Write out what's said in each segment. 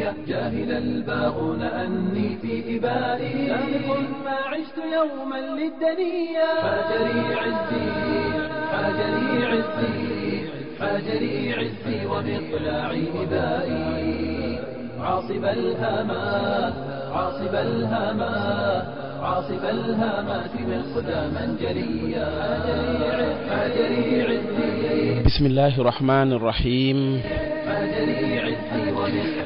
الأمية جاهل الباغون أني في إبائي سابق ما عشت يوما للدنيا حاجري عزي حاجري عزي حاجري عزي ومقلاعي إبائي عاصب الهما عاصب الهما عاصب الهامات مقداما جليا حاجري عزي بسم الله الرحمن الرحيم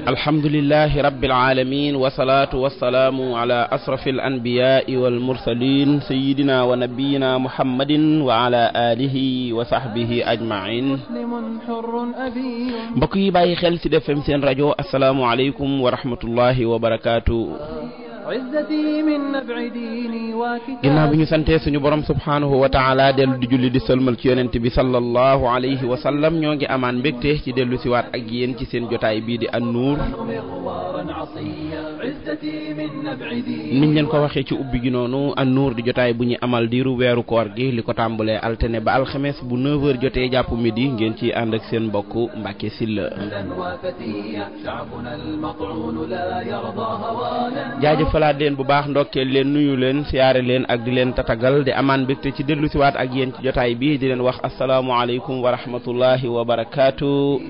alhamdulilahi rabbil alamin wasalaatu wasalaamu ala asrafi al anbiyaai wal mursalin sayidina wa nabiyina muhammadin wa ala alihi wa sahbihi ajmain mbokk yi bàyyi xel ci Sud FM seen rajo asalaamualeykum wa rahmatullahi wa barakaatu ginnaaw bi ñu santee suñu borom subhaanahu wa taala dellu di julli di sëlmal ci yonent bi sallallahu alayhi wa sallam ñoo ngi amaan mbégte ci dellu siwaat ak yéen ci seen jotaay bii di an nuur niñ leen ko waxee ci ubbi gi noonu an nuur di jotaay bu ñu amal diiru weeru koor gi li ko tàmbalee altine ba alxemes bu 9h jotee jàpp midi ngeen ci ànd ak seen mbokk Mbacke Sylla noppalaat leen bu baax ndokkeel leen nuyu leen siyaare leen ak di leen tatagal di amaan mbégte ci dellu siwaat ak yéen ci jotaay bi di leen wax asalaamualeykum wa rahmatullahi wa barakaatu.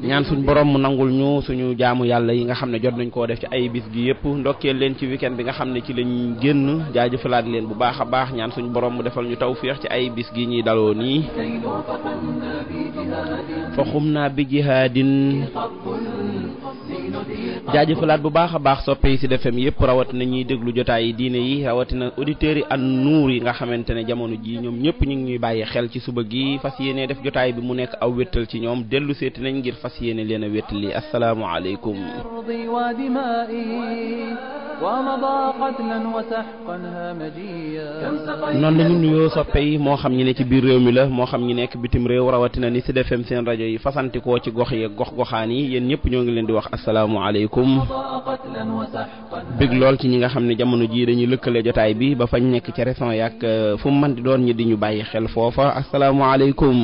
ñaan suñ borom mu nangul ñu suñu jaamu yàlla yi nga xam ne jot nañ koo def ci ay bis gi yëpp ndokkeel leen ci weekend bi nga xam ne ci lañ génn jaajëfalaat leen bu baax a baax ñaan suñ borom mu defal ñu taw tawféex ci ay bis gi ñuy daloo nii fa naa bi jihaadin jaajëfalaat bu baax a baax soppe yi ci defem yëpp rawat na ñuy déglu jotaay yi diine yi rawatina auditeurs yi an nuur yi nga xamante ne jamono ji ñoom ñëpp ñu ngi ñuy bàyyi xel ci suba gi fas yéenee def jotaay bi mu nekk aw wéttal ci ñoom dellu seeti nañ ngir fas leen a wéttali asalaamualeykum noonu la ñu nuyoo soppe moo xam ñi ne ci biir réew mi la moo xam ñi nekk bitim réew rawatina ni si defem seen rajo yi fasantikoo ci gox yeeg gox-goxaan yi yéen ñëpp ñoo ngi leen di wax asalaamualeykum big lool ci ñi nga xam ne jamono jii dañuy lëkkale jotaay bi ba fañ nekk ca région yaak euh, fu man mën di doon ñi di ñu bàyyi xel foofa asalaamualeykum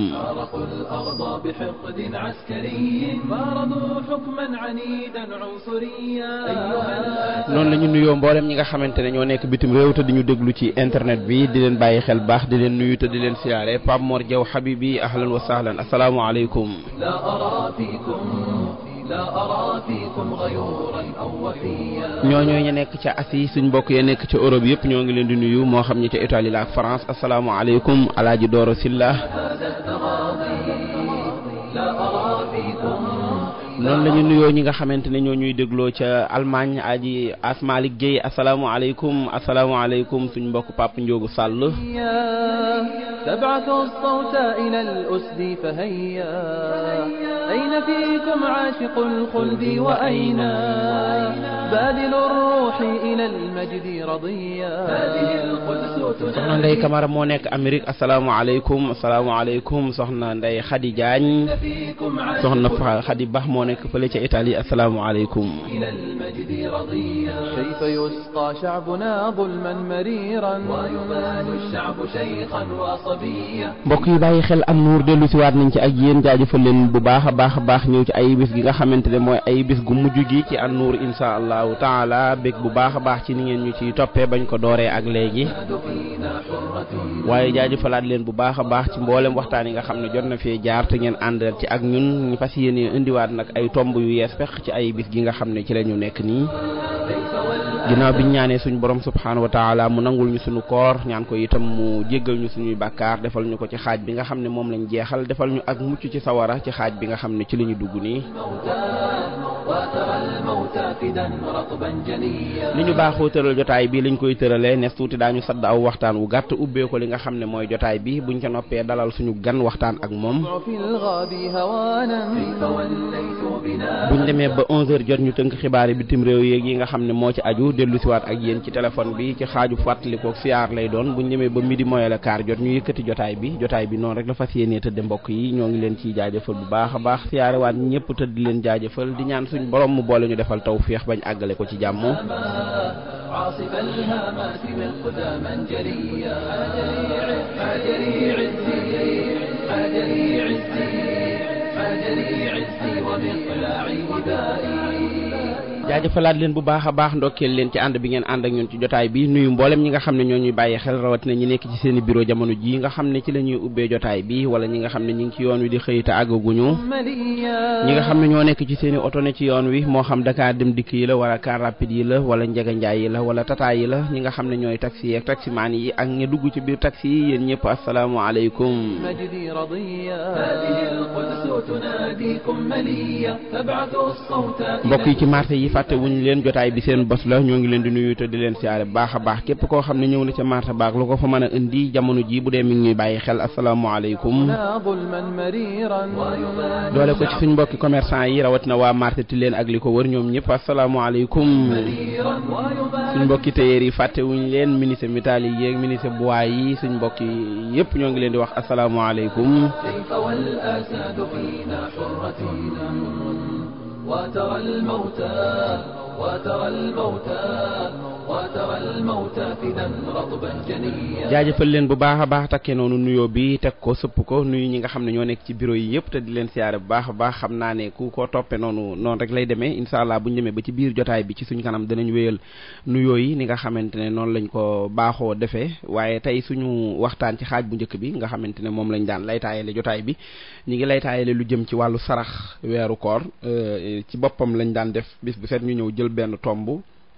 noonu la nuyoo mboolem ñi nga xamante ne ñoo nekk bitim réew te di ñu déglu ci internet bi di leen bàyyi xel baax di leen nuyu te di leen siyaare Pape Mor Diaw Habibi ahlan wa sahlan asalaamualeykum. ñoo ñooy ñu nekk ca Asie suñ mbokk ya nekk ca Europe yëpp ñoo ngi leen di nuyu moo xam ñi ca Italie la ak France asalaamualeykum Alaaji Dooro Silla noonu la ñu nuyoo ñi nga xamante ne ñoo ñuy dégloo ca Allemagne aji Asmalik Gueye asalaamualeykum asalaamualeykum suñ mbokk Pape Ndiogu Sall تبعث الصوت إلى الأسد فهيا أين فيكم عاشق الخلد وأين بادل الروح إلى المجد رضيا هذه القدس soxna Ndeye Camara moo nekk Amérique asalaamualeykum asalaamualeykum soxna Ndeye Khady Diagne soxna Khady Bah moo nekk nekk fële ca Italie asalaamualeykum kayfa yusqa sha'buna dhulman mariran wa yumaanu ash-sha'bu shaykhan wa sabiyyan mbokk yi bàyyi xel am nuur dellu si waat nañ ci ak yéen jaajëfal leen bu baax a baax a baax ñëw ci ay bis gi nga xamante ne mooy ay bis gu mujj gi ci an nuur insha allahu taala bég bu baax a baax ci ni ngeen ñu ci toppee bañ ko dooree ak léegi waaye jaajëfalaat leen bu baax a baax ci mboolem waxtaan yi nga xam ne jot na fee jaar te ngeen ay tomb yu yees pex ci ay bis gi nga xam ne ci lañu nekk nii ginnaaw bi ñu ñaanee suñu borom subhaanahu wa taala mu nangul ñu suñu koor ñaan ko itam mu jéggal ñu suñuy bàkkaar defal ñu ko ci xaaj bi nga xam ne moom lañ jeexal defal ñu ak mucc ci sawara ci xaaj bi nga xam ne ci la ñu dugg nii li ñu baaxoo tëral jotaay bi liñ koy tëralee nes tuuti daañu sadd aw waxtaan wu gàtt ubbee li nga xam ne mooy jotaay bi buñ ca noppee dalal suñu gan waxtaan ak moom buñ demee ba 11h jot ñu tënk xibaar yi bitim réew yeeg yi nga xam ne moo ci aju dellu siwaat ak yéen ci téléphone bi ci xaaju fàttalikoo siyaar lay doon buñ demee ba midi moyale kaar jot ñu yëkkati jotaay bi jotaay bi noonu rek la fas yéenee mbokk yi ñoo ngi leen ciy jaajëfal bu baax a baax siyaarewaat ñëpp tëdd leen jaajëfal borom mu boole ñu defal tawféex bañ àggale ko ci jàmm حجري عزي ومقلاعي هدائي jaajëfalaat leen bu baax a baax ndokkeel leen ci ànd bi ngeen ànd ak ñun ci jotaay bi nuyu mboolem ñi nga xam ne ñoo ñuy bàyyi xel rawatina ñi nekk ci seen i bureau jamono ji nga xam ne ci la ñuy ubbee jotaay bi wala ñi nga xam ne ñi ngi ci yoon wi di xëy te àggaguñu ñi nga xam ne ñoo nekk ci seen i oto ne ci yoon wi moo xam Dakar dem dikk yi la wala car rapide yi la wala njeganjaay yi la wala tata yi la ñi nga xam ne ñooy taxi yi ak taximaan yi ak ñi dugg ci biir taxi yi yéen ñëpp asalaamaaleykum mbokk yi ci fàtte wuñ leen jotaay bi seen bos la ñoo ngi leen di nuyu te di leen siyaare baax a baax képp koo xam ne ñëw na ca marta baax lu ko fa mën a indi jamono ji bu dee mi ngi ñuy bàyyi xel asalaamaaleykum doole ko ci suñ mbokki commerçant yi rawatina waa marté ti leen ak li ko war ñoom ñëpp asalaamaaleykum suñ mbokki téyeer yi fàtte wuñ leen ministre mitaal yi yéeg ministre bois yi suñ mbokki yëpp ñoo ngi leen di wax asalaamaaleykum وترى الموتى وترى الموتى leen bu baax a baax takkee noonu nuyoo bi teg ko sëpp ko nuyu ñi nga xam ne ñoo nekk ci bureau yi yëpp te di leen siyaare bu baax a baax xam naa ne ku ko toppe noonu noonu rek lay demee incha allah bu ñu demee ba ci biir jotaay bi ci suñu kanam danañu wéyal nuyoo yi ni nga xamante ne noonu lañ ko baaxoo defee waaye tey suñu waxtaan ci xaaj bu njëkk bi nga xamante ne moom lañ daan laytaayale jotaay bi ñi ngi laytaayale lu jëm ci wàllu sarax weeru koor euh, ci boppam lañ daan def jël benn tomb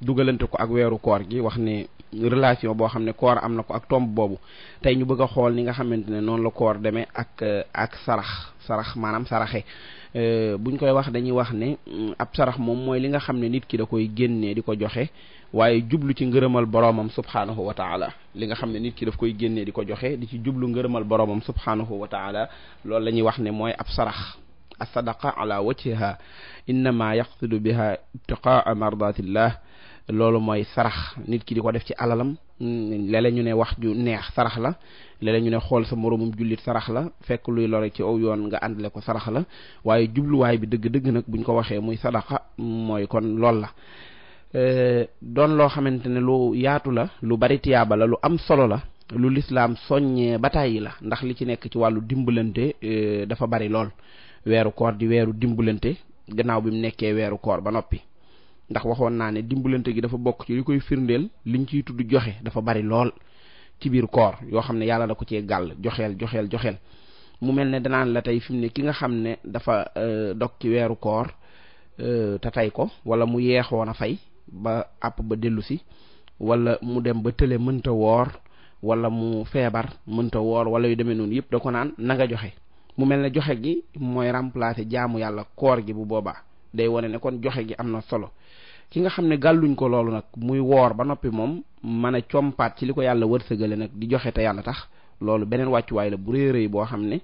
dugalante ko ak weeru koor gi wax ne relation boo xam ne koor am na ko ak tomb boobu tey ñu bëgg a xool ni nga xamante ne noonu la koor demee ak ak sarax sarax maanaam saraxe euh, buñ koy wax dañuy wax ne mm, ab sarax moom mooy li nga xam ne nit ki da koy génnee di ko joxe waaye jublu ci ngërëmal boroomam subhaanahu wa taala li nga xam ne nit ki daf koy génnee di ko joxe di ci jublu ngërëmal boroomam subhaanahu wa taala loolu la ñuy wax ne mooy ab sarax asadaqa ala wajhiha innama yaxsidu biha ibtiqaa mardatillah loolu mooy sarax nit ki di ko def ci alalam léeg ñu ne wax ju neex sarax la léeg ñu ne xool sa moroomum jullit sarax la fekk luy lore ci aw yoon nga àndale ko sarax la waaye jubluwaay bi dëgg-dëgg nag buñ ko waxee muy sadaqa mooy kon lool la doon loo xamante ne lu yaatu la lu bari tiyaaba la lu am solo la lu lislaam soññee ba tàyyi la ndax li ci nekk ci wàllu dimbalante dafa bari lool weeru koor di weeru dimbalante gannaaw bi mu nekkee weeru koor ba noppi ndax waxoon naa ne dimbalante gi dafa bokk ci li koy firndeel liñ ciy tudd joxe dafa bari lool ci biir koor yoo xam ne yàlla da ko cee gàll joxeel joxeel joxeel mu mel ne danaan la tey fi mu ne ki nga xam ne dafa euh, dog ci weeru koor euh, te tey ko wala mu yeexoon a fay ba àpp ba dellu si wala mu dem ba tële mënta woor walla mu feebar mënta woor wala yu demee noonu yëpp da ko naan na nga joxe mu mel ne joxe gi mooy remplacer jaamu yàlla koor gi bu boobaa day wane ne kon joxe gi am na solo ki nga xam ne gàlluñ ko loolu nag muy woor ba noppi moom mën a compaat ci li ko yàlla wërsëgale nag di joxe te yàlla tax loolu beneen wàccuwaay la bu rëy rëy boo xam ne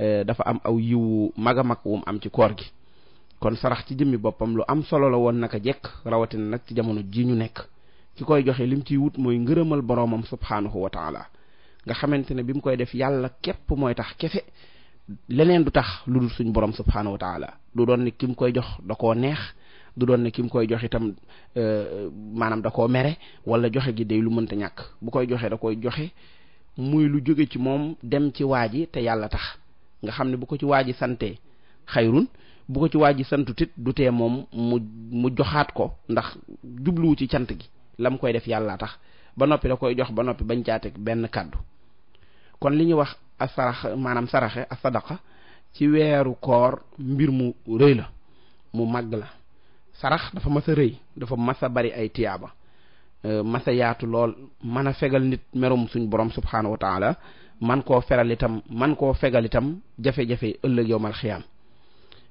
euh, dafa am aw yiwu mag a mag wum am ci koor gi kon sarax ci jëmmi boppam lu am solo la woon naka jekk rawatina nag ci jamono jii ñu nekk ki koy joxe lim ciy wut mooy ngërëmal borom subhaanahu wa taala nga xamante ne bi mu koy mooy tax kefe leneen du tax lu dul suñ borom subhaanahu wa taala du doon ne ki mu koy jox da koo neex du doon ne ki mu koy jox itam euh, maanaam da koo mere wala joxe gi day lu mënta ñàkk bu koy joxee da koy joxe muy lu jóge ci moom dem ci waa ji te yàlla tax nga xam ne bu ko ci waa ji sante xayrun bu ko ci waa ji santutit du tee moom mu mu joxaat ko ndax jubluwu ci cant gi la mu koy def yàllaa tax ba noppi da koy jox ba noppi bañ caateeg benn kàddu kon li ñuy wax sarax maanaam saraxe ak sadaqa ci weeru koor mbir mu rëy la mu màgg la sarax dafa mas a rëy dafa mas bari ay tiyaaba euh, mas a yaatu lool mën a fegal nit merum suñ borom subhaanahu wa taala man koo feral itam man koo fegal itam jafe-jafe ëllëg yowmal xiyaam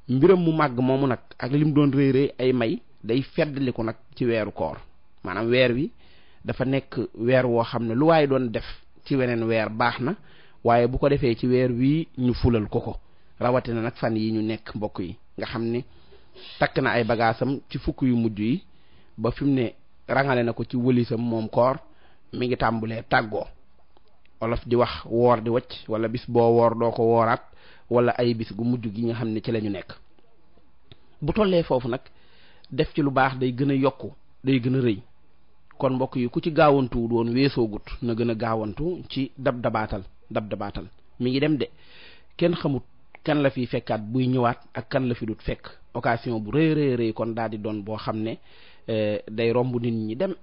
mbiram mu màgg moomu nag ak lim doon rëy rëy ay may day feddali ko nag ci weeru koor maanaam weer wi dafa nekk weer woo xam ne lu waaye doon def ci weneen weer baax na waaye bu ko defee ci weer wii ñu fulal ko ko rawatina nag fan yi ñu nekk mbokk yi nga xam ni takk na ay bagaasam ci fukk yu mujj yi ba fi mu ne rangale na ko ci wëlisam moom koor mi ngi tàmbulee tàggoo olof di wax woor di wacc wala bis boo woor doo ko wooraat wala ay bis gu mujj gi nga xam ne ci lañu nekk bu tollee foofu nag def ci lu baax day gën a yokku day gën a rëy kon mbokk yi ku ci gaawantuwul woon weesoo gut na gën a gaawantu ci dab dabaatal dab dabaatal mi ngi dem de kenn xamut kan la fi fekkaat buy ñëwaat ak kan la fi du fekk occasion bu rëy rëy kon daal di doon boo xam ne eh, day romb nit ñi dem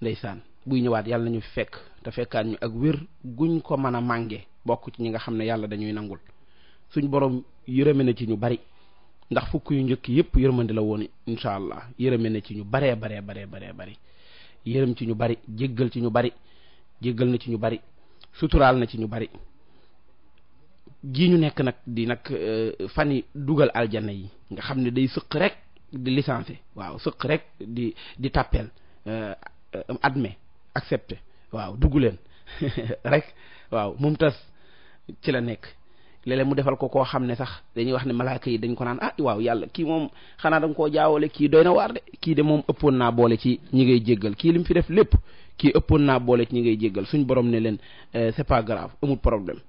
ndeysaan buy ñëwaat yàlla na nañu fekk te fekkaat ñu ak wér guñ ko mën a mànge bokk ci ñi nga xam ne yàlla dañuy nangul suñ borom yërëme na ci ñu bari ndax fukk yu njëkk yépp yërmande la woon incha allah yërëme na ci ñu baree baree baree baree bari yërëm ci ñu bari jéggal ci ñu bari jéggal na ci ñu bari suturaal na ci ñu bari ji ñu nekk nag di nag euh, fan yi dugal aljana yi nga xam ne day sëq rek di licencé waaw sëq rek di di tàppeel euh, euh, admet accepté waaw dugg leen rek waaw moom tas ci la nekk léeg mu defal ko koo xam ne sax dañuy wax ne malaaka yi dañ ko naan ah waaw yàlla kii moom xanaa dañ koo jaawale kii doy na waar de kii de moom ëppoon naa boole ci ñi ngay jéggal kii li mu fi def lépp kii ëppoon naa boole ci ñi ngay jéggal suñ borom ne leen eh, c'est pas grave amul problème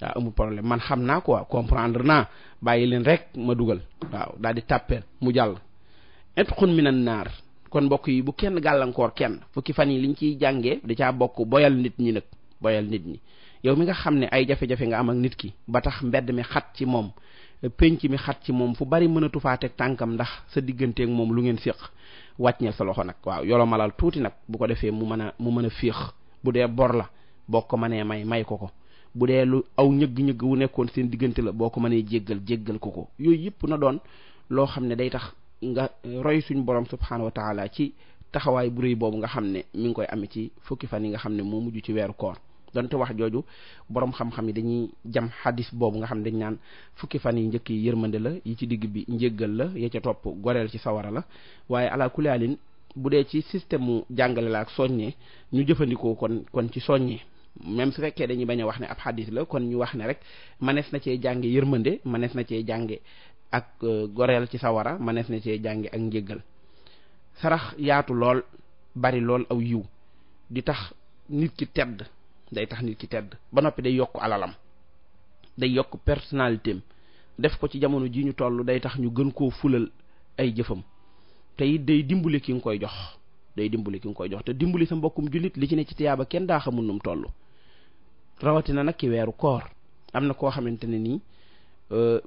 waaw amul problème man xam naa ko comprendre naa bàyyi leen rek ma dugal waaw daal di tàppeel mu jàll mi na naar kon mbokk yi bu kenn gàllankoor kenn fukki fan yi liñ ciy jàngee da caa bokk boyal nit ñi nag boyal nit ñi yow mi nga xam ne ay jafe-jafe nga am ak nit ki ba tax mbedd mi xat ci moom pénc mi xat ci moom fu bari mënatu faa teg tànkam ndax sa digganteeg moom lu ngeen séq wàcceel sa loxo nag waaw yolomalal tuuti nag bu ko defee mu mën a mu mën a féex bu dee bor la boo ko mënee may may ko ko bu dee lu aw ñëgg-ñëgg wu nekkoon seen diggante la boo ko mënee jéggal jéggal ko ko yooyu yëpp na doon loo xam ne day tax nga roy suñ borom subhaanahu wa taala ci taxawaay bu rëy boobu nga xam ne mi ngi koy amee ci fukki fan yi nga xam ne moo mujj ci weeru koor donte wax jooju borom xam-xam yi dañuy jam xadis boobu nga xam dañ naan fukki fan yi njëkk yi yërmande la yi ci digg bi njéggal la ya ca topp goreel ci sawara la waaye ala kulaalin bu dee ci système mu jàngale la ak soññee ñu jëfandikoo kon kon ci soññee même su fekkee dañuy bañ a wax ne ab xadis la kon ñu wax ne rek manees na cee jànge yërmande manees na cee jànge ak euh, goreel ci sawara manees na cee jàngee ak njéggal sarax yaatu lool bari lool aw yiw di tax nit ki tedd day tax nit ki tedd ba noppi day yokk alalam day yokk personnalité def ko ci jamono ji ñu toll day tax ñu gën koo fulal ay jëfam te it day dimbali ki nga koy jox day dimbali ki nga koy jox te dimbali sa mbokkum jullit li ci ne ci tiyaaba kenn daa xamul num toll rawatina nag ki weeru koor am na koo xamante ne nii euh,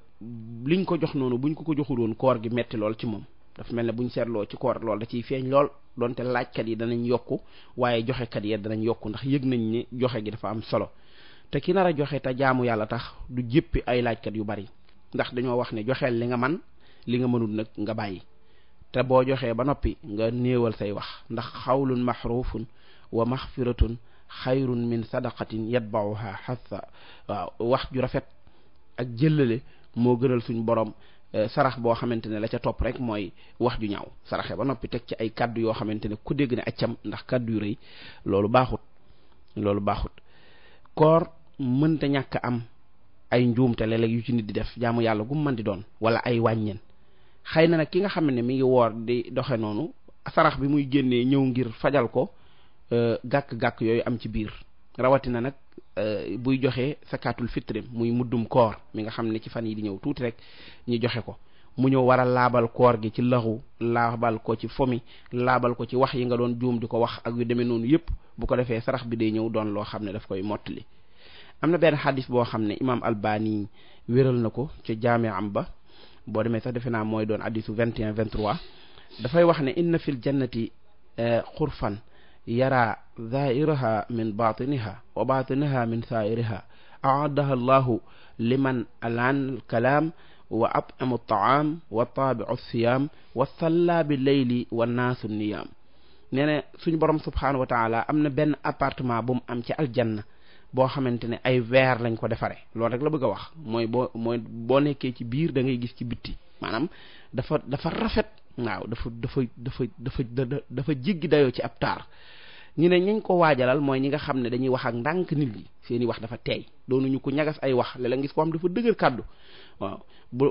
liñ ko jox noonu buñ ko ko joxul woon koor gi metti lool ci moom dafa mel ne buñ seetloo ci koor lool da ciy feeñ lool donte laajkat yi danañ yokku waaye joxekat yi danañ yokku ndax yëg nañ ni joxe gi dafa am solo te ki nar a joxe te jaamu yàlla tax du jéppi ay laajkat yu bari ndax dañoo wax ne joxeel li nga man li nga mënul nag nga bàyyi te boo joxee ba noppi nga néewal say wax ndax xawlun maxruufun wa maxfiratun xayrun min sadaqatin yatbauha xasa waaw wax ju rafet ak jëllale moo gënal suñ borom Euh, sarax boo xamante ne la ca topp rek mooy wax ju ñaaw saraxe ba noppi teg ci ay kàddu yoo xamante ne ku dégg ne accam ndax kàddu yu rëy loolu baaxut loolu baaxut koor mënta ñàkk am ay njuumte léeg-léeg yu ci nit di def jaamu yàlla gu mu mën di doon wala ay wàññen xëy na nag ki nga xam ne mi ngi woor di doxe noonu sarax bi muy génnee ñëw ngir fajal ko euh, gàkk-gàkk yooyu am ci biir rawatina nag Euh, buy joxe sakaatul fitre muy muddum koor mi nga xam ne ci fan yi di ñëw tuuti rek ñu joxe ko mu ñëw waral laabal koor gi ci laxu laabal ko ci fomi laabal ko ci wax yi nga doon juum di ko wax ak yu demee noonu yépp bu ko defee sarax bi day ñëw doon loo xam ne daf koy mottali am na benn xadis boo xam ne imaam albani wéral na ko ca jaame am ba boo demee sax defe naa mooy doon hadisu 21 23 dafay wax ne inna fil jannati euh, xurfan yaraa zaahiraha min baatiniha wa baatiniha min saa'iriha aaddaha allahu liman alaan alkalaam wa at'ama altaam wa taabi'u alsiyaam wa salla bi leyli wa naasu niyaam nee na suñu borom subhaanahu wa am na benn appartement bu mu am ci aljanna boo xamante ne ay weer lañ ko defare loolu rek la bëgg a wax mooy boo mooy boo nekkee ci biir da ngay gis ci bitti maanaam dafa dafa rafet waaw dafa dafa dafa dafa dafa jéggi dayoo ci ab taar ñu ne ñañ ko waajalal mooy ñi nga xam ne dañuy wax ak ndànk nit ñi seeni wax dafa teey ñu ko ñagas ay wax léeg la ngis ko xam dafa dëgër kàddu waaw bu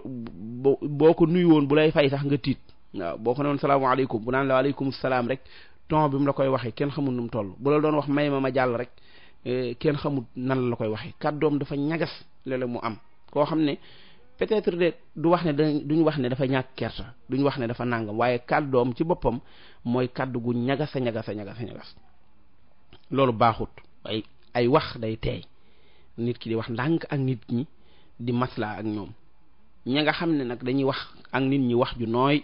boo ko nuyu woon bu lay fay sax nga tiit waaw boo ko ne woon salaamaaleykum bu naan la salaam rek ton bi mu la koy waxee kenn xamul nu mu toll bu la doon wax may ma ma jàll rek eh, kenn xamul nan la koy waxee kàddoom dafa ñagas léeg mu am koo xam ne peut de du wax ne da duñ wax ne dafa ñàkk kersa duñ wax ne dafa nàngam waaye kàddoom ci boppam mooy kàddu gu ñagas a ñagas a loolu baaxut ay ay wax day teey nit ki di wax ndànk ak nit ñi di maslaa ak ñoom ña nga xam ne nag dañuy wax ak nit ñi wax ju nooy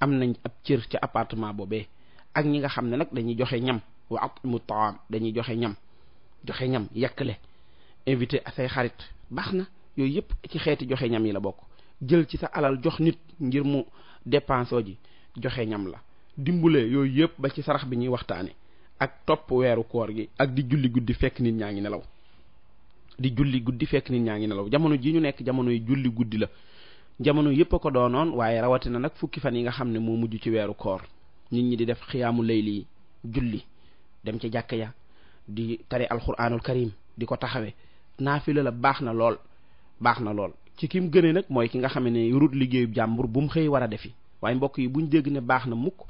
am nañ ab cër ca appartement boobee ak ñi nga xam ne nag dañuy joxe ñam wa mu taam dañuy joxe ñam joxe ñam yekkale invité a xarit baax na yooyu yëpp ci xeeti joxe ñam yi la bokk jël ci sa alal jox nit ngir mu dépensoo ji joxe ñam la dimbule yooyu yëpp ba ci sarax bi ñuy waxtaane ak topp weeru koor gi ak di julli guddi fekk nit ñaa ngi nelaw di julli guddi fekk nit ñaa ngi nelaw jamono ji ñu nekk jamonoy julli guddi la jamono yëpp a ko doonoon waaye rawatina nag fukki fan yi nga xam ne moo mujj ci weeru koor nit ñi di def xiyaamu lii julli dem ci jàkk ya di tari alquranul karim di ko taxawe naafila baax na lool baax na lool ci ki mu gënee nag mooy ki nga xam ne yorut liggéeyu jàmbur bu mu xëy war a defi waaye mbokk yi buñ dégg ne baax na mukk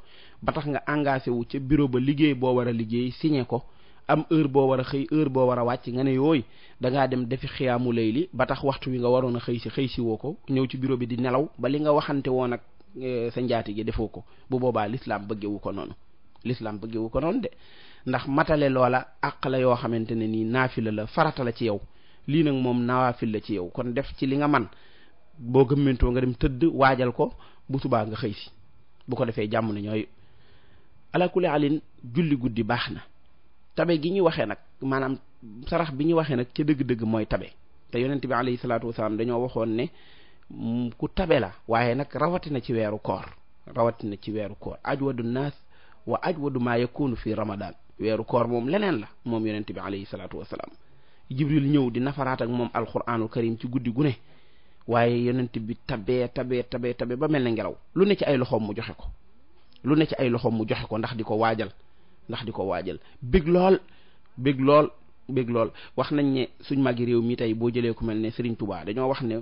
ba tax nga engagé wu ca bureau ba liggéey boo war a liggéey signé ko am heure boo war a xëy heure boo war a wàcc nga ne yooyu da dem defi xiyaamu lay li ba tax waxtu wi nga waroon a xëy si xëy si woo ko ñëw ci bureau bi di nelaw ba li nga waxante woon ak eh, sa njaati gi defoo ko bu boobaa lislaam bëggewu ko noonu l'islam bëggewu ko noonu de ndax matale loola àq la yoo xamante ne nii naafila la farata la ci yow lii nag moom naa nawaafil la ci yow kon def ci li nga man boo gëmmantoo nga dem tëdd waajal ko bu subaa nga xëy si bu ko defee jàmm na ñooy ala kulli alin julli guddi baax na tabe gi ñu waxee nag maanaam sarax bi ñu waxee nag ci dëgg-dëgg mooy tabe te yonent bi alayhi salaatu wasalaam dañoo waxoon ne mm, ku tabe la waaye nag rawatina ci weeru koor rawatina ci weeru koor ajwadu naas wa ajwadu maa yakunu fi ramadan weeru koor moom leneen la moom yonent bi alayhi salaatu jibril ñëw di nafaraat ak moom alxuraanul karim ci guddi gu ne waaye yonent bi tabe tabee tabee tabee ba mel ne ngelaw lu ne ci ay loxoom mu joxe ko lu ne ci ay loxoom mu joxe ko ndax di ko waajal ndax di ko waajal bég lool bég lool bég lool wax nañ ne suñ magi réew mi tey boo jëlee ko mel ne Serigne Touba dañoo wax ne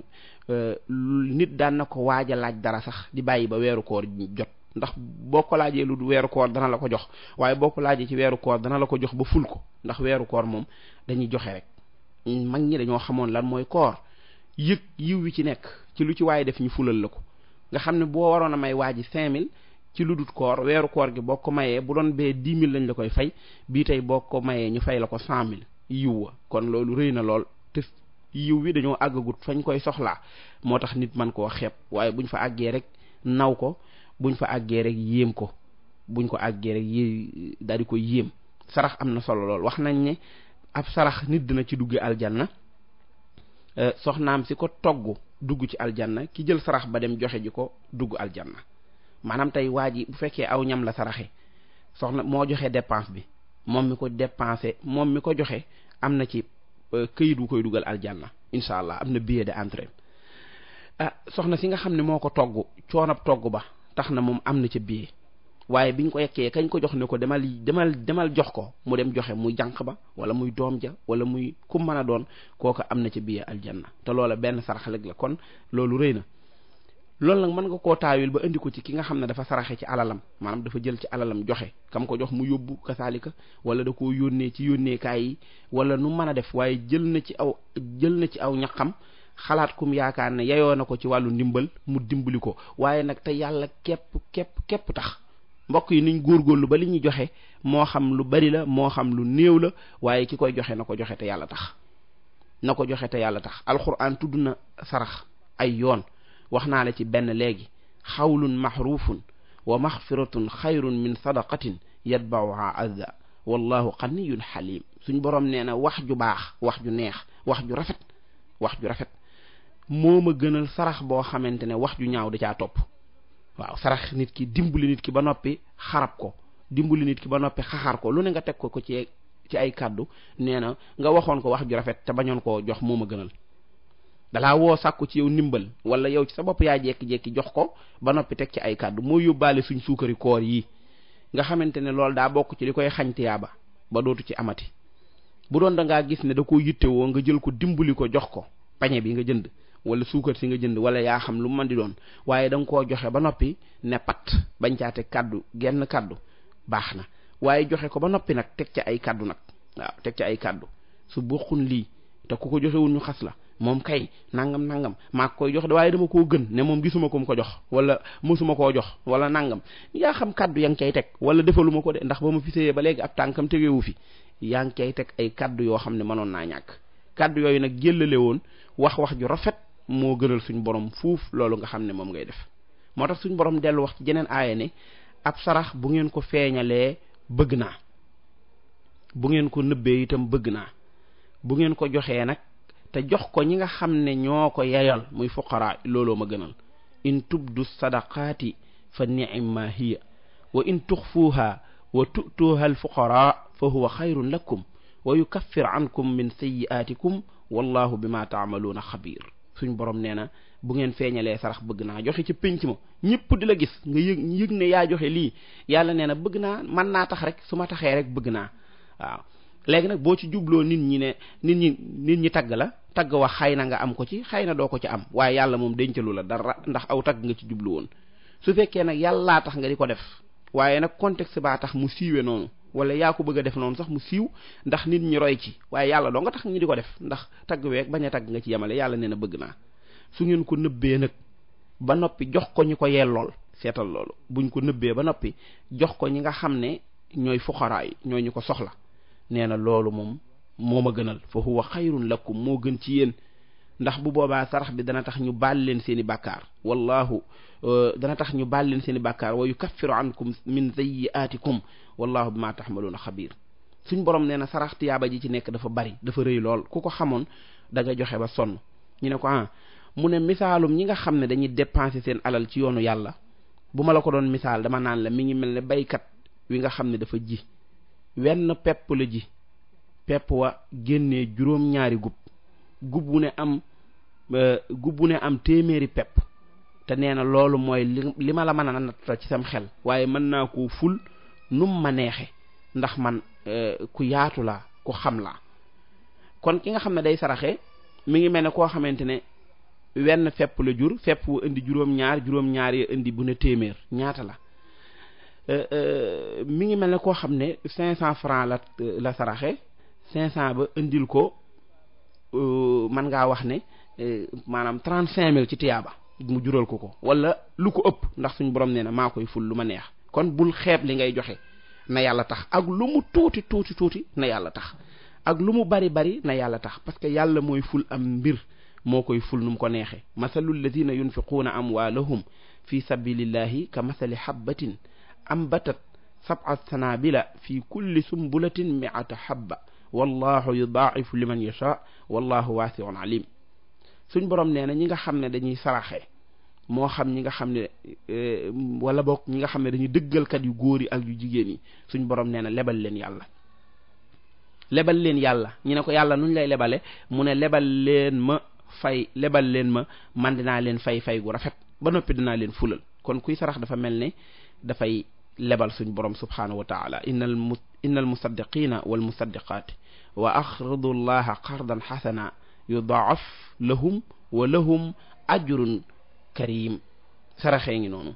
euh, nit daan na ko laaj dara sax di bàyyi ba weeru koor jot ndax boo ko laajee lu weeru koor dana la ko jox waaye boo ko laajee ci weeru koor dana la ko jox ba ful ko ndax weeru koor moom dañuy joxe rek mag ñi dañoo xamoon lan mooy koor yëg yiw wi ci nekk ci lu ci waaye def ñu fulal la ko nga xam ne boo waroon a may waa ji cinq mille ci lu dul koor weeru koor gi boo ko mayee bu doon bee dix mille lañ la koy fay bii tey boo ko mayee ñu fay la ko cent mille yiw wa kon loolu rëy na lool te yiw wi dañoo àggagut fañ koy soxlaa moo tax nit man koo xeeb waaye buñ fa àggee rek naw ko buñ fa àggee rek yéem ko buñ ko àggee rek yé daal ko yéem sarax am na solo lool wax nañ ne ab sarax nit dina ci dugg aljanna e, soxnaam si ko togg dugg ci aljanna ki jël sarax ba dem joxe ji ko dugg aljanna maanaam tey waa ji bu fekkee aw ñam la saraxe soxna moo joxe dépense bi moom mi ko dépensé moom mi ko joxe am na ci e, këyit wu koy dugal aljanna incha allah am na billet d'entrée ah soxna si nga xam ne moo ko togg coonab togg ba tax na moom am na ca billet waaye biñ ko yekkee kañ ko jox ne ko demal demal demal jox ko mu dem joxe muy jànq ba wala muy doom ja wala muy ku mën a doon kooku am na ci biir aljanna te loola benn sarax rek la kon loolu rëy na loolu nag mën nga koo taawil ba indi ko ci ki nga xam ne dafa saraxe ci alalam maanaam dafa jël ci alalam joxe kam ko jox mu yóbbu kasaalika wala da koo yónnee ci yónneekaay yi wala nu mën a def waaye jël na ci aw jël na ci aw ñaqam xalaat kum yaakaar ne yayoo na ko ci wàllu ndimbal mu dimbali ko waaye nag te yàlla képp képp képp tax mbokk yi niñ góorgóorlu ba li ñuy joxe moo xam lu bari la moo xam lu néew la waaye ki koy joxe na ko joxe te yàlla tax na ko joxe te yàlla tax alquran tudd na sarax ay yoon wax naa la ci benn léegi xawlun maxruufun wa maxfiratun xayrun min sadaqatin yatbauha adda wallahu xaniyun xalim suñ borom nee na wax ju baax wax ju neex wax ju rafet wax ju rafet moom a gënal sarax boo xamante ne wax ju ñaaw da caa topp waaw sarax nit ki dimbali nit ki ba noppi xarab ko dimbali nit ki ba noppi xaxar ko lu ne nga teg ko ko ci ci ay kàddu nee na nga waxoon ko wax ju rafet te bañoon koo jox moo ma gënal dalaa woo sàkku ci yow ndimbal wala yow ci sa bopp yaa jekki-jekki jox ko ba noppi teg ci ay kàddu moo yóbbaale suñ suukari koor yi nga xamante ne loolu daa bokk ci li koy xañ tiyaaba ba dootu ci amati bu doon da ngaa gis ne da koo yittewoo nga jël ko dimbali ko jox ko pañe bi nga jënd wala suukar si nga jënd wala yaa xam lu mën di doon waaye da nga joxe ba noppi ne pat bañ caate kaddu genn kàddu baax na waaye joxe ko ba noppi nag teg ca ay kàddu nag teg ca ay kaddu su bokkun lii te ku ko joxewul ñu xas la moom kay nangam nangam maa koy jox de waaye dama koo gën ne moom gisuma ko ko jox wala mosuma koo jox wala nangam yaa xam kaddu yaa ngi cay teg wala defaluma ko de ndax ba ma fi ba léegi ab tànkam tegewu fi yaa ngi cay teg ay kàddu yoo xam ne mënoon naa ñàkk kaddu yooyu nag jëllale moo gënal suñu borom fuuf loolu nga xam ne moom ngay def moo tax suñu boroom dellu wax ci jeneen aaya ne ab sarax bu ngeen ko feeñalee bëgg naa bu ngeen ko nëbbee itam bëgg naa bu ngeen ko joxee nag te jox ko ñi nga xam ne ñoo ko yeyal muy fuqaraa looloo ma gënal in tubdu sadaqaati fa ni'ma hiya wa in tuxfuuha wa tu'tuuha alfuqaraa fa huwa xayrun lakum wa yukaffiru ankum min sayyi'aatikum wallahu bima taamaluuna xabiir suñ borom nee na bu ngeen feeñalee sarax bëgg naa joxe ci pénc ma ñëpp di la gis nga yëg yëg ne yaa joxe lii yàlla nee na bëgg naa man naa tax rek su ma taxee rek bëgg naa waaw léegi nag boo ci jubloo nit ñi ne nit ñi nit ñi tagg la tagg wax xay na nga am ko ci xay na doo ko ci am waaye yàlla moom dencalu la dara ndax aw tagg nga ci jublu woon su fekkee nag yàllaa tax nga di ko def waaye nag contexte baa tax mu siiwe noonu wala yaa ko bëgg a def noonu sax mu siiw ndax nit ñi roy ci waaye yàlla doo nga tax ñu di ko def ndax tagg weeg bañ a tagg nga ci yemale yàlla nee bëgg naa su ngeen ko nëbbee nag ba noppi jox ko ñu ko yellool seetal loolu buñ ko nëbbee ba noppi jox ko ñi nga xam ne ñooy fuqaraa yi ñooy ñu ko soxla nee na loolu moom moo ma gënal fa huwa xayrun lakum moo gën ci yéen ndax bu boobaa sarax bi dana tax ñu baal leen seen i bàkkaar wallahu euh, dana tax ñu baal leen seen i bàkkaar wa yukaffiru ankum min sayyi'atikum wallahu bima a xabiir suñ borom nee na sarax tiyaaba ji ci nekk dafa bari dafa rëy lool ku ko xamoon da joxe ba sonn ñu ne ko ah mu ne misaalum ñi nga xam ne dañuy dépenser seen alal ci yoonu yàlla bu ma la ko doon misaal dama naan la mi ngi mel ne baykat wi nga xam ne dafa ji wenn pepp la ji pepp wa génnee juróom gub gub wu ne am gub wu ne am téeméeri pepp te nee na loolu mooy li ma la mën a natt ci sam xel waaye mën naa koo ful num ma neexe ndax man e, ku yaatu laa ku xam laa kon ki nga xam ne day saraxe mu ngi mel ne koo xamante ne wenn fepp la jur fepp indi juróom-ñaar indi bu ne téeméer ñaata la e, e, mi ngi mel ne koo xam ne cinq cent francs la la saraxe cinq cent ba indil ko Euh, mën ngaa wax ne euh, maanaam trente cinq mille ci tiyaaba mu jural ko ko wala lu ko ëpp ndax suñ borom nee na maa koy ful lu ma neex kon bul xeeb li ngay joxe na yàlla tax ak lu mu tuuti tuuti tuuti na yàlla tax ak lu mu bari bari na yàlla tax parce que yàlla mooy ful am mbir moo koy ful nu mu ko neexee masalul ladina yunfiquuna amwaalahum fi sabilillahi ka masali habbatin ambatat sab'a sanabila fi kulli sumbulatin mi'ata habba wallahu yudaa'ifu liman yasha wallahu waasi'un alim suñ borom nee na ñi nga xam ne dañuy saraxe moo xam ñi nga xam ne e, wala bokk ñi nga xam ne dañuy dëggalkat yu góor yi ak yu jigéen yi suñ borom nee na lebal leen yàlla lebal leen yàlla ñu ne ko yàlla nuñ lay lebale mu ne lebal leen ma fay lebal leen ma man dinaa leen fay fay gu rafet ba noppi dinaa leen fulal kon kuy sarax dafa mel ne dafay lebal suñ borom subhaanahu wa taala innal mu innal musaddiqina wal musaddiqaati wa axradu llaha xardan xasana yudaaf lahum wa lahum ajrun karim saraxee ngi noonu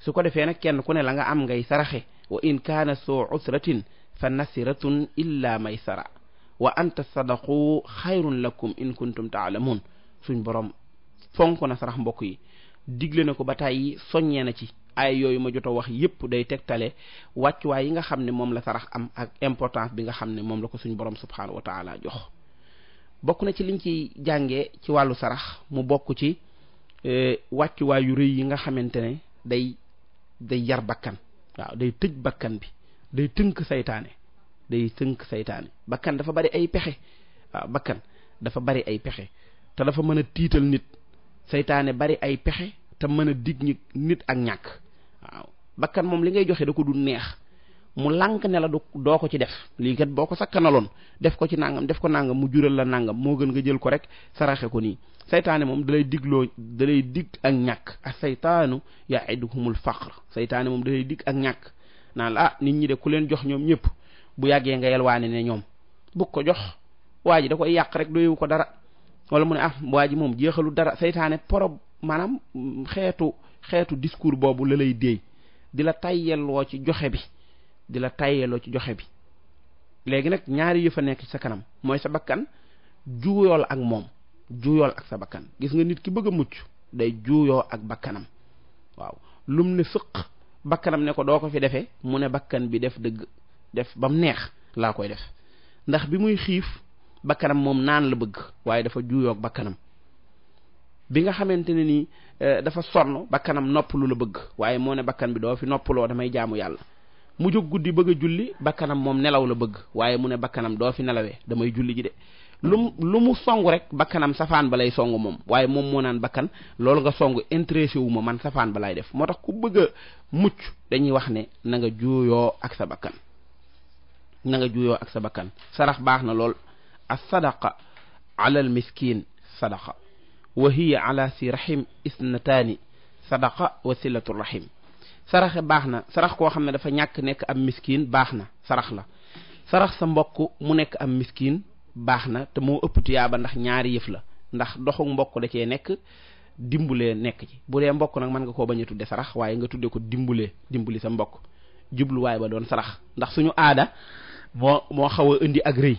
su ko defee nag kenn ku ne la nga am ngay saraxe wa in kaana soo usratin fa nasiratun illa maysara wa an tasaddaqu xayrun lakum in kuntum taalamun suñ borom na sarax mbokk yi digle na ko ba tàyyi soññee na ci ay yooyu ma jot a wax yépp day tegtale wàccuwaay yi nga xam ne moom la sarax am ak importance bi nga xam ne moom la ko suñu borom subhaanahu wa taala jox bokk na ci liñ ci jàngee ci wàllu sarax mu bokk ci e, wàccuwaay yu rëy yi nga xamante ne day day yar bakkan waaw day tëj bakkan bi day tënk seytaane day tënk saytaane bakkan dafa bari ay pexe waaw bakkan dafa bari ay pexe te dafa mën a tiital nit seytaane bari ay pexe te mën a dig nit ak ñàkk waaw bakkan moom li ngay joxe da ko du neex mu lànk ne la du doo ko ci def lii kat boo ko sakkanaloon def ko ci nangam def ko nangam mu jural la nangam moo gën nga jël ko rek saraxe ko nii saytaane moom dalay digloo dalay dig ak ñàkk ak saytaanu ya'iduhumul faqr seytaane moom dalay dig ak ñàkk naan la ah, nit ñi de ku leen jox ñoom ñëpp bu yàggee nga yelwaane ne ñoom bu ko jox waa ji da koy yàq rek doyewu ko dara wala mu ne ah waa ji moom jeexalu dar saytaane poro maanaam xeetu xeetu discours boobu la lay déey di la tayyeloo ci joxe bi di la tayyeloo ci joxe bi léegi nag ñaari yu fa nekk ci sa kanam mooy sa bakkan juuyool ak moom juuyool ak sa bakkan gis nga nit ki bëgg a mucc day juuyoo ak bakkanam waaw lum ne fëq bakkanam ne ko doo ko fi defee mu ne bakkan bi def dëgg def ba mu neex laa koy def ndax bi muy xiif bakkanam moom naan la bëgg waaye dafa juuyoog bakkanam bi nga xamante ne nii eh, dafa sonn bakkanam noppalu la bëgg waaye moo ne bakkan bi doo fi noppaloo damay jaamu yàlla mu jóg guddi bëgg a julli bakkanam moom nelaw la bëgg waaye mu ne bakkanam doo fi nelawee damay julli ji de lu lu mu song rek bakkanam safaan ba lay song moom waaye moom moo naan bakkan loolu nga song intéressé wu ma man safaan ba lay def moo tax ku bëgg mucc dañuy wax ne nanga nga juuyoo ak sa bakkan na nga juuyoo ak sa bakkan sarax baax na lool as sadaqa alal miskin sadaqa wa hiya ala si rahim isnataani sadaqa wa rahim saraxe baax na sarax koo xam ne dafa ñàkk nekk am miskin baax na sarax la sarax sa mbokk mu nekk am miskin baax na te moo ëpp tuyaaba ndax ñaari yëf la ndax doxu mbokk da cee nekk dimbulee nekk ci bu dee mbokk nag mën nga koo bañ a tudde sarax waaye nga tudde ko dimbulee dimbuli sa mbokk jubluwaay ba doon sarax ndax suñu aada moo moo xaw a indi ak rëy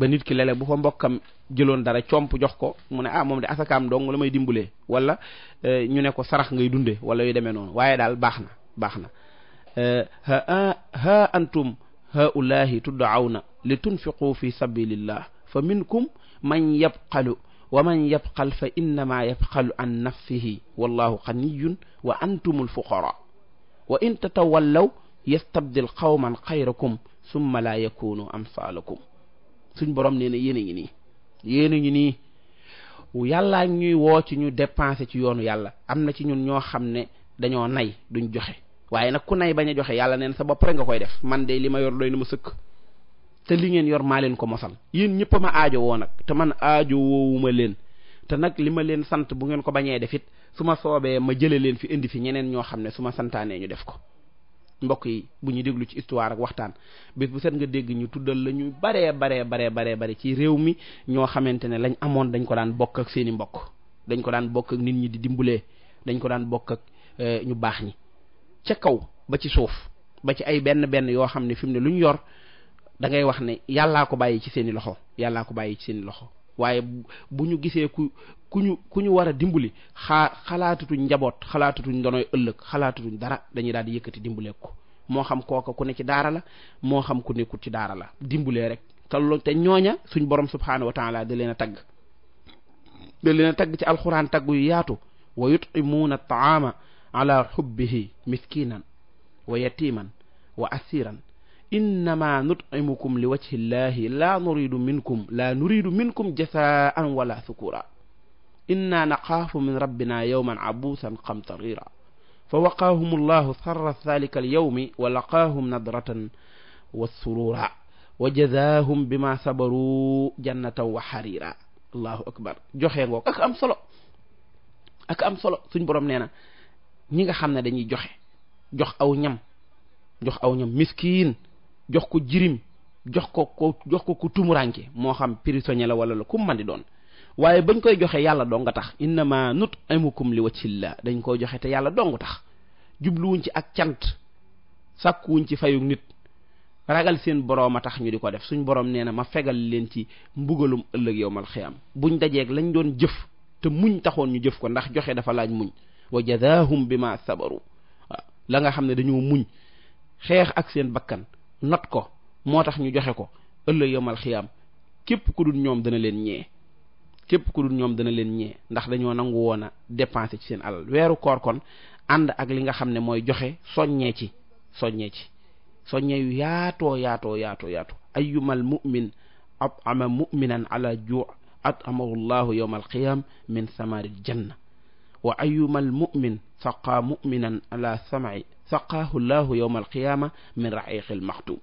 ba nit ki lele bu ko mbokkam jëloon dara comp jox ko mu ne ah moom de asakaam dong la may dimbalee wala euh, ñu ne ko sarax ngay dunde wala yu demee noonu waaye daal baax na baax na euh, ha ha antum haulahi tud'awna li tunfiqu fi sabilillah fa minkum man yabqalu wa man yabqal fa innama yabqalu an nafsihi wallahu ghaniyun wa antumul fuqara wa in tatawallaw yastabdil qawman xayrakum summa la yakunu amsalakum suñ borom nee na yéen ngi nii yéen a ngi nii yàlla ñuy woo ci ñu dépenser ci yoonu yàlla am na ci ñun ñoo xam ne dañoo nay duñ joxe waaye nag ku nay bañ a joxe yàlla neen sa bopp rek nga koy def man de li ma yor doy na ma sëkk te li ngeen yor maa leen ko mosal yéen ñëpp ma aajo woo nag te man aajo woowuma leen te nag li ma leen sant bu ngeen ko bañee def it su ma soobee ma jële leen fi indi fi ñeneen ñoo xam ne su ma santaanee ñu def ko mbokk yi bu ñu déglu ci histoire ak waxtaan bis bu set nga dégg ñu tuddal la ñu baree baree baree baree bare ci réew mi ñoo xamante ne lañ amoon dañ ko daan bokk ak seeni mbokk dañ ko daan bokk ak nit ñi di dimbulee dañ ko daan bokk ak eh, ñu baax ñi ca kaw ba ci suuf ba ci ay benn benn yoo xam ne fi mu ne lu ñu yor da ngay wax ne yàllaa ko bàyyi ci seeni loxo yàllaa ko bàyyi ci seeni loxo waaye bu ñu gisee ku ku ñu ku ñu war a dimbali xaa xalaatatuñ njaboot xalaatatuñ donoy ëllëg xalaatatuñ dara dañuy daal di yëkkati dimbalee ko moo xam kooka ku ne ci daara la moo xam ku nekkul ci daara la dimbalee rek te te ñooña suñ borom subhaanahu wa taala da leen a tagg da leen tagg ci alxuraan tagg yu yaatu wa yut'imuuna taama ala xubbihi miskinan wa yatiman wa asiran innama nut'imukum li wajhi llahi laa nuridu minkum laa nuridu minkum jasaan wala sukura inna naxaafu min rabbina yawman abuusan qamtarira fa waqaahum allahu sarra dhalika alyawmi wa laqaahum nadratan wa surura wa jazaahum bima sabaru jannatan wa xarira allahu akbar joxe ngoog ak am solo ak am solo suñ borom nee na ñi nga xam ne dañuy joxe jox aw ñam jox aw ñam miskiin jox ko jirim jox ko ko jox ko ku tumuranke moo xam prisonnier la wala la ku man di doon waaye bañ koy joxee yàlla dong nga tax innama nut amukum li wajhillah dañ koy joxe te yàlla dong tax jubluwuñ ci ak cant sàkkuwuñ ci fayug nit ragal seen boroom a tax ñu di ko def suñ boroom nee na ma fegal leen ci mbugalum ëllëg yowmal xiyaam buñ dajeeg lañ doon jëf te muñ taxoon ñu jëf ko ndax joxe dafa laaj muñ wa bi ma sabaru la nga xam ne dañoo muñ xeex ak seen bakkan not ko moo tax ñu joxe ko ëllëg yomal xiyaam képp ku ñoom dana leen ñee képp ku ñoom dana leen ñee ndax dañoo nangu woon a dépenser ci seen alal weeru koor kon ànd ak li nga xam ne mooy joxe soññee ci soññee ci soññee yu yaatoo yaatoo yaato yaatoo ayyumal mu'min at'ama mu'minan ala ju' at'amahu llahu yawma alqiyam min samaril janna wa ayumal mu'min saqa mu'minan ala sam'i saqaahu llahu yowma alqiyaama min raxiqil maxtum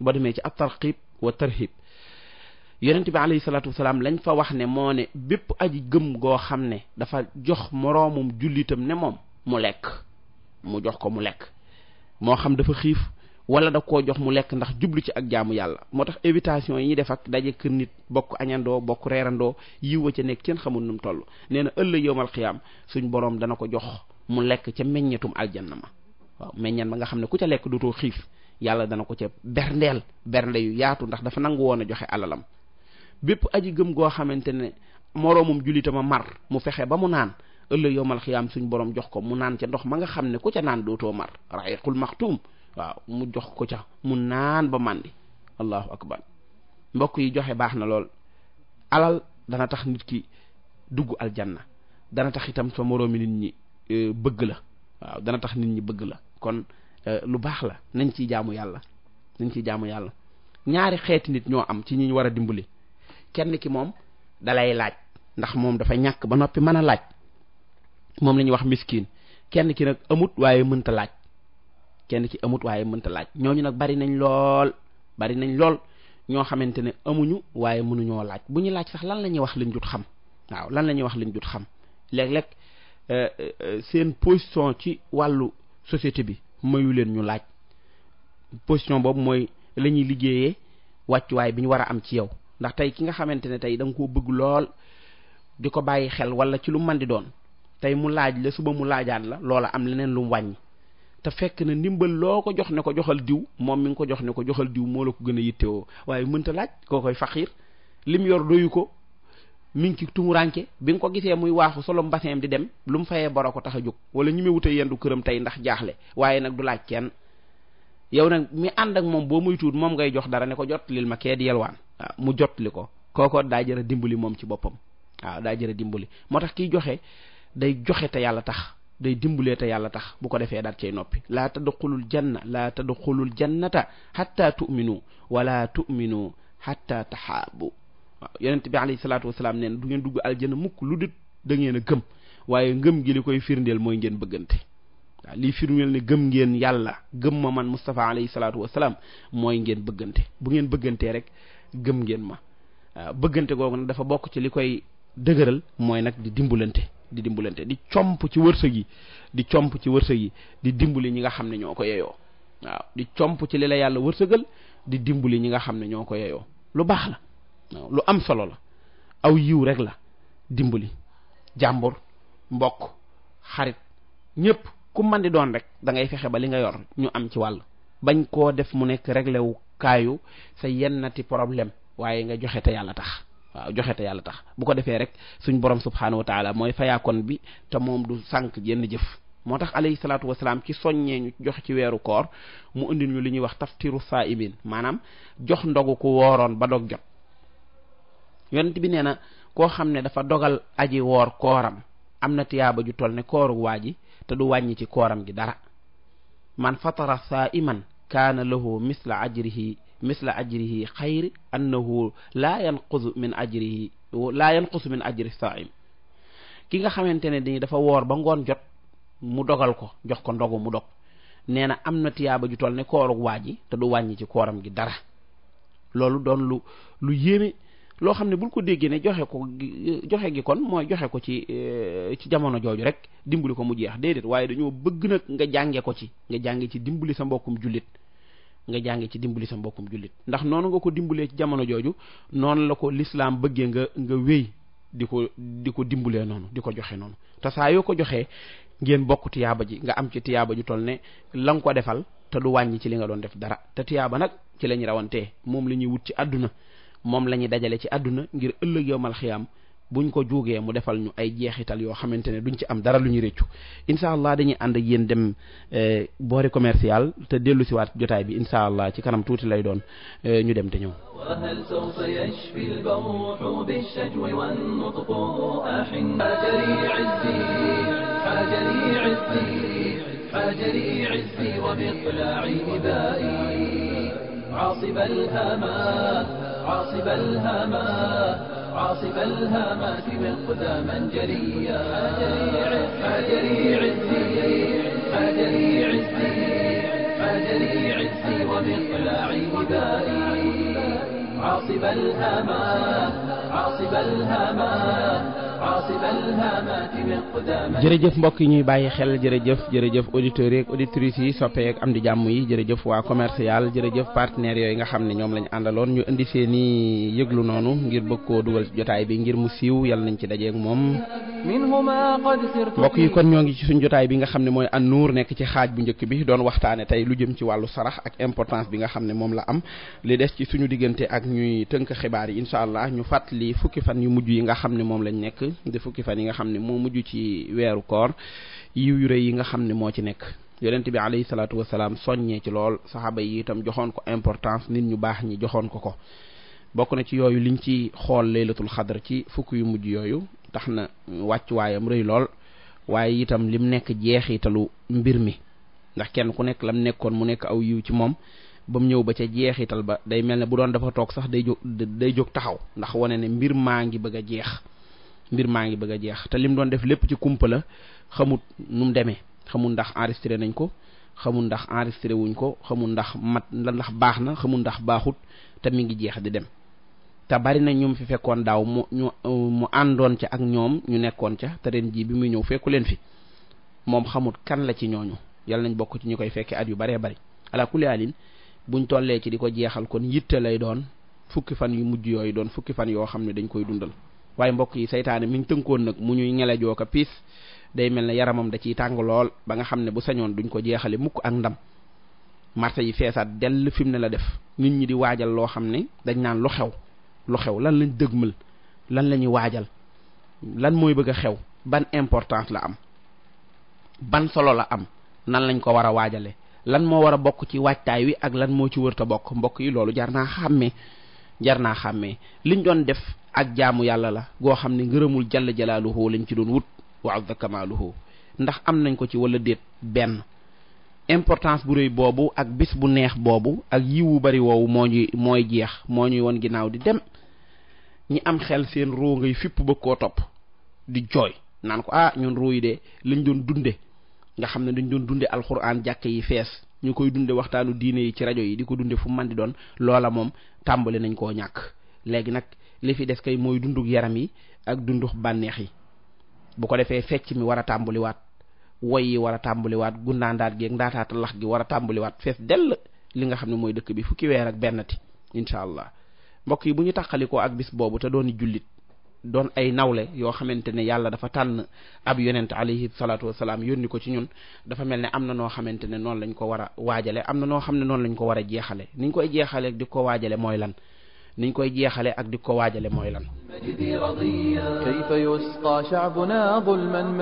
boo demee ci ab tarqib wa tarhib yonent bi alayhi salaatu wasalaam lañ fa wax ne moo ne bépp aji gëm goo xam ne dafa jox moroomum jullitam ne moom mu lekk mu jox ko mu lekk moo xam dafa xiif wala da koo jox mu lekk ndax jublu ci ak jaamu yàlla moo tax invitation yi ñuy def ak daje kër nit bokk añandoo bokk reerandoo yiw wa ca nekk kenn xamul nu mu toll nee na ëllëg yowmal xiyaam suñ boroom dana ko jox mu lekk ca meññetum aljanna ma waaw meññan ma nga xam ne ku ca lekk dootoo xiif yàlla dana ko ca berndeel bernde yu yaatu ndax dafa nangu woon a joxe alalam bépp aji gëm goo xamante ne moroomum julitama mar mu fexe ba mu naan ëllëg yowmal xiyaam suñ borom jox ko mu naan ca ndox ma nga xam ne ku ca naan dootoo mar raxiqul maxtuum waaw mu jox ko ca mu naan ba màndi allahu akbar mbokk yi joxe baax na lool alal dana tax nit ki dugg aljanna dana tax itam sa moroomi nit ñi e, bëgg la waaw dana tax nit ñi bëgg la kon e, lu baax la nañ ciy jaamu yàlla nañ ciy jaamu yàlla ñaari xeeti nit ñoo am ci ñi war a dimbali kenn ki moom dalay laaj ndax moom dafa ñàkk ba noppi mën a laaj moom la ñuy wax miskin kenn ki nag amut waaye mënta laaj kenn ki amut waaye mënta laaj ñooñu nag bari nañ lool bari nañ lool ñoo xamante ne amuñu waaye mënuñoo laaj bu ñu laaj sax lan la ñuy wax lañ jut xam waaw lan la ñuy wax lañ jut xam léeg-léeg euh, euh, seen position ci wàllu société bi mayu leen ñu laaj position boobu mooy la ñuy liggéeyee wàccuwaay bi ñu war a am ci yow ndax tey ki nga xamante ne tey danga koo bëgg lool di ko bàyyi xel wala ci lu mën di doon tey mu laaj la suba mu laajaat la loola am leneen lu wàññi te fekk na ndimbal loo ko jox ne ko joxal diw moom mi nga ko jox ne ko joxal diw moo la ko gën a yittewoo waaye mënta laaj koo koy faxiir lim yor doyu ko mi ngi ci tumuranke bi nga ko gisee muy waaxu solo mbaseem di dem lu mu fayee boro ko tax a jóg wala ñi muy wute yendu këram tey ndax jaaxle waaye nag du laaj kenn yow nag mi ànd ak moom boo muy tuut moom ngay jox dara ne ko jot lil ma kee di yelwaan waaw ah, mu jot li ko kooko daa jëra dimbali moom ci boppam ah, daa jëra dimbali moo tax kiy joxe joxe te yàlla tax day dimbulee te yàlla tax bu ko defee daat cay noppi laa tadxulul janna laa tadxulul jannata xatta tuminu wala tuminu xatta taxaabu waaw yonent bi alayhi salaatu wasalaam neen du ngeen dugg aljanna mukk lu dit dangeen gëm waaye ngëm gi koy firndeel mooy ngeen bëggante waaw lii firndeel ne gëm ngeen yàlla gëm ma man Mustafa alayhi salaatu wasalaam mooy ngeen bëggante bu ngeen bëggantee rek gëm ngeen ma bëggante googu nag dafa bokk ci li koy dëgëral mooy nag di dimbulante di dimbalante di comp ci wërsëg yi di comp ci wërsëg yi di dimbali ñi nga xam ne ñoo ko yeyoo waaw di comp ci li la yàlla wërsëgal di dimbali ñi nga xam ne ñoo ko yeyoo lu baax la waaw lu am solo la aw yiw rek la dimbali jàmbur mbokk xarit ñépp ku man di doon rek da ngay fexe ba li nga yor ñu am ci wàll bañ koo def mu nekk réglé wu kaayu sa yennati problème waaye nga joxe te yàlla tax waaw joxe te yàlla tax bu ko defee rek suñ borom subhaanahu wa taala mooy fayaakon bi te moom du sànq yenn jëf moo tax alayhi salaatu wasalaam ci soññee ñu joxe ci weeru koor mu indi ñu li ñuy wax taftiru saa'imin maanaam jox ndogu ku wooroon ba dog jot yonent bi nee na koo xam ne dafa dogal aji woor kooram am na tiyaaba ju toll ne kooru waa ji te du wàññi ci kooram gi dara man fatara saa'iman kaana lahu misla aj ajrihi misla ajrihi xayr annahu laa yanqusu min ajrihi laa yanqusu min ajri saim ki nga xamante ne ni dafa woor ba ngoon jot mu dogal ko jox ko ndogu mu dog nee na am na tiyaaba ju toll ne koorug waa ji te du wàññi ci kooram gi dara loolu doon lu lu yéeme loo xam ne bul ko déggee ne joxe ko joxe gi kon mooy joxe ko ci eh, ci jamono jooju rek dimbali ko mu jeex déedéet waaye dañoo bëgg nag nga jànge ko ci nga jànge ci dimbali sa mbokkum jullit nga jànge ci dimbali sa mbokkum jullit ndax noonu nga ko dimbalee ci jamono jooju noonu la ko lislaam bëggee nga nga wéy di ko di ko dimbalee noonu di ko joxe noonu te saa yoo ko joxee ngeen bokk tiyaaba ji nga am ci tiyaaba ju toll ne la nga ko defal te du wàññi ci li nga doon def dara te tiyaaba nag ci la ñu rawantee moom la ñuy wut ci àdduna moom la ñuy dajale ci àdduna ngir ëllëg yowmal xiyaam buñ ko juugee mu defal ñu ay jeexital yoo xamante ne duñ ci am dara lu ñu réccu incha allah dañuy ànd ak dem eh, boori commercial te dellu si waat jotaay bi incha allah ci kanam tuuti lay doon eh, ñu dem te ñëw وهل سوف يشفي البروح بالشجو والنطق أحن حجري عزي حجري عزي حجري عزي وبإقلاعي إبائي عاصب الهما عاصب الهما عاصف الهامات مقداما جريا حجري عزي حجري عزي حجري عزي ومقلاعي هبائي عاصف الهامات عاصف الهامات jërëjëf mbokk yi ñuy bàyyi xel jërëjëf jërëjëf auditeurs yeeg auditrices yi soppeek am di jàmm yi jërëjëf waa commercial jërëjëf partenaires yooyu nga xam ne ñoom lañu àndaloon ñu indi seen i yëglu noonu ngir bëgg koo dugal jotaay bi ngir mu siiw yal nañ ci dajeeg moom mbokk yi kon ñoo ngi ci suñ jotaay bi nga xam ne mooy an nuur nekk ci xaaj bu njëkk bi doon waxtaane tey lu jëm ci wàllu sarax ak importance bi nga xam ne moom la am li des ci suñu diggante ak ñuy tënk xibaar yi allah ñu fàttali fukki fan yu mujj yi nga xam ne moom lañ nekk di fukki fan yi nga xam ne moo mujj ci weeru koor yiw yu rëy yi nga xam ne moo ci nekk yonent bi alayhi salaatu wasalaam soññee ci lool saxaaba yi itam joxoon ko importance nit ñu baax ñi joxoon ko ko bokk na ci yooyu liñ ci xool laylatul xadar ci fukk yu mujj yooyu tax na wàcc waayam rëy lool waaye itam lim nekk jeexitalu mbir mi ndax kenn ku nekk lam nekkoon mu nekk aw yiw ci moom ba mu ñëw ba ca jeexital ba day mel ne bu doon dafa toog sax day jóg day jóg taxaw ndax wane ne mbir maa ngi bëgg a jeex mbir maa ngi bëgg a jeex te lim doon def lépp ci kumpa la xamut nu mu demee xamul ndax enregistré nañ ko xamul ndax enregistré wuñ ko xamul ndax mat ndax baax na xamul ndax baaxut te mi ngi jeex di dem te bari na ñoom fi fekkoon daaw mu ñu mu àndoon ca ak ñoom ñu nekkoon ca te ren jii bi muy ñëw fekku leen fi moom xamut kan la ci ñooñu yàlla nañ bokk ci ñu koy fekkee at yu baree bari ala kulli alin buñ tollee ci di ko jeexal kon yitte lay doon fukki fan yu mujj yooyu doon fukki fan yoo xam ne dañ koy dundal waaye mbokk yi seytaane mi ngi tënkoon nag mu ñuy ñele joo ko piis day mel ne yaramam da ciy tàng lool ba nga xam ne bu sañoon duñ ko jeexale mukk ak ndam marché yi feesaat dell fi mu ne la def nit ñi di waajal loo xam ne dañ naan lu xew lu xew lan lañ dëgmal lan la ñuy waajal lan mooy bëgg a xew ban importance la am ban solo la am nan lañ ko war a waajale lan moo war a bokk ci waajtaay wi ak lan moo ci wërta bokk mbokk yi loolu jar naa xàmmee jar naa xàmmee liñ doon def ak jaamu yàlla la goo xam ne ngërëmul jalla jalaaluhu lañu ci doon wut wa azza kamaaluhu ndax am nañ ko ci wala déet benn importance bu réy boobu ak bis bu neex boobu ak yiwu bari woowu moo ñuy mooy jeex moo ñuy won ginnaaw di dem ñi am xel seen ruu ngay fipp ba koo topp di jooy naan ko ah ñoon ruu yi de lañ doon dunde nga xam ne dañ doon dunde alxuraan jàkk yi fees ñu koy dunde waxtaanu diine yi ci rajo yi di ko dunde fu mën di doon loola moom tàmbali nañ koo ñàkk li fi des kay mooy dunduk yaram yi ak dunduk bànneex yi bu ko defee fecc mi war a tàmbaliwaat woy yi war a tàmbaliwaat gundaandaat gi ak ndaataata lax gi war a tàmbaliwaat fees dell li nga xam ne mooy dëkk bi fukki weer ak bennati incha allah mbokk yi bu ñu tàqalikoo ak bis boobu te doon jullit doon ay nawle yoo xamante ne yàlla dafa tànn ab yonent alayhi salaatu wasalaam yónni ko ci ñun dafa mel ne am na noo xamante ne noonu lañ ko war a waajale am na noo xam ne noonu lañ ko war a jeexale niñ koy jeexale di ko waajale mooy lan niñ koy jeexale ak di ko waajale mooy lan kayfa yusqa sha'buna zulman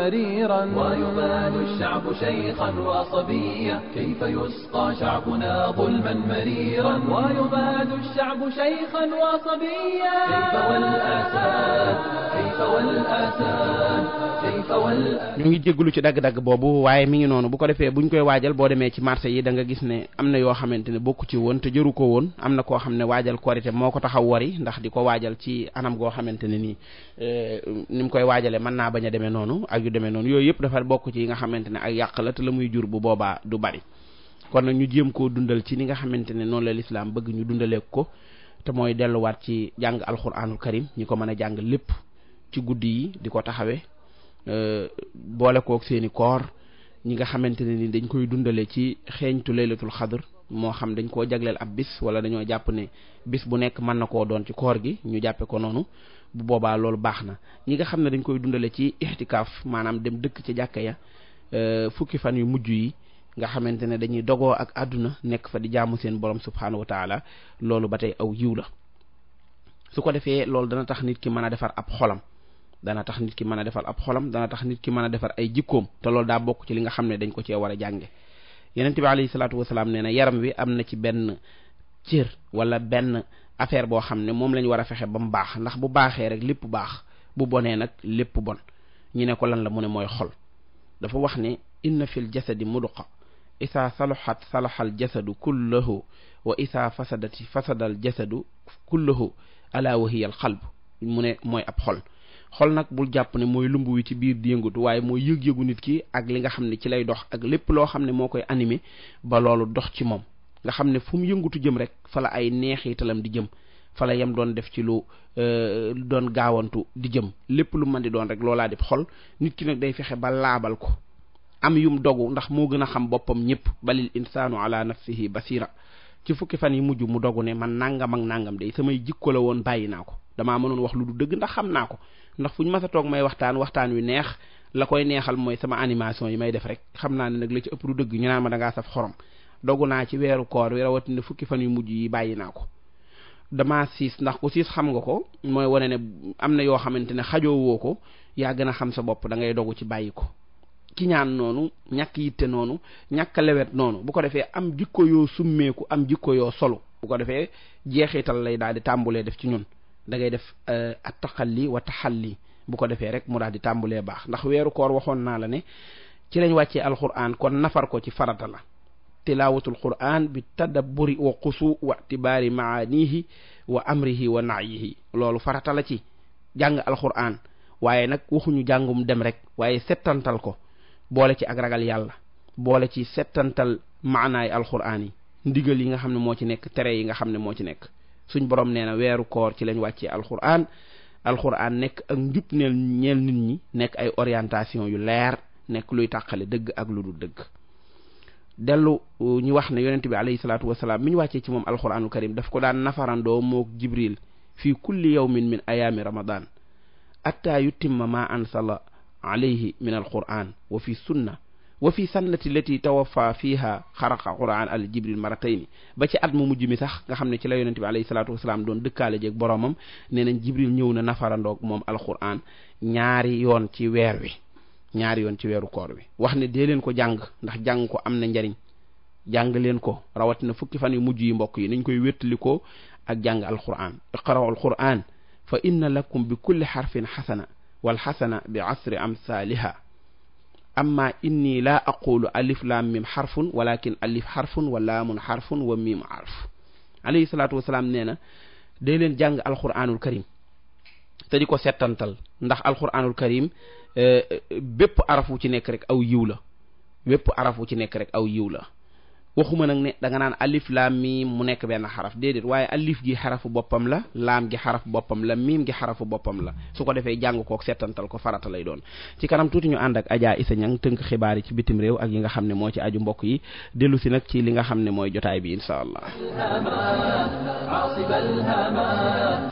ngi jégalu ci dagg-dagg boobu waaye mi ngi noonu bu ko defee buñ koy waajal boo demee ci marché yi da nga gis ne am na yoo xamante ne bokku ci woon te jëru ko woon am na koo xam ne waajal korite moo ko tax taxaw wari ndax di ko waajal ci anam goo xamante ne nii eh, ni mu koy waajalee mën naa bañ a demee noonu ak yu demee noonu yooyu yëpp dafa bokk ci yi nga xamante ne ak yàq la te la muy jur bu boobaa du bari kon nag ñu jéem koo dundal ci ni nga xamante ne noonu la lislaam bëgg ñu dundalee ko te mooy delluwaat ci jàng alxuraanul karim ñi ko mën a jàng lépp ci guddi yi di ko taxawee eh, boole kook seeni koor ñi nga xamante ni dañ koy dundale ci xeeñtu laylatul xadr moo xam dañ koo jagleel ab bis wala dañoo jàpp ne bis bu nekk mën na koo doon ci koor gi ñu jàppe ko noonu bu boobaa loolu baax na ñi nga xam ne dañ koy dundale ci ixtikaaf maanaam dem dëkk ci jàkka ya euh, fukki fan yu mujj yi nga xamante ne dañuy dogoo ak àdduna nekk fa di jaamu seen borom subhaanahu wa loolu ba tey aw yiw la su ko defee loolu dana tax nit ki mën a defar ab xolam dana tax nit ki mën a defar ab xolam dana tax nit ki mën a defar ay jikkoom te loolu daa bokk ci li nga xam ne dañ ko cee war a jànge yonent bi alayhi salaatu wasalaam nee na yaram wi am na ci benn cër wala benn affaire boo xam ne moom lañ war a fexe ba mu baax ndax bu baaxee rek lépp baax bu bonee nag lépp bon ñu ne ko lan la mu ne mooy xol dafa wax ne inna fil jasadi mudqa isaa salahat salaxal jasadu kullahu wa isaa fasadati fasadal jasadu kullahu ala wahiya al xalb mu ne mooy ab xol xol nag bul jàpp ne mooy lumb wi ci biir di yëngatu waaye mooy yëg-yëgu nit ki ak li nga xam ne ci lay dox ak lépp loo xam ne moo koy animé ba loolu dox ci moom nga xam ne fu mu yëngatu jëm rek fa la ay neexitalam di jëm fa la doon def ci lu euh, doon gaawantu di jëm lépp lu mën di doon rek loolaa def xol nit ki nag day fexe ba laabal ko am yum dogu ndax moo gën a xam boppam ñëpp balil insaanu ala nafsihi basira ci fukki fan yi mujj mu dogu ne man nangam ak nangam de samay jikko la woon bàyyi naa ko damaa mënoon wax lu du dëgg ndax xam naa ko ndax fu ñu mës a toog may waxtaan waxtaan wi neex la koy neexal mooy sama animation yi may def rek xam naa ne nag la ci ëpp du dëgg ñu naan ma da ngaa saf xorom dogu naa ci weeru koor wi rawatina fukki fan yu mujj yi bàyyi naa ko dama siis ndax ku siis xam nga ko mooy wane ne am na yoo xamante ne xajoo ko yaa gën a xam sa bopp da ngay dogu ci bàyyi ko ci ñaan noonu ñàkk yitte noonu ñàkk lewet noonu bu ko defee am jikko yoo summeeku am jikko yoo solo bu ko defee jeexital lay daal di tàmbulee def ci ñun da ngay def euh, at taqalli wa taxalli bu ko defee rek mu daal di tàmbulee baax ndax weeru koor waxoon naa la ne ci lañ wàccee alquran kon nafar ko ci farata la tilaawatul quran bi tadabburi wa xusu wa tibaari maanihi wa amrihi wa naayihi loolu farata la ci jàng alquran waaye nag waxuñu jàngum dem rek waaye setantal ko boole ci ak ragal yàlla boole ci settantal maanaay alquran yi ndigal yi nga xam ne moo ci nekk tere yi nga xam ne moo ci nekk suñ borom nee na weeru koor ci lañ wàccee alxuraan alxuraan nekk ak njub neel nit ñi nekk ay orientation yu leer nekk luy tàqale dëgg ak lu dul dëgg dellu uh, ñu wax ne yonent bi alayhi salaatu wasalaam mi ñu wàccee ci moom alxuraanul karim daf ko daan nafarandoo mook jibril fii kulli yawmin min ayaami ramadan atta yutimma ma ansala alayhi min alquran wa fi sunna wa fi sannati lati tawaffa fiha xaraqa quran al jibril maratayni ba ci at mu mujj mi sax nga xam ne ci la yonente bi alayhi salatu wasalaam doon dëkkaale jeeg boromam nee nañ jibril ñëw na nafarandoog moom alquran ñaari yoon ci weer wi ñaari yoon ci weeru koor wi wax ne dee leen ko jàng ndax jàng ko am na njariñ jàng leen ko rawatina fukki fan yu mujj yi mbokk yi nañ koy wéttali ko ak jàng alquran iqra'u alquran fa inna lakum bi kulli xarfin xasana wal xasana bi asri amma inni la aqulu alif laam mim xarfun walakin alif xarfun wa xarfun wa mim xarf alayhi salaatu wasalaam na day leen jàng alquranul karim te ko settantal ndax alquranul karim eh, eh, bépp araf ci nekk rek aw yiw la bépp araf ci nekk rek aw yiw la waxuma nag ne da nga naan alif laam miim mu nekk benn xaraf déedéet waaye alif gi xarafu boppam la laam gi xaraf boppam la miim gi xarafu boppam la su ko defee jàng kook setantal ko farata lay doon ci kanam tuuti ñu ànd ak Adja Issa Niang tënk xibaar yi ci bitim réew ak yi nga xam ne moo ci aju mbokk yi dellu si nag ci li nga xam ne mooy jotaay bi insha allah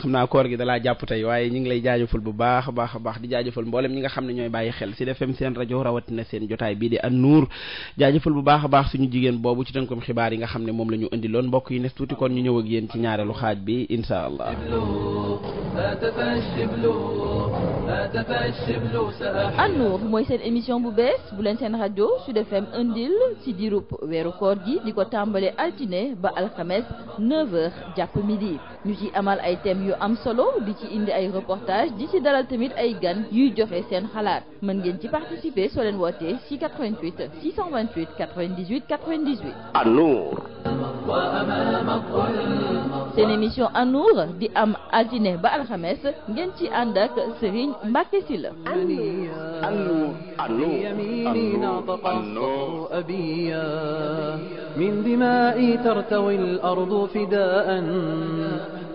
xam naa koor gi dalaa jàpp tey waaye ñi ngi lay jaajëfal bu baax a baax baax di jaajëfal mboolem ñi nga xam ne ñooy bàyyi xel si FM seen rajo rawatina seen jotaay bii di An Nour jaajëfal bu baax a baax suñu jigéen boobu tënkum xibaar yi nga xam ne moom la ñu indi loon mbokk yi nes tuuti kon ñu ñëw ak yéen ci ñaareelu xaaj bi incha allah An mooy seen émission bu bees bu leen seen rajo Sud FM indil ci diirub weeru koor gi di ko tàmbale altine ba alxames 9h jàpp midi ñu ci amal ay thèmes yu am solo di ci indi ay reportage di ci dalal tamit ay gan yuy joxe seen xalaat mën ngeen ci participer soo leen wootee ci 88 628 98 An-Nour seen émission An-Nour di am altine ba alxames ngeen ci ànd ak Serigne Mbacké Sylla An-Nour An-Nour An-Nour من دمائي ترتوي الأرض فداء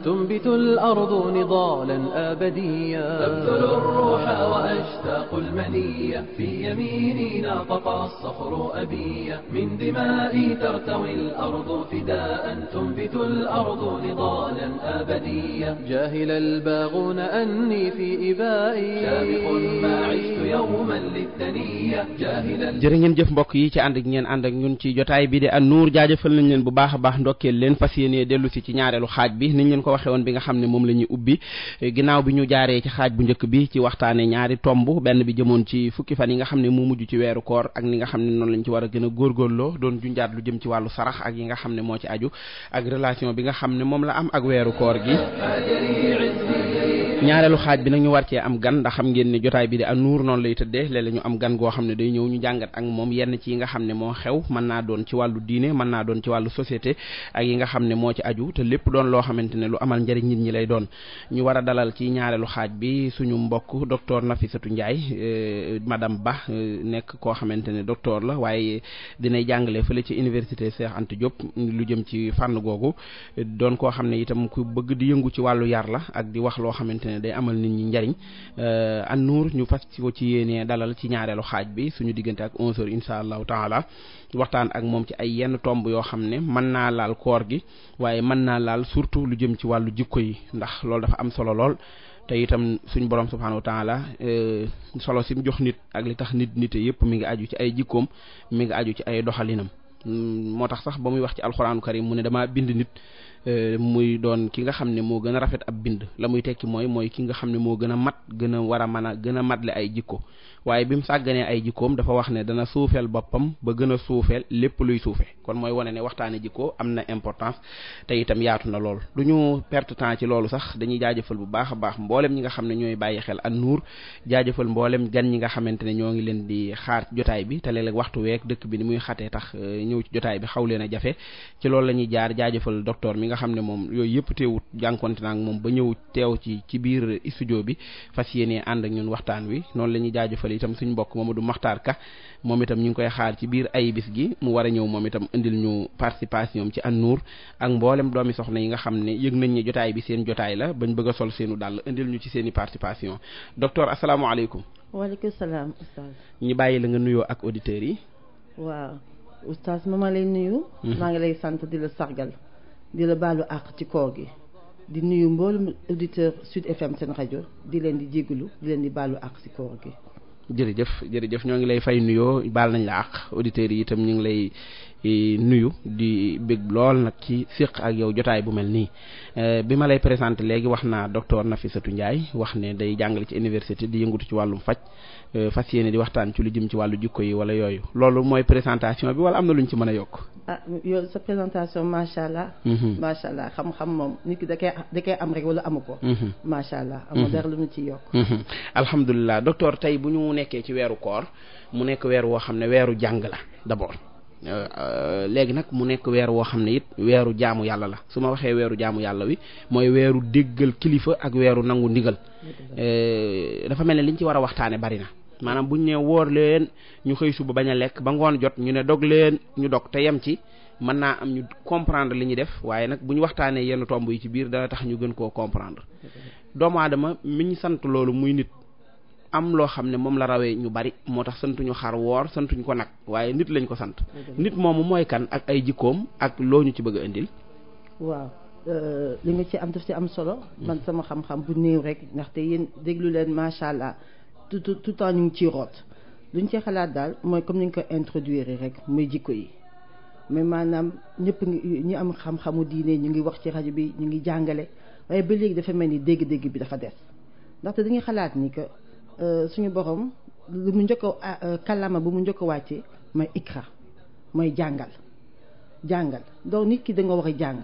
تنبت الأرض نضالا أبديا أبذل الروح وأشتاق المنية في يميني ناطق الصخر أبيا من دمائي لله ترتوي الأرض فداء تنبت الأرض نضالا أبديا جاهل الباغون أني في إبائي شامخ ما عشت يوما للثنية جاهلا ngeen jëf yi ci ànd ak ngeen ànd ak ci jotaay bi di an nuur jaajëfal nañ leen bu baax a baax ndokkeel leen fas yéenee dellu si ci ñaareelu xaaj bi niñ leen ko waxee woon bi nga xam ne moom la ñuy ubbi ginnaaw bi ñu jaaree ci xaaj bu njëkk bi ci waxtaane ñaari tomb benn bi jëmoon ci fukki fan yi nga xam ne moo mujj ci weeru koor ak ni nga xam ne noonu lañ ci war a gën a jëm ci wàllu sarax ak yi nga xam ne moo ci aju ak relation bi nga xam ne moom la am ak weeru koor gi ñaareelu xaaj bi nag ñu war cee am gan ndax xam ngeen ni jotaay bi di anuur noonu lay tëddee léeg ñu am gan goo xam ne day ñëw ñu jàngat ak moom yenn ci yi nga xam ne moo xew man naa doon ci wàllu diine mën naa doon ci wàllu société ak yi nga xam ne moo ci aju te lépp doon loo xamante ne lu amal njëriñ nit ñi lay doon ñu war a dalal ci ñaareelu xaaj bi suñu mbokk docteur Nafisatu Ndiaye euh, madame Ba euh, nekk koo xamante ne doctor la waaye dinay jàngale fële ci université Cheikh Anta Diop lu jëm ci fànn googu doon koo xam ne itam ku bëgg di yëngu ci wàllu yar ne day amal nit ñi njariñ euh, An Nour ñu fas ko ci yéenee dalal ci ñaareelu xaaj bi suñu diggante ak 11h incha allahu taala waxtaan ak moom ci ay yenn tomb yoo xam ne mën naa laal koor gi waaye mën naa laal surtout lu jëm ci wàllu jikko yi ndax loolu dafa am solo lool. te itam suñ borom subhanahu wa taala euh, solo sim jox nit ak li tax nit nit yëpp mu ngi aju ci ay jikkoom mi ngi aju ci ay doxalinam hmm, moo tax sax ba muy wax ci alxuraanu karim mu ne damaa bind nit Euh, muy doon ki nga xam ne moo gën a rafet ab bind la muy tekki mooy mooy ki nga xam ne moo gën a mat gën a war a mën a gën a matle ay jikko waaye bi mu sàgganee ay jikkoom dafa wax ne dana suufeel boppam ba gën a suufeel lépp luy suufe kon mooy wane ne waxtaane jikko am na importance te itam yaatu na lool du ñu perte temps ci loolu sax dañuy jaajëfal bu baax a baax mboolem ñi nga xam ne ñooy bàyyi xel An Nour jaajëfal mboolem gan ñi nga xamante ne ñoo ngi leen di xaar jotaay bi te léeg-léeg waxtu week dëkk bi ni muy xatee tax euh, ñëw ci jotaay bi xaw leen a jafe ci loolu la ñuy jaar jaajëfal docteur mi nga xam ne moom yooyu yëpp teewut jànkonte naa ak moom ba ñëw teew ci ci biir studio bi fas yéene ànd ak ñun waxtaan wi noonu la ñuy jaajëfal jàppale itam suñ mbokk du Makhtar Ka moom itam ñu ngi koy xaar ci biir ay bis gi mu war a ñëw moom itam indil ñu participation ci An-Nour ak mboolem doomi soxna yi nga xam ne yëg nañ ñu jotaay bi seen jotaay la bañ bëgg a sol seenu dàll indil ñu ci seeni i participation docteur asalaamaaleykum. waaleykum salaam oustaz. ñu bàyyi la nga nuyoo ak auditeurs yi. waa oustaz ma ma lay nuyu. Mhm. maa ngi lay sant di la sargal. di la baalu ak ci koor gi. di nuyu mboolum auditeur Sud seen rajo di leen di jégalu leen di baalu àq ci koor jërëjëf jërëjëf ñoo ngi lay fay nuyoo baal nañ la ak auditeurs yi itam ñu ngi lay nuyu di bég lool nag ci séq ak yow jotaay bu mel nii eh, bi ma lay présenté léegi wax naa na fi satu Ndiaye wax ne day jàngale ci université di yëngatu ci wàllum faj eh, fas yéene di waxtaan ci lu jëm ci wàllu jukko yi wala yooyu loolu mooy présentation bi wala am na lu ñu ci mën a yokk. ah yow sa présentation macha allah. Mhm. macha allah xam-xam moom nit ki da am rek wala amu ko. Mhm. macha allah mhm. amoo dara lu ñu ci yokk. alhamdulilah docteur tey bu ñu nekkee ci weeru koor mu nekk weer woo xam ne weeru jàng la Euh, léegi nag mu nekk weer woo xam ne it weeru jaamu yàlla la su ma waxee weeru jaamu yàlla wi mooy weeru déggal kilifa ak weeru nangu ndigal euh, dafa mel ne liñ ci war a waxtaane bari na maanaam buñ ne woor leen ñu xëy suba bañ a lekk ba ngoon jot ñu ne dog leen ñu dog te yem ci mën naa am ñu comprendre li ñuy def waaye nag bu ñu waxtaanee yenn tomb yi ci biir dana tax ñu gën koo comprendre doomu aadama sant loolu muy nit am loo xam ne moom la rawee ñu bari moo tax santuñu xar woor santuñ ko nag waaye nit lañ ko sant nit moomu mooy kan ak ay jikkoom ak loo ñu ci bëgg a indil waaw euh, li nga ci am daf ci am solo hmm. man sama xam-xam bu néew rek ndaxte yéen déglu leen macha allah tout tout temps ñu ngi ciy root luñ ci xalaat daal mooy comme ni ñu ko introduire rek mooy jikko yi mais maanaam ñëpp ñu am xam-xamu diine ñu ngi wax ci rajo bi ñu ngi jàngale waaye ba léegi dafa mel ni dégg-dégg bi dafa des Euh, suñu borom lu mu njëkk a euh, kàllaama bu mu njëkk wàcce wàccee mooy ikra mooy jàngal jàngal donc nit ki danga nga war a jàng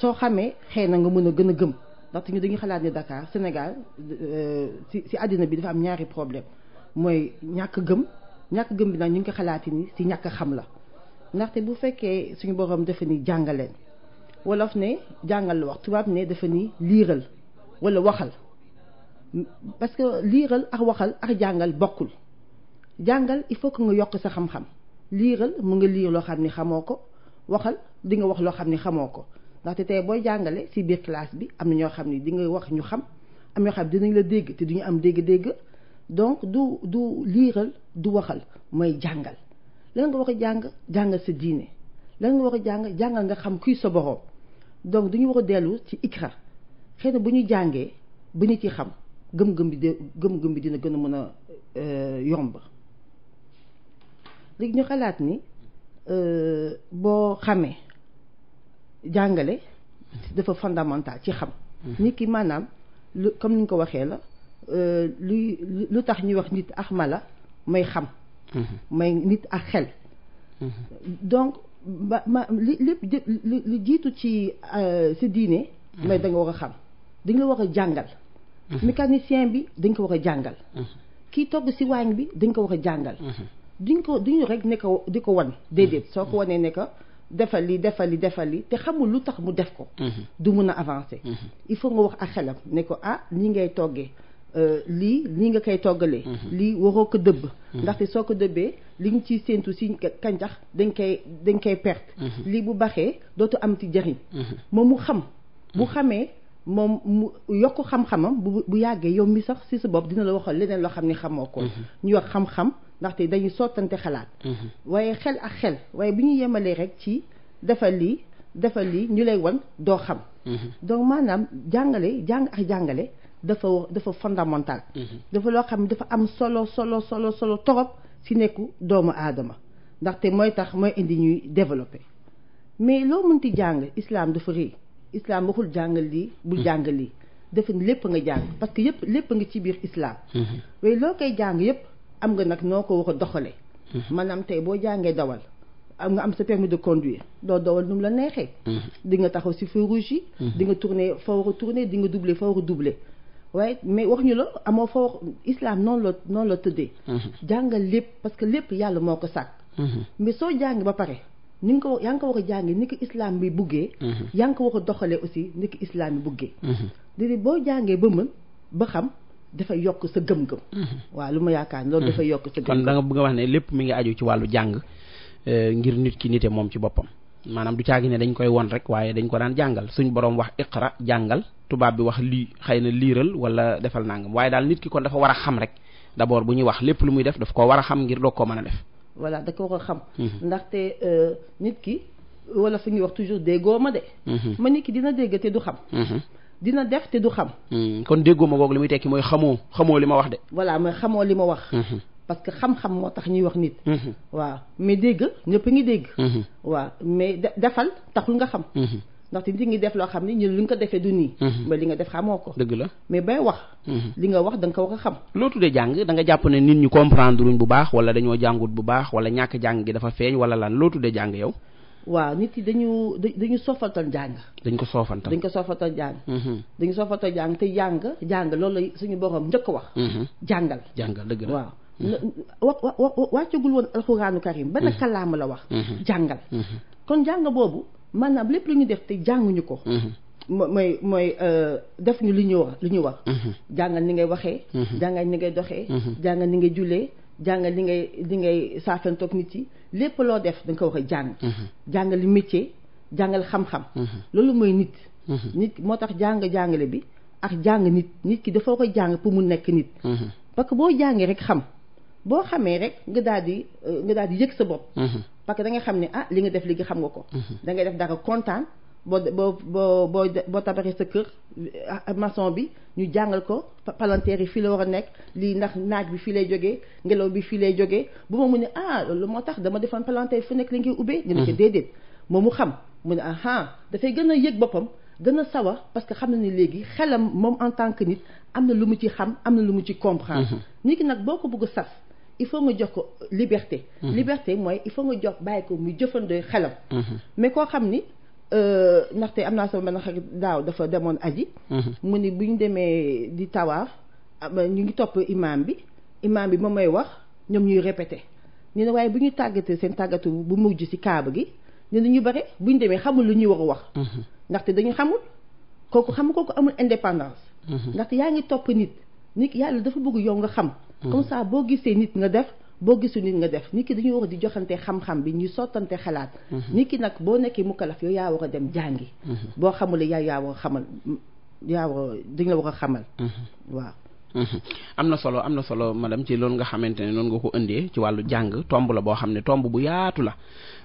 soo xamee xëy na nga mën a gën a gëm ndaxte ñu dañuy xalaat ne Dakar Sénégal euh, si si àddina bi dafa am ñaari problème mooy ñàkk gëm ñàkk gëm bi nag ñu ngi ko xalaati ni si ñàkk xam la ndaxte bu fekkee suñu borom dafa ni jàngaleen wolof ne jàngal wax tubaab ne dafa ni liiral walla waxal parce que liiral ak waxal ak jàngal bokkul jàngal il faut que nga yokk sa xam-xam liiral mu nga liir loo xam ni xamoo ko waxal di nga wax loo xam ni xamoo ko ndaxte tey booy jàngale si biir classe bi am na ñoo xam ni di nga wax ñu xam am ñoo xam dinañ la dégg te duñu am dégg-dégg donc du du liiral du waxal mooy jàngal leneen nga wax a jàng jàngal sa diine lan nga wax a jàng jàngal nga xam kuy sa borom donc duñu war a dellu ci ikra xëy na bu ñu jàngee bu ñu ci xam gëm-gëm bi de gëm bi dina gën a mën a euh, yomb léegi ñu xalaat ni euh, boo xamee jàngale dafa fondamental ci xam mm-hmm. nit ki maanaam lu comme ni ñu ko waxee la euh, luy lu tax ñuy wax nit ak mala may xam may mm-hmm. nit ak xel mm-hmm. donc ba ma li lépp li jiitu ci sa diine may da nga war a xam dañ la war a jàngal Mhm. mécanicien bi dañ ko war a jàngal mhm. kii togg si waañ bi dañ ko war a jàngal mhm. duñ ko duñu rek ne ko di ko wan déedéet soo ko wanee ne ka defal li defal li defal li te xamul lu tax mu def ko du mun a avancé il faut nga wax ak xelam ne ko ah li ngay toggee euh, lii lii nga koy toggalee lii waroo ko dëbb ndaxte soo ko dëbbee li ñu ciy séentu si kanjax dañ koy dañ koy perte lii bu baxee dootu am ci jëriñ moom mu xam bu xamee moom mu yokk xam-xamam bu bu yàggee yow mi sax si sa bopp dina la waxal leneen loo xam ni xamoo ko. Mhm. ñu wax xam-xam ndaxte dañuy sottante xalaat. Mhm. waaye xel ak xel waaye bi ñu yemalee rek ci defal lii defal lii ñu lay wan doo xam. Mhm. doo maanaam jàngale jàng ak jàngale dafa dafa fondamental. dafa loo xam ne dafa am solo solo solo solo torop si nekku doomu aadama ndaxte mooy tax mooy indi ñuy développé mais loo mënti jàng islaam dafa rëy. islam waxul jàngal lii bu hmm. jàngal lii dafa lépp nga jàng parce que yëpp lépp nga ci biir islaam hmm. waaye loo koy jàng yëpp am nga nag noo ko wax a doxale hmm. maanaam tey boo jàngee dowal am nga am sa permis de conduire doo dawal nu mu la neexee di nga taxaw si feu rouge yi di nga tourner fa war a tourner di nga doubler fa war a doubler waaye mais wax ñu la amoo fa wax islam noonu la noonu la tëddee jàngal lépp parce que lépp yàlla moo ko sàkk mais soo jàng ni nga ko yaa ngi ko a jàngee ni ko islam bi buggee. Mhm. yaa ko wax a doxalee aussi ni islaam islam bi buggee. léegi mhm. boo jàngee ba mën ba xam dafay yokk sa gëm-gëm. Mhm. waaw lu ma yaakaar loolu dafay yokk sa gëm-gëm. da nga bëgg wax ne lépp mi ngi aju ci wàllu jàng euh, ngir nit ki nite moom ci boppam. maanaam du caagi ne dañ koy won rek waaye dañ ko daan jàngal suñ boroom wax iqra jàngal tubaab bi wax lii xëy na liiral wala defal nangam waaye daal nit ki kon dafa war a xam rek d'abord bu ñuy wax lépp lu muy def daf ko war a xam ngir doog ko mën a def. voilà da ko war xam. Mm-hmm. ndaxte euh, nit ki wala su ñuy wax toujours déggoo ma de. Mm-hmm. ma nit ki dina dégg te du xam. Mm-hmm. dina def te du xam. kon déggoo ma boog li muy tekki mooy xamoo xamoo li ma wax de. voilà mooy xamoo li ma wax. parce que xam-xam moo tax ñuy wax nit. waa mais dégg ñëpp ngi dégg. waa mais defal taxul nga xam. ndaxte nit ngi def loo xam ni ñun li nga ko defee du nii. ba mhm. li nga def xamoo ko. dëgg la mais bay wax. Mhm. li nga wax da ko war a xam. loo tuddee jàng da nga jàpp ne nit ñu comprendre luñ bu baax wala dañoo jàngut bu baax wala ñàkk jàng gi dafa feeñ wala lan loo de jàng yow. waaw nit yi dañu dañu soofantal jàng. dañ ko soofantal dañ ko soofantal jàng. Mhm. dañu soofantal jàng te jàng jàng loolu la suñu borom njëkk wax. jàngal jàngal dëgg la waaw. wa wa wàccagul woon alxuraanu karim. benn kàllaama la wax. jàngal kon jàng boobu. man maanaam lépp lu ñu def te jànguñu ko. Mhm. mooy mooy euh, def ñu li ñu wax li ñu wax. Mhm. jàngal ni ngay waxee. Mhm. jàngal ni ngay doxee. jàngal ni ngay jullee jàngal li ngay li ngay saafantoog nit yi lépp loo def da ko wax jàng. jàngal métier jàngal xam-xam. loolu mooy nit. nit moo tax jàng jàngale bi ak jàng nit nit ki dafa ko jàng pour mu nekk nit. parce que boo jàngee rek xam. boo xamee rek nga daal di euh, nga daal di yëg sa bopp. Mm-hmm. parce que da nga xam ni ah li nga def léegi xam nga ko. Mm-hmm. dangay def dara kontaan boo boo boo boo boo tabaxee sa kër euh, mason bi ñu jàngal ko palanteer yi fii la war a nekk lii ndax naaj bi fii lay jóge ngelaw bi fii lay jógee bu ma mu ne ah loolu moo tax dama defoon palanteer fu nekk li ngay ubbee. nga ne ko mm-hmm. déedéet moom mu xam mu ne ah dafay gën a yëg boppam. gën a sawar parce que xam na ni léegi xelam moom en tant que nit am na lu mu ci xam am na lu mu ci comprendre. nit nag boo ko bëgg a sas il faut nga jox ko liberté. Mmh. liberté mooy il faut nga jox bàyyi ko mu jëfandoo xelam. Mmh. mais koo xam ni euh, ndaxte am naa sama benn xarit daaw dafa demoon aji. Mmh. mu ni bu ñu demee di tawaaf ah, ñu ngi topp imaam bi imaam bi moom may wax ñoom ñuy répété ñu ne waaye bu ñu tàggatee seen tàggatu bu mujj ci kaaba gi ñu na ñu bare bu ñu demee xamul lu ñuy war a wax. ndaxte dañu xamul kooku xam kooku amul indépendance. ndaxte yaa ngi topp nit yàlla dafa bëgg yow nga xam. Mm-hmm. comme ça boo gisee nit nga def boo gisul nit nga def nit ki dañu war a di joxante xam-xam bi ñu sottante xalaat mm-hmm. nit ki nag boo nekkee mukkalaf yow yaa wax a dem jàngi mm-hmm. boo xamul yaa yaa war xamal yaa war a war a xamal na solo am na solo madame ci loolu nga xamante ne noonu ko indee ci wàllu jàng tomb la boo xam ne tomb bu yaatu la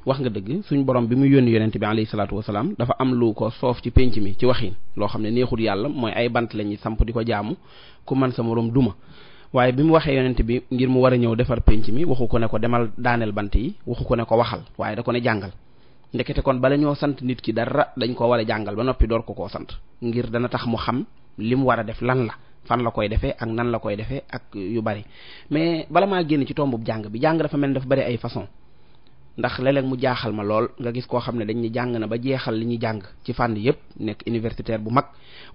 wax nga dëgg suñ borom bi muy yónni yonent bi alayhi salaatu wasalaam dafa am lu ko soof ci pénc mi ci waxin loo xam ne neexul yàlla mooy ay bant la ñuy samp di ko jaamu ku man sa morom duma waaye bi mu waxee yonent bi ngir mu war a ñëw defar pénc mi waxu ko ne ko demal daaneel bant yi waxu ko ne ko waxal waaye da ko ne jàngal ndekete kon bala ñoo sant nit ki dara dañ koo war a jàngal ba noppi door ko koo sant ngir dana tax mu xam li mu war a def lan la fan la koy defee ak nan la koy defee ak yu bari mais bala maa génn ci tombub jàng bi jàng dafa mel ni dafa bari ay façon ndax léeg mu jaaxal ma lool nga gis koo xam ne dañ jàng na ba jeexal li ñuy jàng ci fànn yépp nekk universitaire bu mag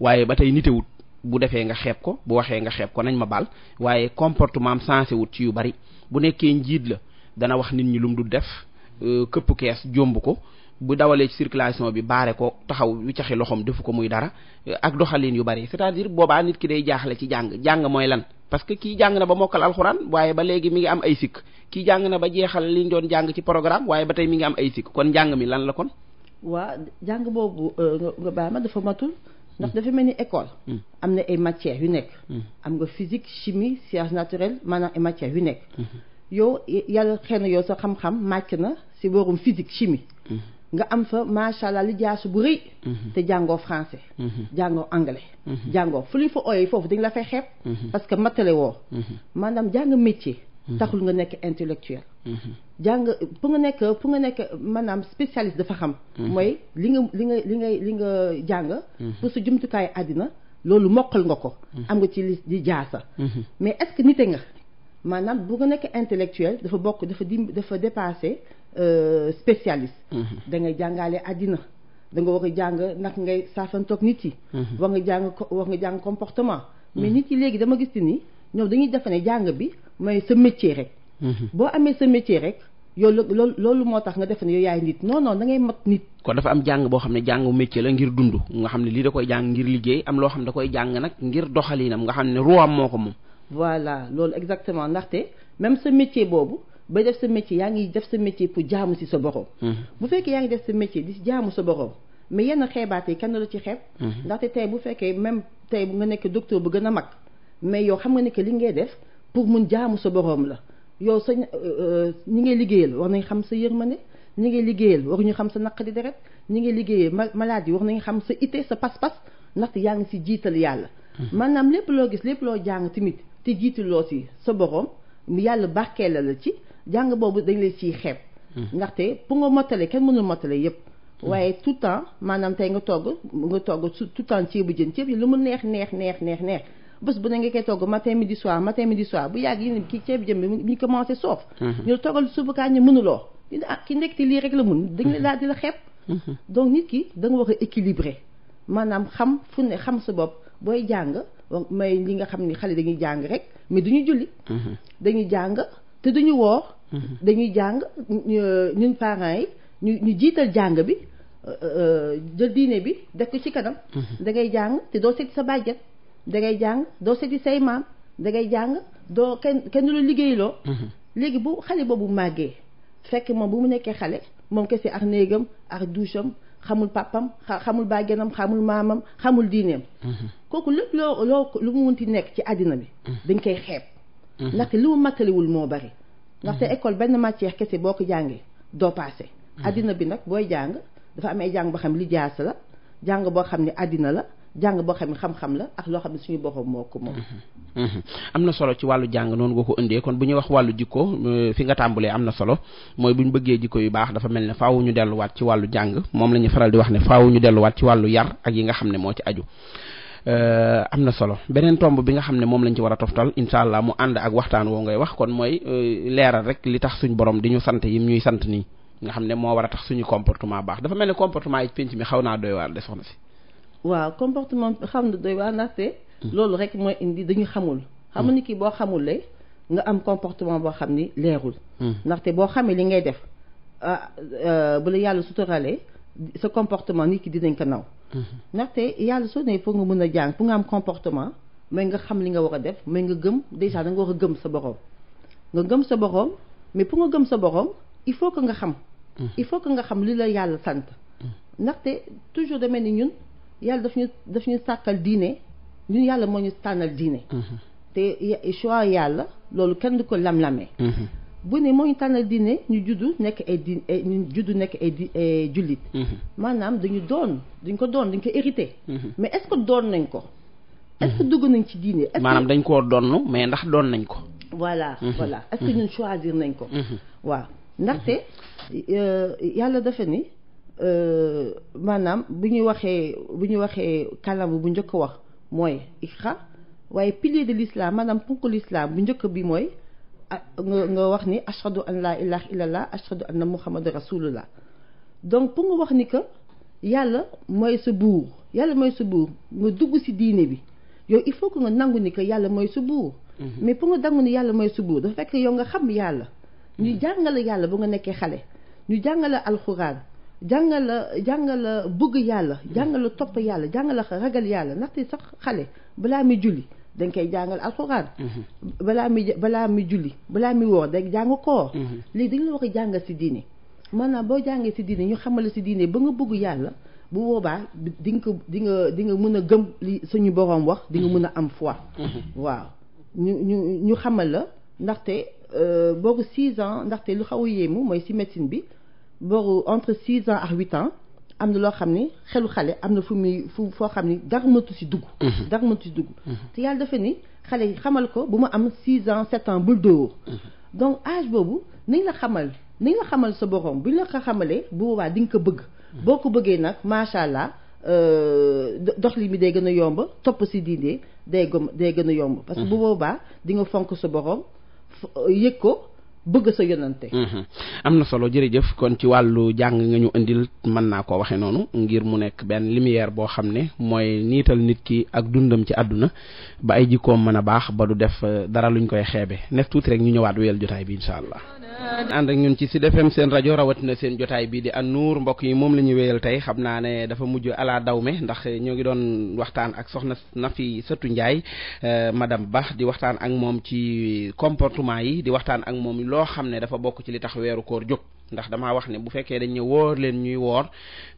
waaye ba tey nitewut bu defee nga xeeb ko bu waxee nga xeeb ko nañ ma baal waaye comportement am sensé wut ci yu bari bu nekkee njiit la dana wax nit ñu lu du def euh, këpp kees jomb ko bu dawalee ci circulation bi baare ko taxaw wiccaxi loxoom defu ko muy dara euh, ak doxalin yu bari c'est-à-dire boobaa nit ki day jaaxle ci jàng jàng mooy lan parce que kii jàng na ba mokkal alxuraan waaye ba léegi mi ngi am ay sikk kii jàng na ba jeexal liñ doon jàng ci programme waaye ba tey mi ngi am ay sikk kon njàng mi lan la kon ndax dafa mel ni école. Hmm. am na ay matières yu nekk. Hmm. am nga physique chimie sciences naturelles maanaam ay matières yu nekk. Hmm. yow yàlla xëy na yow sa xam-xam màcc na si wàllum physique chimie. nga am fa macha allah li jaasu bu rëy. te jàngoo français. jàngoo anglais. jàngoo fu ñu fa ooyee foofu dañ la fay xeeb. parce que matale woo. maanaam jàng métier. Mhm. taxul nga nekk intellectuel mhm. jàng pour nga nekk pour nga nekk maanaam spécialiste dafa xam mhm. mooy li nga li nga li nga li nga jàng pour sa jumtukaay àddina loolu mokkal nga ko am nga ci li di jaasa mais est-ce que nga maanaam bu nga nekk intellectuel dafa bokk dafa dim dafa dépassé euh, spécialiste da ngay jàngaale àddina da nga war a jàng nag ngay saafantoog nit yi war nga jàng wax nga jàng comportement mais nit yi léegi dama gis ni ñoom dañuy defe ne jàng bi mooy sa métier rek. Mhm. boo amee sa métier rek. yow loolu loolu moo tax nga def ne yow yaay nit non dangay da mat nit. kon dafa am jàng boo xam ne jàngu métier la ngir dund nga xam ne lii da koy jàng ngir liggéey am loo xam ne da koy jàng nag ngir doxalinam nga xam ne ruwaam moo ko moom. voilà loolu exactement ndaxte même sa métier boobu ba def sa métier yaa ngi def sa métier pour jaamu si sa borom. Mhm. bu fekkee yaa ngi def sa métier di jaamu sa borom mais yenn xeebaate yi kenn la ci xeeb. Mhm. ndaxte tey bu fekkee même tey bu nga nekk docteur bu gën a mag mais yow xam ne que li ngay def. pour mun jaamu sa boroom la yow sa euh, euh, ñi ngay liggéeyal war nañ xam sa yërmande ñi ngay liggéeyal war ñu xam sa naqari deret ñi ngay liggéeyee maladie war nañ xam sa ité sa pas-pas ndaxte yaa ngi si jiital yàlla hmm. maanaam lépp loo gis lépp loo jàng tamit te jiitaloo ci sa boroom yàlla barkee la ci jàng boobu dañ lay ciy xeeb hmm. ndaxte pour nga mottale kenn mënul mottale yépp hmm. waaye tout temps maanaam tey nga togg nga togg tout temps ceebu jën ceeb yi lu mu neex neex neex neex neex bés bu ne nga koy togg matin midi soir matin midi soir bu yàgg yi kii ceeb jëm bi mi commencé soof mhm. ñu toggal suba kaa ñu mënuloo ñu ne ah, ki nekk lii rek la mun dañ mhm. la daal di la xeeb mhm. donc nit ki da nga war a équilibré maanaam xam fu ne xam sa bopp booy jàng may li nga xam ni xale dañuy jàng rek mais duñu julli dañuy jàng te duñu woor dañuy jàng ñun parents yi ñu ñu jiital jàng bi euh, euh, jël diine bi def ko ci kanam da ngay jàng te doo seet sa bàjjet da ngay jàng doo seeti say maam da ngay jàng doo kenn kenn du la liggéeyloo. Mm-hmm. léegi bu xale boobu màggee fekk moom bu mu nekkee xale moom kese ak néegam ak doucham xamul papam xamul bàjjenam xamul maamam xamul diineem. Mm-hmm. kooku lépp loo lu mu munti nekk ci àddina bi. Mm-hmm. dañ koy xeeb. ndaxte li mu mattaliwul moo bari. ndaxte école benn matière kese boo ko jàngee doo paase. àddina bi nag booy jàng dafa am ay jàng boo xam ne lijaasa la jàng boo xam ne àddina la. jàng boo xam ne xam-xam la ak loo xam ne suñu boppam moo ko moom. Mm-hmm. Mm-hmm. am na solo ci wàllu jàng noonu nga ko indee kon bu ñuy wax wàllu jikko euh, fi nga tàmbalee am na solo mooy bu ñu bëggee jikko yu baax dafa mel ne faaw ñu delluwaat wàllu jàng moom la ñu faral di wax ne ñu delluwaat ci wàllu yar ak yi nga xam ne moo ci aju. Euh, am na solo beneen tomb bi nga xam ne moom lañ ci war a toftal incha mu ànd ak waxtaan woo ngay wax kon mooy euh, leeral rek li tax suñu borom di ñu sant yim ñuy sant nii nga xam ne moo war a tax suñu comportement baax dafa mel ne comportement yi penc mi xaw naa doy waar de soxna si waaw comportement xam na doy waa hmm. loolu rek mooy indi dañu xamul. xam nga hmm. ni kii boo xamul nga am comportement boo xam ni leerul. Hmm. ndaxte boo xamee li ngay def ah euh, bu la yàlla suturalee sa comportement nit ki dinañ ko naw. ndaxte yàlla soo ne pour nga mën a jàng pour nga am comportement mooy nga xam li nga war a def mooy nga gëm déjà da nga war a gëm sa borom. nga gëm sa borom mais pour nga gëm sa borom il faut que nga xam. il faut que nga xam li la yàlla sant. ndaxte toujours demee ni ñun. yàlla daf ñu daf ñu sàkkal diine ñun yàlla moo ñu tànnal diine. Mhm. te choix yàlla loolu kenn du ko lam lame mhm. bu ne moo ñu tànnal diine ñu juddu nekk ay di ñu juddu nekk ay jullit. Mhm. maanaam dañu doon dañ ko doon dañ ko hérité. mais est doon nañ ko. est-ce dugg nañ ci diine. est maanaam dañ koo doon mais ndax doon nañ ko. voilà voilà est ñun choisir nañ ko. waaw ndaxte euh, yàlla dafa ni. Euh, maanaam bu ñu waxee bu ñu waxee kàllaama bu njëkk wax mooy iqra waaye pilier de lislaam maanaam ponk l'islam bu njëkk bi mooy nga nga wax ni ashhadu an la ilaha illallah ashhadu anna muhammadu rasulullah donc pour nga wax ni que yàlla mooy sa buur yàlla mooy sa buur nga dugg ci diine bi yow il faut que nga nangu ni que yàlla mooy sa buur mm-hmm. mais pour nga dangu ni yàlla mooy sa buur dafa fekk yow nga xam yàlla mm-hmm. ñu jàngale yàlla bu nga nekkee xale ñu jàngale alxuraan jàngal la jàngal la bëgg yàlla jàngal la topp yàlla jàngal la ragal yàlla ndaxte sax xale balaa muy julli dañ koy jàngal alxuraan mhm. balaa muy balaa muy julli balaa muy woor day jàng koor mhm. léegi dañ la wax jàngal si diine maanaam boo jàngee si diine ñu xamale si diine ba nga bëgg yàlla bu boobaa dinga ko di nga di nga mën a gëm li suñu boroom wax di nga mhm. mën a am fois waaw ñu ñu ñu xamal la ndaxte euh, boobu six ans ndaxte lu xaw a yéemu mooy si médecine bi booru entre six ans ak huit ans am na loo xam ni xelu xale am na fu muy fu foo xam ni dara mënatu si dugg mhm. dara mënatu si dugg mhm. te yàlla dafa ni xale yi xamal ko bu ma am six ans sept ans bul dóor mhm. donc âge boobu ni la xamal ni la xamal sa borom buñ la ko xamalee bu boobaa di nga ko bëgg boo ko bëggee nag macha allah euh, dox li mi day gën a yomb topp si diine day gom day gën a yomb parce que bu boobaa dinga fonk sa borom yëg ko bëgg sa yonante mhm. am na solo jërëjëf kon ci wàllu jàng nga ñu indil mën naa ko waxe noonu ngir mu nekk benn lumière boo xam ne mooy niital nit ki ak dundam ci àdduna ba ay jikkoom mën a baax ba du def eh, dara lu ñu koy xeebe nekk tuuti rek ñu ñëwaat wéyal jotaay bi incha allah ànd ak ñun ci si FM seen rajo rawatina seen jotaay bii di An Nour mbokk yi moom la ñuy wéyal tey xam naa ne dafa mujj ala dawme ndax ñoo ngi doon waxtaan ak soxna Nafi Sëtu Ndiaye euh, madam Ba di waxtaan ak moom ci comportement yi di waxtaan ak moom loo xam ne dafa bokk ci li tax weeru koor jóg ndax damaa wax ne bu fekkee dañ ne leen ñuy woor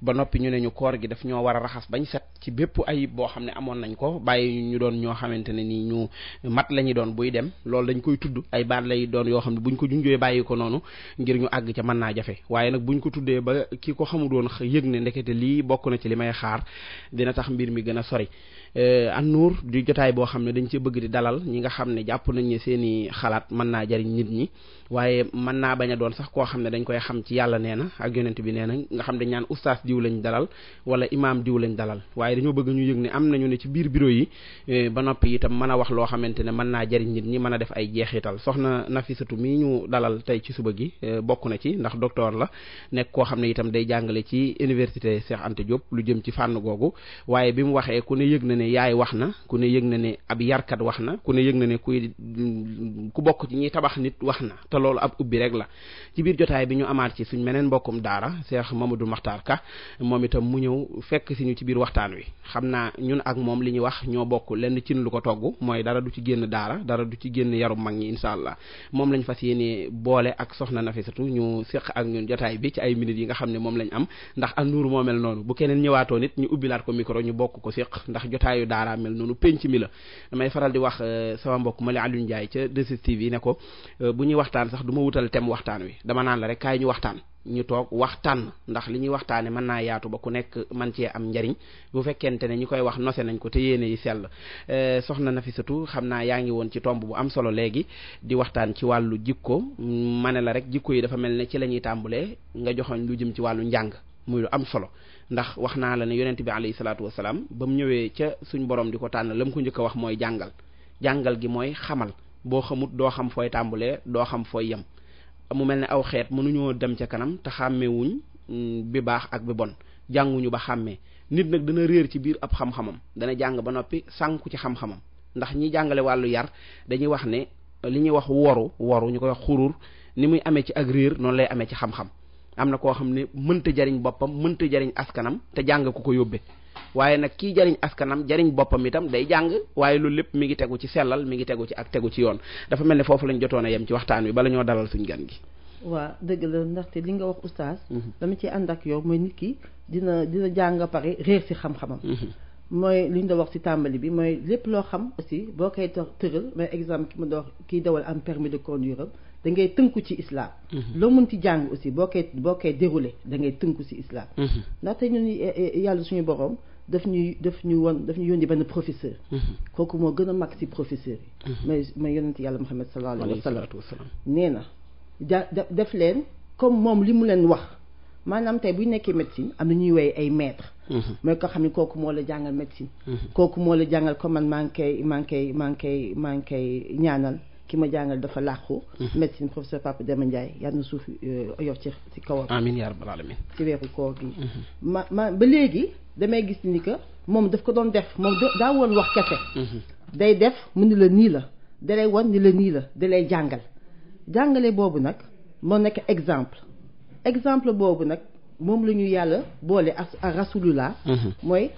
ba noppi ñu ne ñu koor gi daf ñoo war a raxas bañ set ci bépp ay boo xam ne amoon nañ ko bàyyi ñu doon ñoo xamante ne nii ñu mat la ñu doon buy dem loolu dañ koy tudd ay baat lay doon yoo xam ne buñ ko junjee bàyyi ko noonu ngir ñu àgg ca mën naa jafe waaye nag buñ ko tuddee ba ki ko xamu doon yëg ne ndekete lii bokk na ci li may xaar dina tax mbir mi gën a sori Euh, An-Nour di jotaay boo xam ne dañ ci bëgg di dalal ñi nga xam ne jàpp nañ ne seeni xalaat mën naa jariñ nit ñi waaye mën naa bañ a doon sax koo xam ne dañ koy xam ci yàlla nee na ak yonent bi nee na nga xam dañ naan ustaas diw lañ dalal wala imaam diw lañ dalal waaye dañoo bëgg ñu yëg ne am nañu ne ci biir bureau yi euh, ba noppi itam mën a wax loo xamante ne mën naa jariñ nit ñi mën a def ay jeexital soxna Nafisatu mii ñu dalal tey ci suba gi euh, bokk na ci ndax docteur la nekk koo xam ne itam day jàngale ci université Cheikh Anta Diop lu jëm ci fànn googu waaye bi mu waxee ku ne yëg na ne yaay wax na ku ne yëg na ne ab yarkat wax na ku ne yëg na ne kuy ku bokk ci ñuy tabax nit wax na te loolu ab ubbi rek la ci biir jotaay bi ñu amaat ci suñ meneen mbokkum daara Cheikh Mamadou Makhtar Ka moom itam mu ñëw fekk si ñu ci biir waxtaan wi xam naa ñun ak moom li ñu wax ñoo bokk lenn cin lu ko togg mooy dara du ci génn daara dara du ci génn yarum mag ñi incha allah moom lañ fas ni boole ak soxna Nafisatu ñu seq ak ñun jotaay bi ci ay minutes yi nga xam ne moom lañ am ndax anduur moo mel noonu bu keneen ñëwaatoo nit bokk jotaayu daaraa mel noonu penc mi la damay faral di wax euh, sama mbokk Mali Alioune Ndiaye ca 2STV ne ko euh, bu ñuy waxtaan sax du ma wutal tem waxtaan wi dama naan la rek kaay ñu waxtaan ñu toog waxtaan li ñuy waxtaanee mën naa yaatu ba ku nekk man cee am njariñ bu fekkente ne ñi koy wax nose nañ ko te yéene yi sell euh, soxna Nafisatou xam naa yaa ngi woon ci tomb bu am solo léegi di waxtaan ci wàllu jikko ma ne la rek jikko yi dafa mel ne ci la ñuy tàmbalee nga joxoñ lu jëm ci wàllu njàng muy lu am solo ndax wax naa la ne yonent bi alayhi salaatu wasalaam ba mu ñëwee ca suñ borom di ko tànn la mu ko njëkk a wax mooy jàngal jàngal gi mooy xamal boo xamut doo xam fooy tàmbulee doo xam fooy yem mu mel ne aw xeet mënuñoo dem ca kanam te xàmmewuñ mm, bi baax ak bi bon jànguñu ba xàmmee nit nag dana réer ci biir ab xam-xamam dana jàng ba noppi sànku ci xam-xamam ndax ñi jàngale wàllu yar dañuy wax ne li ñuy wax woru woru ñu koy wax xurur ni muy amee ci ak noonu lay amee ci xam am na koo xam ne mënta jariñ boppam mënta jariñ askanam te jàng ku ko yóbbe waaye nag kii jariñ askanam jariñ boppam itam day jàng waaye loolu lépp mi ngi tegu ci sellal mi ngi tegu ci ak tegu ci yoon dafa mel ne foofu lañ jotoon a yem ci waxtaan wi bala ñoo dalal suñ gan gi waa dëgg la ndaxte li nga wax oustaz mhm. dama ci ànd ak yow mooy nit ki dina dina jàng pare réer ci xam-xamam mhm. mooy li ñu doon wax ci tàmbali bi mooy lépp loo xam aussi boo koy tëral mais exemple ki ma doon wax kiy dawal am permis de conduire da ngay tënku ci islam. Mhm. loo mën ci jàng aussi boo koy boo koy déroulé da ngay tënku ci islam. Mhm. ndaxte ñun eh, eh, yàlla suñu borom daf ñuy daf ñu won daf ñu yónni benn professeur. Mhm. kooku moo gën a mag ci professeur yi. may may yonent yàlla Muhammad sallallahu alayhi wa sallam nee na ja def leen comme moom li mu leen wax maanaam tey buy nekkee médecine am na ñuy woy ay maître mooy ko xam ne kooku moo la jàngal médecine. kooku moo la jàngal ko man maa ngi koy maa ngi koy maa ngi ki ma jàngal dafa làqu mm-hmm. médecine professeur Papa Demba Ndiaye yal na suuf euh, yof ci ci kawam amiin yaa rabbal alamin ci weeru koor gi mm-hmm. ma ma ba léegi damay gis ni que moom daf ko doon def moom daa woon wax kese mm-hmm. day def mu ni la nii la dalay wan ni la nii la dalay jàngal jàngale boobu nag moo nekk exemple exemple boobu nag moom la ñu yàlla boole ak ak rasulullah mooy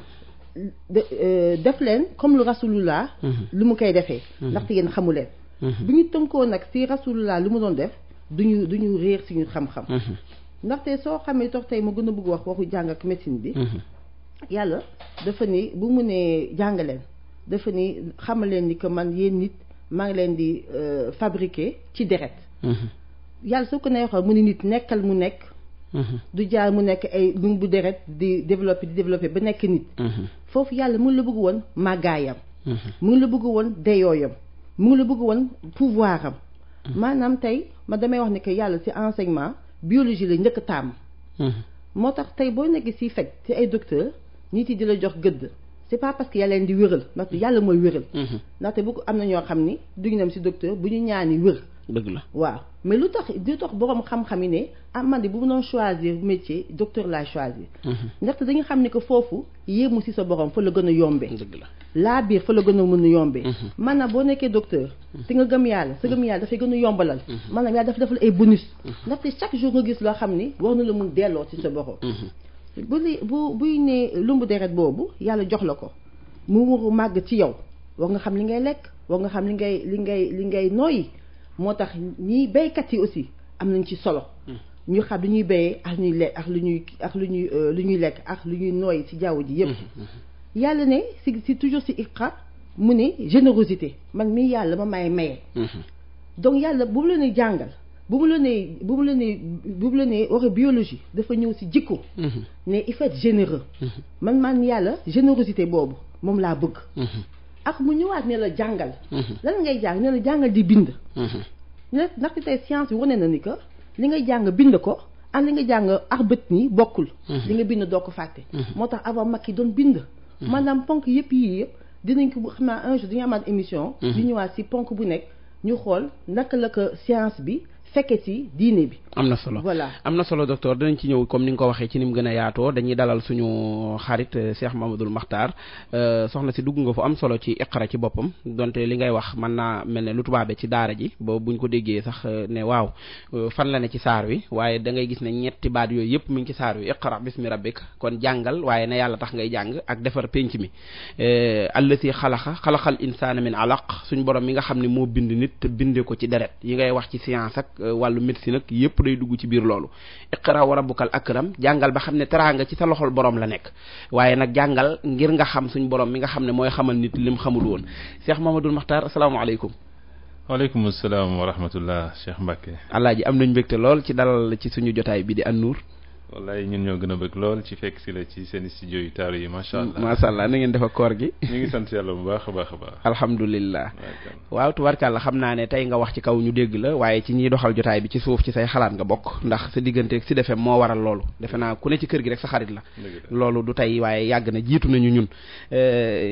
euh, def leen comme lu rasulullah lu mu koy defee ndaxte yéen xamu leen bu mhm. ñu tënkoo nag si rasulullah lu mu doon def duñu duñu réer suñu xam-xam mhm. ndaxte soo xamee tox tey ma gën a bëgg wax waxu jàng ak médecine bi mhm. yàlla dafa ni bu mu nee jàngaleen dafa ni xamaleen ni que man yéen nit maa ngi leen di euh, fabriquer ci deret yàlla soo ko nee mu ni nit nekkal mu nekk du jaar mu nekk ay lum bu deret di développer di développer ba nekk nit foofu yàlla mun la bëgg woon màggaayam ngi la bëgg woon deyooyam mu ngi la bëgg woon pouvoir am maanaam tey ma damay wax ne que yàlla ci enseignement biologie la njëkk tàmm hmm. moo tax tey boo nekkee ci faj ci ay docteur nit yi di la jox gëdd c'est pas parce leen di wéral ndaxte yàlla mooy wéral hmm. ndaxte bu ko am na ñoo xam ni duñu dem ci docteur bu ñu ñaani wér dëgg la waaw mais lu tax di tax borom xam-xam yi ne ah man de bu mënoon choisir métier docteur laa choisir. Mhm. ndaxte dañu xam ne que foofu yéemu ci sa borom fa la gën a yombee. dëgg la laa biir fa la gën a mën a yombee. Mhm. maanaam boo nekkee docteur. te mhm. nga gëm yàlla sa gëm yàlla dafay gën a yombalal. maanaam yàlla dafa defal ay bonus. ndaxte chaque jour nga gis loo xam ni war na la mun delloo ci sa borom. bu li bu buy ne lumbu deret boobu yàlla jox la ko mu màgg ci yow war nga xam li ngay lekk war nga xam li ngay li ngay li ngay nooyi. moo tax ñii béykat yi aussi am nañ ci solo hmm. ñu xam lu ñuy béyee ak ak lu ñuy ak lu ñuy euh, lu ñuy lekk ak lu ñuy nooy ci jaww ji yëpp hmm, hmm, yàlla ne si si toujours si iqra mu ne générosité man mii yàlla ma may maye donc yàlla bu mu la ne jàngal bu mu la ne bu mu la ne bu biologie dafa ñëw si jikko ne effet faut généreux man man yàlla générosité boobu moom laa bëgg ak mu ñëwaat ne la jàngal. Mhm. lan ngay jàng ne la jàngal di bind. Mhm. ne ndaxte tey science bi wane na ni que li ngay jàng bind ko ak li nga jàng ak bët ni bokkul. Mhm. li nga bind doo ko fàtte. moo tax avant mag ki doon bind. maanaam ponk yëpp yii yëpp dinañ ko xam naa un jour dañu amaat émission. di ñëwaat si ponk bu nekk ñu xool naka la ko science bi fekke ci diine bi. am na solo voilà am na solo docteur dinañ ci ñëw comme ni nga ko waxee ci ni gën a yaatoo dañuy dalal suñu xarit euh, Cheikh Mamadou Makhtar euh, soxna si dugg nga fa am solo ci iqra ci boppam donte li ngay wax mën naa mel ne lu tubaabe ci daara ji ba buñ ko déggee sax euh, ne waaw fan la ne ci saar wi waaye da ngay gis ne ñetti baat yooyu yëpp mi ngi ci saar wi iqra bismi rabbik kon jàngal waaye na yàlla tax ngay jàng ak defar pénc mi allati xalaqa xalaqal insaana min alaq suñ borom mi nga xam ne moo bind nit te ko ci deret yi ngay wax ci science ak wàllu médecine ak yëpp lépp day dugg ci biir loolu iqra wa rabbukal akram jàngal ba xam ne teraanga ci sa loxol boroom la nekk waaye nag jàngal ngir nga xam suñ borom mi nga xam ne mooy xamal nit lim xamul woon Cheikh Mamadou Makhtar asalaamaaleykum waaleykum salaam wa rahmatullah Cheikh Mbacke alaaji am nañ mbégte lool ci dalal ci suñu jotaay bi di An Nour wallaay ñun ñoo gën a bëgg lool ci fekk si la ci seen studio yu taaru yi macha allah macha na ngeen defa koor gi ñu ngi sant yàlla bu baax a baax a baax alhamdulilah waaw tubarkàlla xam naa ne tey nga wax ci kaw ñu dégg la waaye ci ñiy doxal jotaay bi ci suuf ci say xalaat nga bokk ndax sa diggante ak si defe moo waral loolu defe naa ku ne ci kër gi rek sa xarit la loolu du tey waaye yàgg na jiitu nañu ñun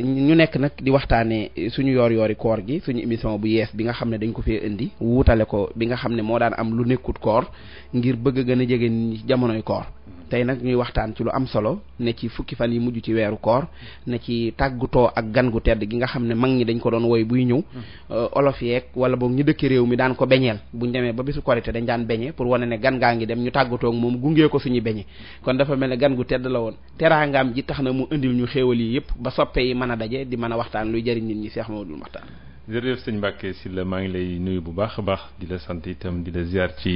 ñu nekk nag di waxtaane suñu yoor yoori koor gi suñu émission bu yees bi nga xam ne dañ ko fee indi wuutale ko bi nga xam ne moo daan am lu nekkut koor ngir bëgg gën a jege jamonoy koor tey nag ñuy waxtaan ci lu am solo ne ci fukki fan yi mujj ci weeru koor ne ci tàggutoo ak gan gu tedd gi nga xam ne mag ñi dañ ko doon woy buy ñëw hmm. euh, olof yeeg wala boog ñu dëkkee réew mi daan ko beñeel bu demee ba bisu korité dañ daan beñe pour wane ne gan gaa ngi dem ñu tàggutoo moom gungee ko suñu beñe kon dafa mel ne gan gu tedd la woon teraangaam ji tax na mu indil ñu xéewal yi yëpp ba soppe yi mën a daje di mën a waxtaan luy jëriñ nit ñi Cheikh Mamadou Makhtar jërëjëf sëñ Mbacke Sylla maa ngi lay nuyu bu baax a baax di la sant itam di la ziar ci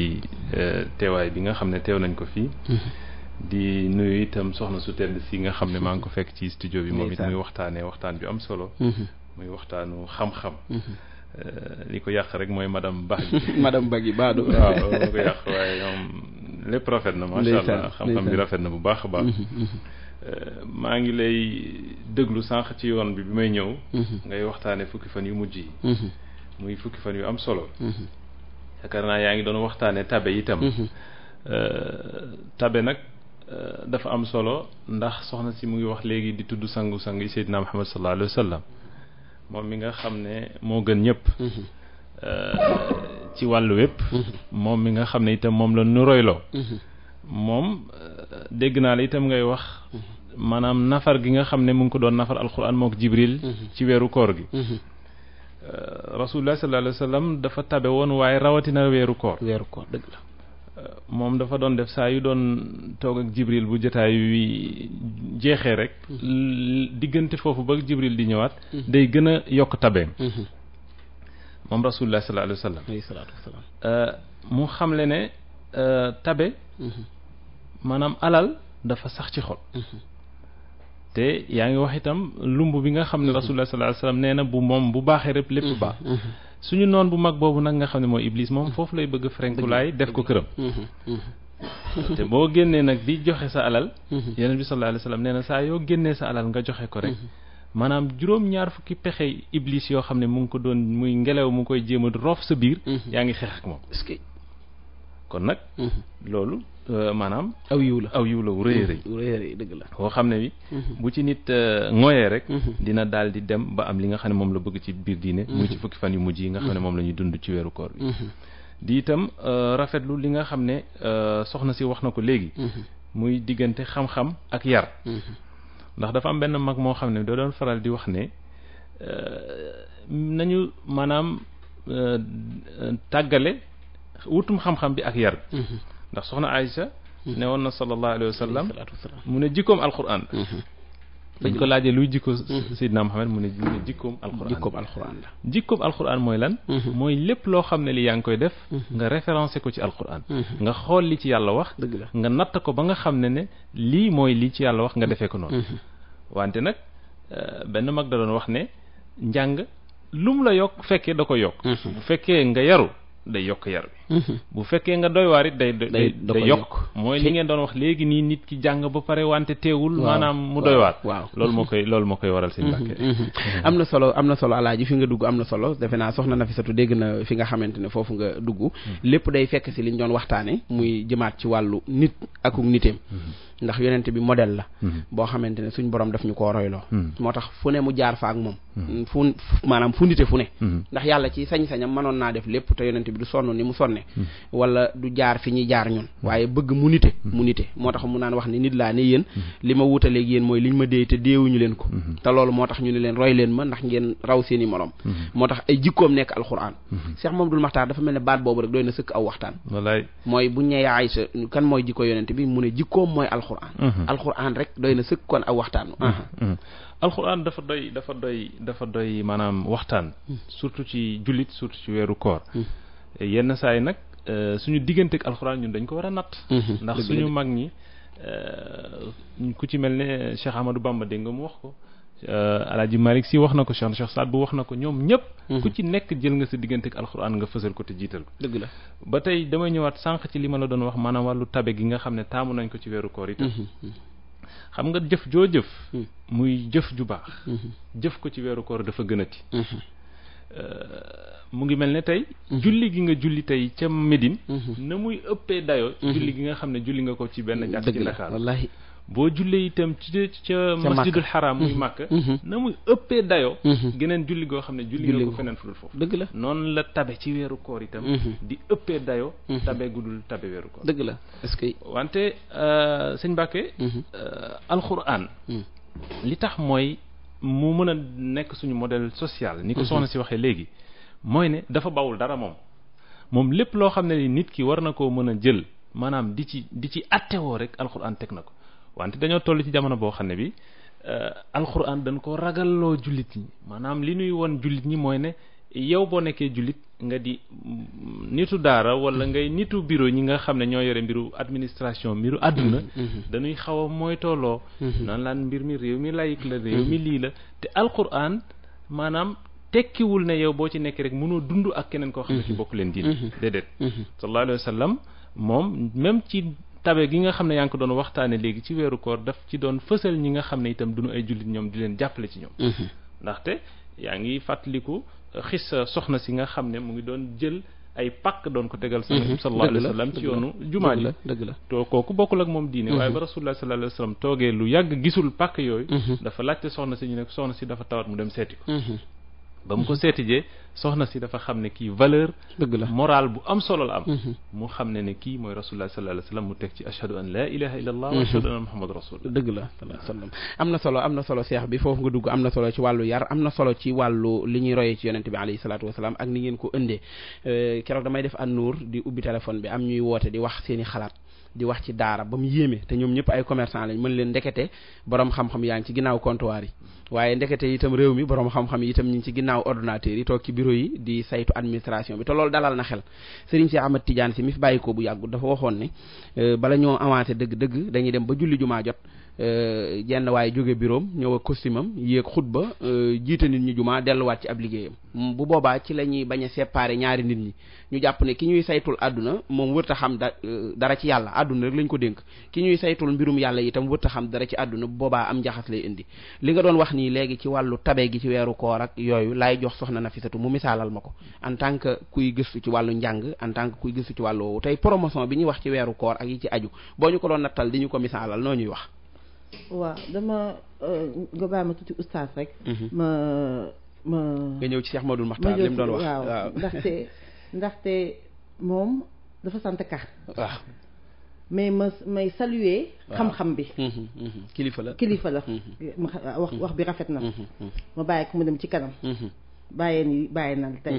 euh, teewaay bi nga xam ne teew nañ ko fii. Mm-hmm. di nuyu itam soxna su tedd si nga xam ne maa ngi ko fekk ci studio bi moom it muy waxtaanee waxtaan bi am solo. Mm-hmm. muy waxtaanu xam-xam. Mm-hmm. Euh, li ko yàq rek mooy madame Ba. madame Ba gi Baadu. waaw li ko yàq waaye lépp rafet na. macha allah xam-xam bi rafet na bu baax a baax. Euh, maa ngi lay déglu sànq ci yoon bi bi may ñëw. Mm-hmm. ngay waxtaanee fukki fan yu mujj yi. Mm-hmm. muy fukki fan yu am solo. Mm-hmm. yaakaar naa yaa ngi doon waxtaanee tabe itam. Euh, tabe nag euh, dafa am solo ndax soxna si mu ngi wax léegi di tudd sangu sangu yi Seydina Muhammad sallallahu alayhi moom mi nga xam ne moo gën ñëpp. ci wàllu wépp moom mi nga xam ne itam moom la nu royloo. moom dégg naa la itam ngay wax maanaam nafar gi nga xam ne mu ngi ko doon nafar alquran mook jibril mhm. ci weeru koor gi mhm. euh, rasulullah sallallahu alayhi dafa tabe woon waaye rawatina weeru koor weeru euh, moom dafa doon def saa yu doon toog ak jibril bu jotaay wi jeexee rek mhm. diggante foofu ba jibril di ñëwaat day gën a yokk tabeem moom rasulullah sallallahu alayhi wa sallam euh, mu xamle ne tabe maanaam alal dafa sax ci xol te yaa ngi wax itam lumb bi nga xam ne mhm. rasulullah sallallahu alayhi wasallam nee na bu moom bu baaxee rek lépp mhm. baax mhm. suñu noon bu mag boobu nag nga xam ne mooy iblis moom foofu lay bëgg frenkulaay def ko këram te boo génnee nag di joxe sa alal yeneen bi sallallahu alayhi wasallam nee na saa yoo génnee sa alal nga joxe ko rek maanaam juróom-ñaar fukki pexe iblis yoo xam ne mu ngi ko doon muy ngelaw mu ngi koy jéem a roof sa biir yaa ngi xeex ak moom kon nag. Mhm. loolu euh, maanaam. aw yiw la aw yiw la wu rëy rëy. wu rëy rëy dëgg la. boo xam ne bi. Mhm. bu ci nit euh, ngooyee rek. Mhm. dina daal di dem ba am li nga xam ne moom la bëgg ci biir diine. muy ci fukki fan yu mujj yi nga xam ne moom la ñuy dund ci weeru koor bi. di itam euh, rafetlu li nga xam ne soxna si wax na ko léegi. muy diggante xam-xam ak yar. ndax dafa am benn mag moo xam ne doo doon faral di wax ne nañu maanaam tàggale. wutum xam-xam bi ak yar bi mhm. ndax soxna Aïcha mhm. ne woon na sallallahu alayhi wa sallam mu ne jikkoom alquran la mhm. dañ ko laajee luy jikko Seydina Muhammad mu ne mu ne jikkoom alquran jikkoom alquran jikkoom alquran mooy lan mooy lépp loo xam ne li yaa ngi koy def nga référencé ko ci alquran nga xool li ci yàlla wax nga natt ko ba nga xam ne ne lii mooy lii ci yàlla wax nga defee ko noonu wante nag euh, benn mag da doon wax ne njàng lu mu la yokk fekkee da ko yokk bu fekkee nga yaru day yokk yar bi Mm-hmm. bu fekkee nga doy waar it day day day yokk mooy li ngeen doon wax léegi nii nit ki jàng ba pare wante teewul maanaam mu doy waar waaw loolu moo koy loolu moo koy waral seen mm-hmm. bàkke mm-hmm. am na solo am na solo alaaji fi nga dugg am na solo defe naa soxna Nafisatu dégg na fi nga xamante ne foofu nga dugg lépp day fekk si liñ doon waxtaane muy jëmaat ci wàllu nit ak niteem ndax yonent bi modèle la boo xamante ne suñ borom def ñu koo royloo moo tax fu ne mu jaar fa ak moom fu maanaam fu nite fu ne ndax yàlla ci sañ-sañam mënoon naa def lépp te yonent bi du sonn ni mu sonn ne wala du jaar fi ñuy jaar ñun waaye bëgg mu nite mu nite moo tax mu naan wax ne nit laa ne yéen li ma wutaleeg yéen mooy liñ ma déey te déewuñu leen ko te loolu moo tax ñu ne leen roy leen ma ndax ngeen raw seen i moo tax ay jikkoom nekk alxuraan Cheikh Mamadou Makhtar dafa mel ne baat boobu rek doy na sëkk aw waxtaan wallaay mooy bu ñëwee Aysa kan mooy jikko yonent bi mu ne jikkoom mooy alxuraan mhm. alxuraan rek doy na sëkk kon aw waxtaan mhm. alxuraan dafa doy dafa doy dafa doy maanaam waxtaan mhm. surtout ci jullit surtout ci weeru koor yenn saa yi nag euh, suñu diggante ak alxuraan ñun dañ ko war a natt. Mhm. ndax suñu mag ñi euh, ku ci mel ne Cheikh Amadou Bamba dégg nga mu wax ko. Euh, Alaaji Malick si wax na ko Cheikh Cheikh Saad bu wax na ko ñoom ñëpp. Mhm. ku ci nekk jël nga sa diggante ak alxuraan nga fësal ko te jiital ko. dëgg la ba tey damay ñëwaat sànq ci li ma la doon wax maanaam wàllu tabe gi nga xam ne taamu nañ ko ci weeru koor itam. Mhm. xam nga jëf joo jëf. muy jëf ju baax. jëf ko ci weeru koor dafa gën a ti Euh, mu ngi mel ne tey. Mhm. julli gi nga julli tey ca Médine. Mhm. na muy ëppee dayoo. julli gi nga xam ne julli nga ko ci benn jàkk ci Dakar wallaahi boo jullee itam ci ca masjidul xaraam muy màkk mhm. na muy ëppee dayoo geneen julli goo xam ne julli nga ko feneen fudul foofu dëgg la noonu la tabe ci weeru koor itam di ëppee dayoo tabe gudul tabe weeru koor dëgg la est-ce que wante euh, sëñ Mbàkke euh, alxuraan li tax mooy mu mën a nekk suñu modèle social ni ko mhm. soxna si waxee léegi mooy ne dafa bawul dara moom moom lépp loo xam ne ni nit ki war na koo mën a jël maanaam di ci di ci attewoo rek alxuraan teg na ko wante dañoo toll ci jamono boo xam ne bi euh, alxuraan dañ ko ragalloo jullit ñi maanaam li nuy won jullit ñi mooy ne yow boo nekkee jullit nga di nitu daara wala mm-hmm. ngay nitu biro ñi nga xam ne ñoo yore mbiru administration mbiru àdduna mm-hmm. dañuy xaw a mooy tolloo mm-hmm. naan laan mbir mi réew mi layik la réew mi lii la te alquran maanaam tekkiwul ne yow boo ci nekk rek mënoo dund ak keneen koo xam ne ci bokk leen diine déedéet sallallahu alayhi wa sallam moom même ci tabe gi nga xam ne yaa ngi doon waxtaane léegi ci weeru koor daf ci doon fësal ñi nga xam ne itam duñu ay jullit ñoom di leen jàppale ci ñoom ndaxte yaa ngi fàttaliku uh, xissa uh, soxna si nga xam ne mu ngi doon jël ay pàkk doon ko tegal sëñ mhm. sallallahu alayhi wa la ci yoonu jumaa ji dëgg la to kooku bokkul ak moom diine mhm. waaye ba rasulullah sallallahu sa wa toogee lu yàgg gisul pàkk yooyu mhm. dafa laajte soxna si ñu ne soxna si dafa tawat mu dem seeti ko ba mu ko seetijee soxna si dafa xam ne kii valeur dëgg la morale bu am solo la am mm-hmm. mu xam ne ne kii mooy rasulullah sallallahu alayhi wa mu teg ci ashhadu la ilaha illa allah mm-hmm. dëgg la am na solo am na solo seex bi foofu nga dugg am na solo ci wàllu yar am na solo ci wàllu li ñuy royee ci yonente bi alayhi salatu wasalaam ak ni ngeen ko ëndee euh, keroog damay def annuur di ubbi téléphone bi am ñuy woote di wax seeni xalaat di wax ci daara ba mu yéeme te ñoom ñëpp ay commerçant lañ mën leen ndekete borom xam-xam yaa ngi ci ginnaaw comptoir yi waaye ndekete itam réew mi borom xam-xam yi itam ñu ngi ci ginnaaw ordinateur yi toog ci bureau yi di saytu administration bi te loolu dalal na xel Serigne si Ahmad Tidiane si mi fi bàyyi ko bu yàggu dafa waxoon ne euh, bala ñoo avancé dëgg-dëgg dañuy dem ba julli jumaa jot Euh, jenn waaye jóge biroom ñëw ak costume am yéeg xutba euh, jiite nit ñi jumaa delluwaat ci ab liggéeyam bu boobaa ci la ñuy bañ a séparer ñaari nit ñi ñu jàpp ne ki ñuy saytul àdduna moom wërta xam da euh, dara ci yàlla àdduna rek lañ ko dénk ki ñuy saytul mbirum yàlla itam wërta xam dara ci àdduna boobaa am njaxas lay indi li nga doon wax nii léegi ci wàllu tabe gi ci weeru koor ak yooyu laay jox soxna Nafisatu mu misaalal ma ko en tant que kuy gëstu ci wàllu njàng en tant que kuy gëstu ci wàllu woowu bi ñuy wax ci weeru koor ak ci aju boo ñu ko doon nattal di ñu ko misaalal noo ñuy waaw dama euh, nga baal ma tuuti oustaz rek. Mhm. ma ma. nga ñëw ci Cheikh Madou Makhtar li mu doon wax ndaxte ndaxte moom dafa sant ka. waaw. mais ma may saluer xam-xam bi. Mhm, mhm. kilifa la kilifa la. wax wax bi rafet na. ma bàyyi ko mu dem ci kanam. bàyyee ni bàyyi na tey.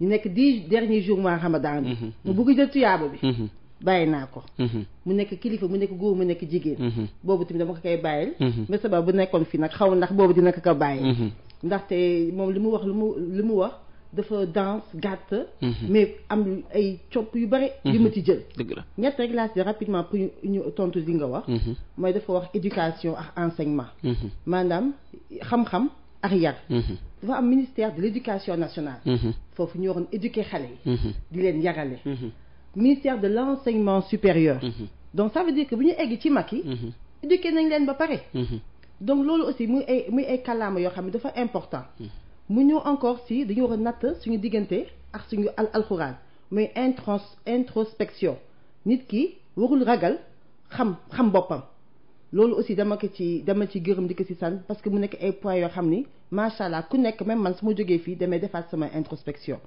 ñu nekk di dernier jour mois ramadan bi. mu bugg jël tuyaaba bi. bàyyi naa ko mhm. mu nekk kilifa mu nekk góor mu nekk jigéen mhm. boobu tamit dama ko koy bàyyil mhm. mais sabab bu nekkoon fii nag xaw ndax boobu dina ko ko bàyyi ndaxte moom li mu wax lu mu li mu wax dafa danse gàtt mais am ay copp yu bëri li ma ci jël dëgg la ñett rek laa si rapidement pour ñu tontu li nga wax mooy dafa wax éducation ak enseignement maanaam xam-xam ak yar dafa am ministère de éducation nationale foofu ñu waroon éduquer xale yi di leen yarale ministère de l'enseignement supérieur mhm. donc ça veut dire que bu ñu egg ci mag yi mhm. éduqué nañ leen ba pare mhm. donc loolu aussi muy ay muy ay kàllaama yoo xam ne dafa important mu ñëw encore si dañu war a natt suñu diggante ak suñu al alxuraan muy intros introspection nit ki warul ragal xam xam boppam loolu aussi dama ko ci dama ci gërëm di ko ci san parce que mu nekk ay point yoo xam ni macha allah ku nekk même man su ma jógee fii damay defaat sama introspection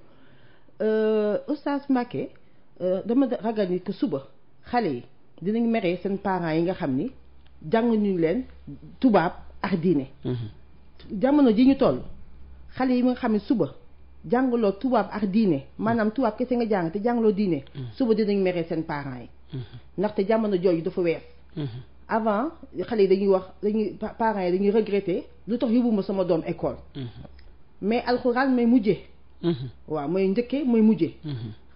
euh, Oustaz Mbacké Euh, dama ragal ni que suba xale yi dinañ meree seen parents yi nga xam ni jàng jànguñu leen tubaab ak diine. Mhm. jamono ji ñu toll xale yi nga xam ne suba jàngaloo tubaab ak diine maanaam tubaab kese nga jàng te jàngaloo diine. Mhm. suba dinañ meree seen parents yi. Mhm. ndaxte jamono jooju dafa wees. avant xale yi dañuy wax dañuy parents yi dañuy regretter lu tax yóbbu ma sama doom école. mais alxuraan mooy mujje waaw mooy njëkkee mooy mujjee.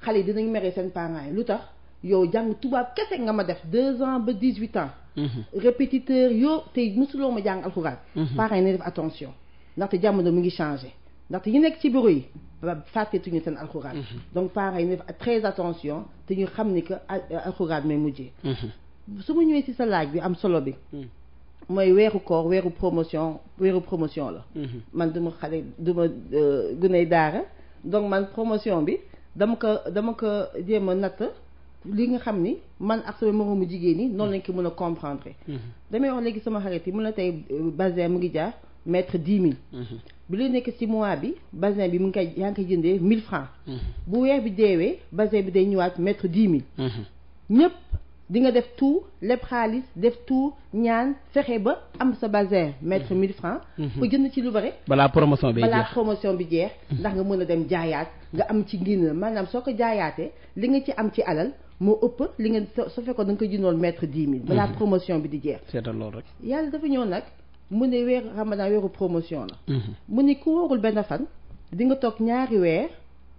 xale yi dinañ mere seen parents yi lu tax yow jàng tubaab kese nga ma def deux ans ba dix huit ans. Mhm. répétiteur yow tey mosuloo ma jàng alxuraan. Mhm. parents yi nañ def attention ndaxte jamono mi ngi changé ndaxte yi nekk ci bureau yi ba fàtteetuñu seen alxuraan. Mhm. donc parents yi nañ def très attention te ñu xam ni que euh, alxuraan may mujjee. su ma ñëwee ci sa laaj bi am solo bi. mooy weeru koor weeru promotion weeru promotion la. man du ma xale du ma euh, guney daara donc man promotion bi. dama ko dama ko jéem a natt li nga xam ni man ak sama moroomu jigéen ñi noonu lañ ko mën a comprendre. Mm-hmm. damay wax léegi sama xarit yi mun na tey euh, basin mu ngi jaar mètre dix mille. Mm-hmm. bi lay nekk ci mois bi bazin bi mu ngi koy yaa ngi koy jëndee mille francs mm-hmm. bu weer bi deewee bazin bi day ñëwaat mètre dix mille. ñëpp di nga def tout lépp xaalis def tout ñaan fexe ba am sa basin mettre mille francs ko mhm. jënd ci lu bare balaa promotion bi balaa promotion bi jeex mhm. ndax nga mën a dem jaayaat nga am ci ngin maanaam soo ko jaayaatee li nga ci am ci alal moo ëpp li nga su fekkoon da nga ko jëndoon mettre dix mille balaa mhm. promotion bi di jeex seetal loolu rek yàlla dafa ñëw nag mu ne weeru ramadan weeru promotion la mu ne ku wóorul benn fan di nga toog ñaari weer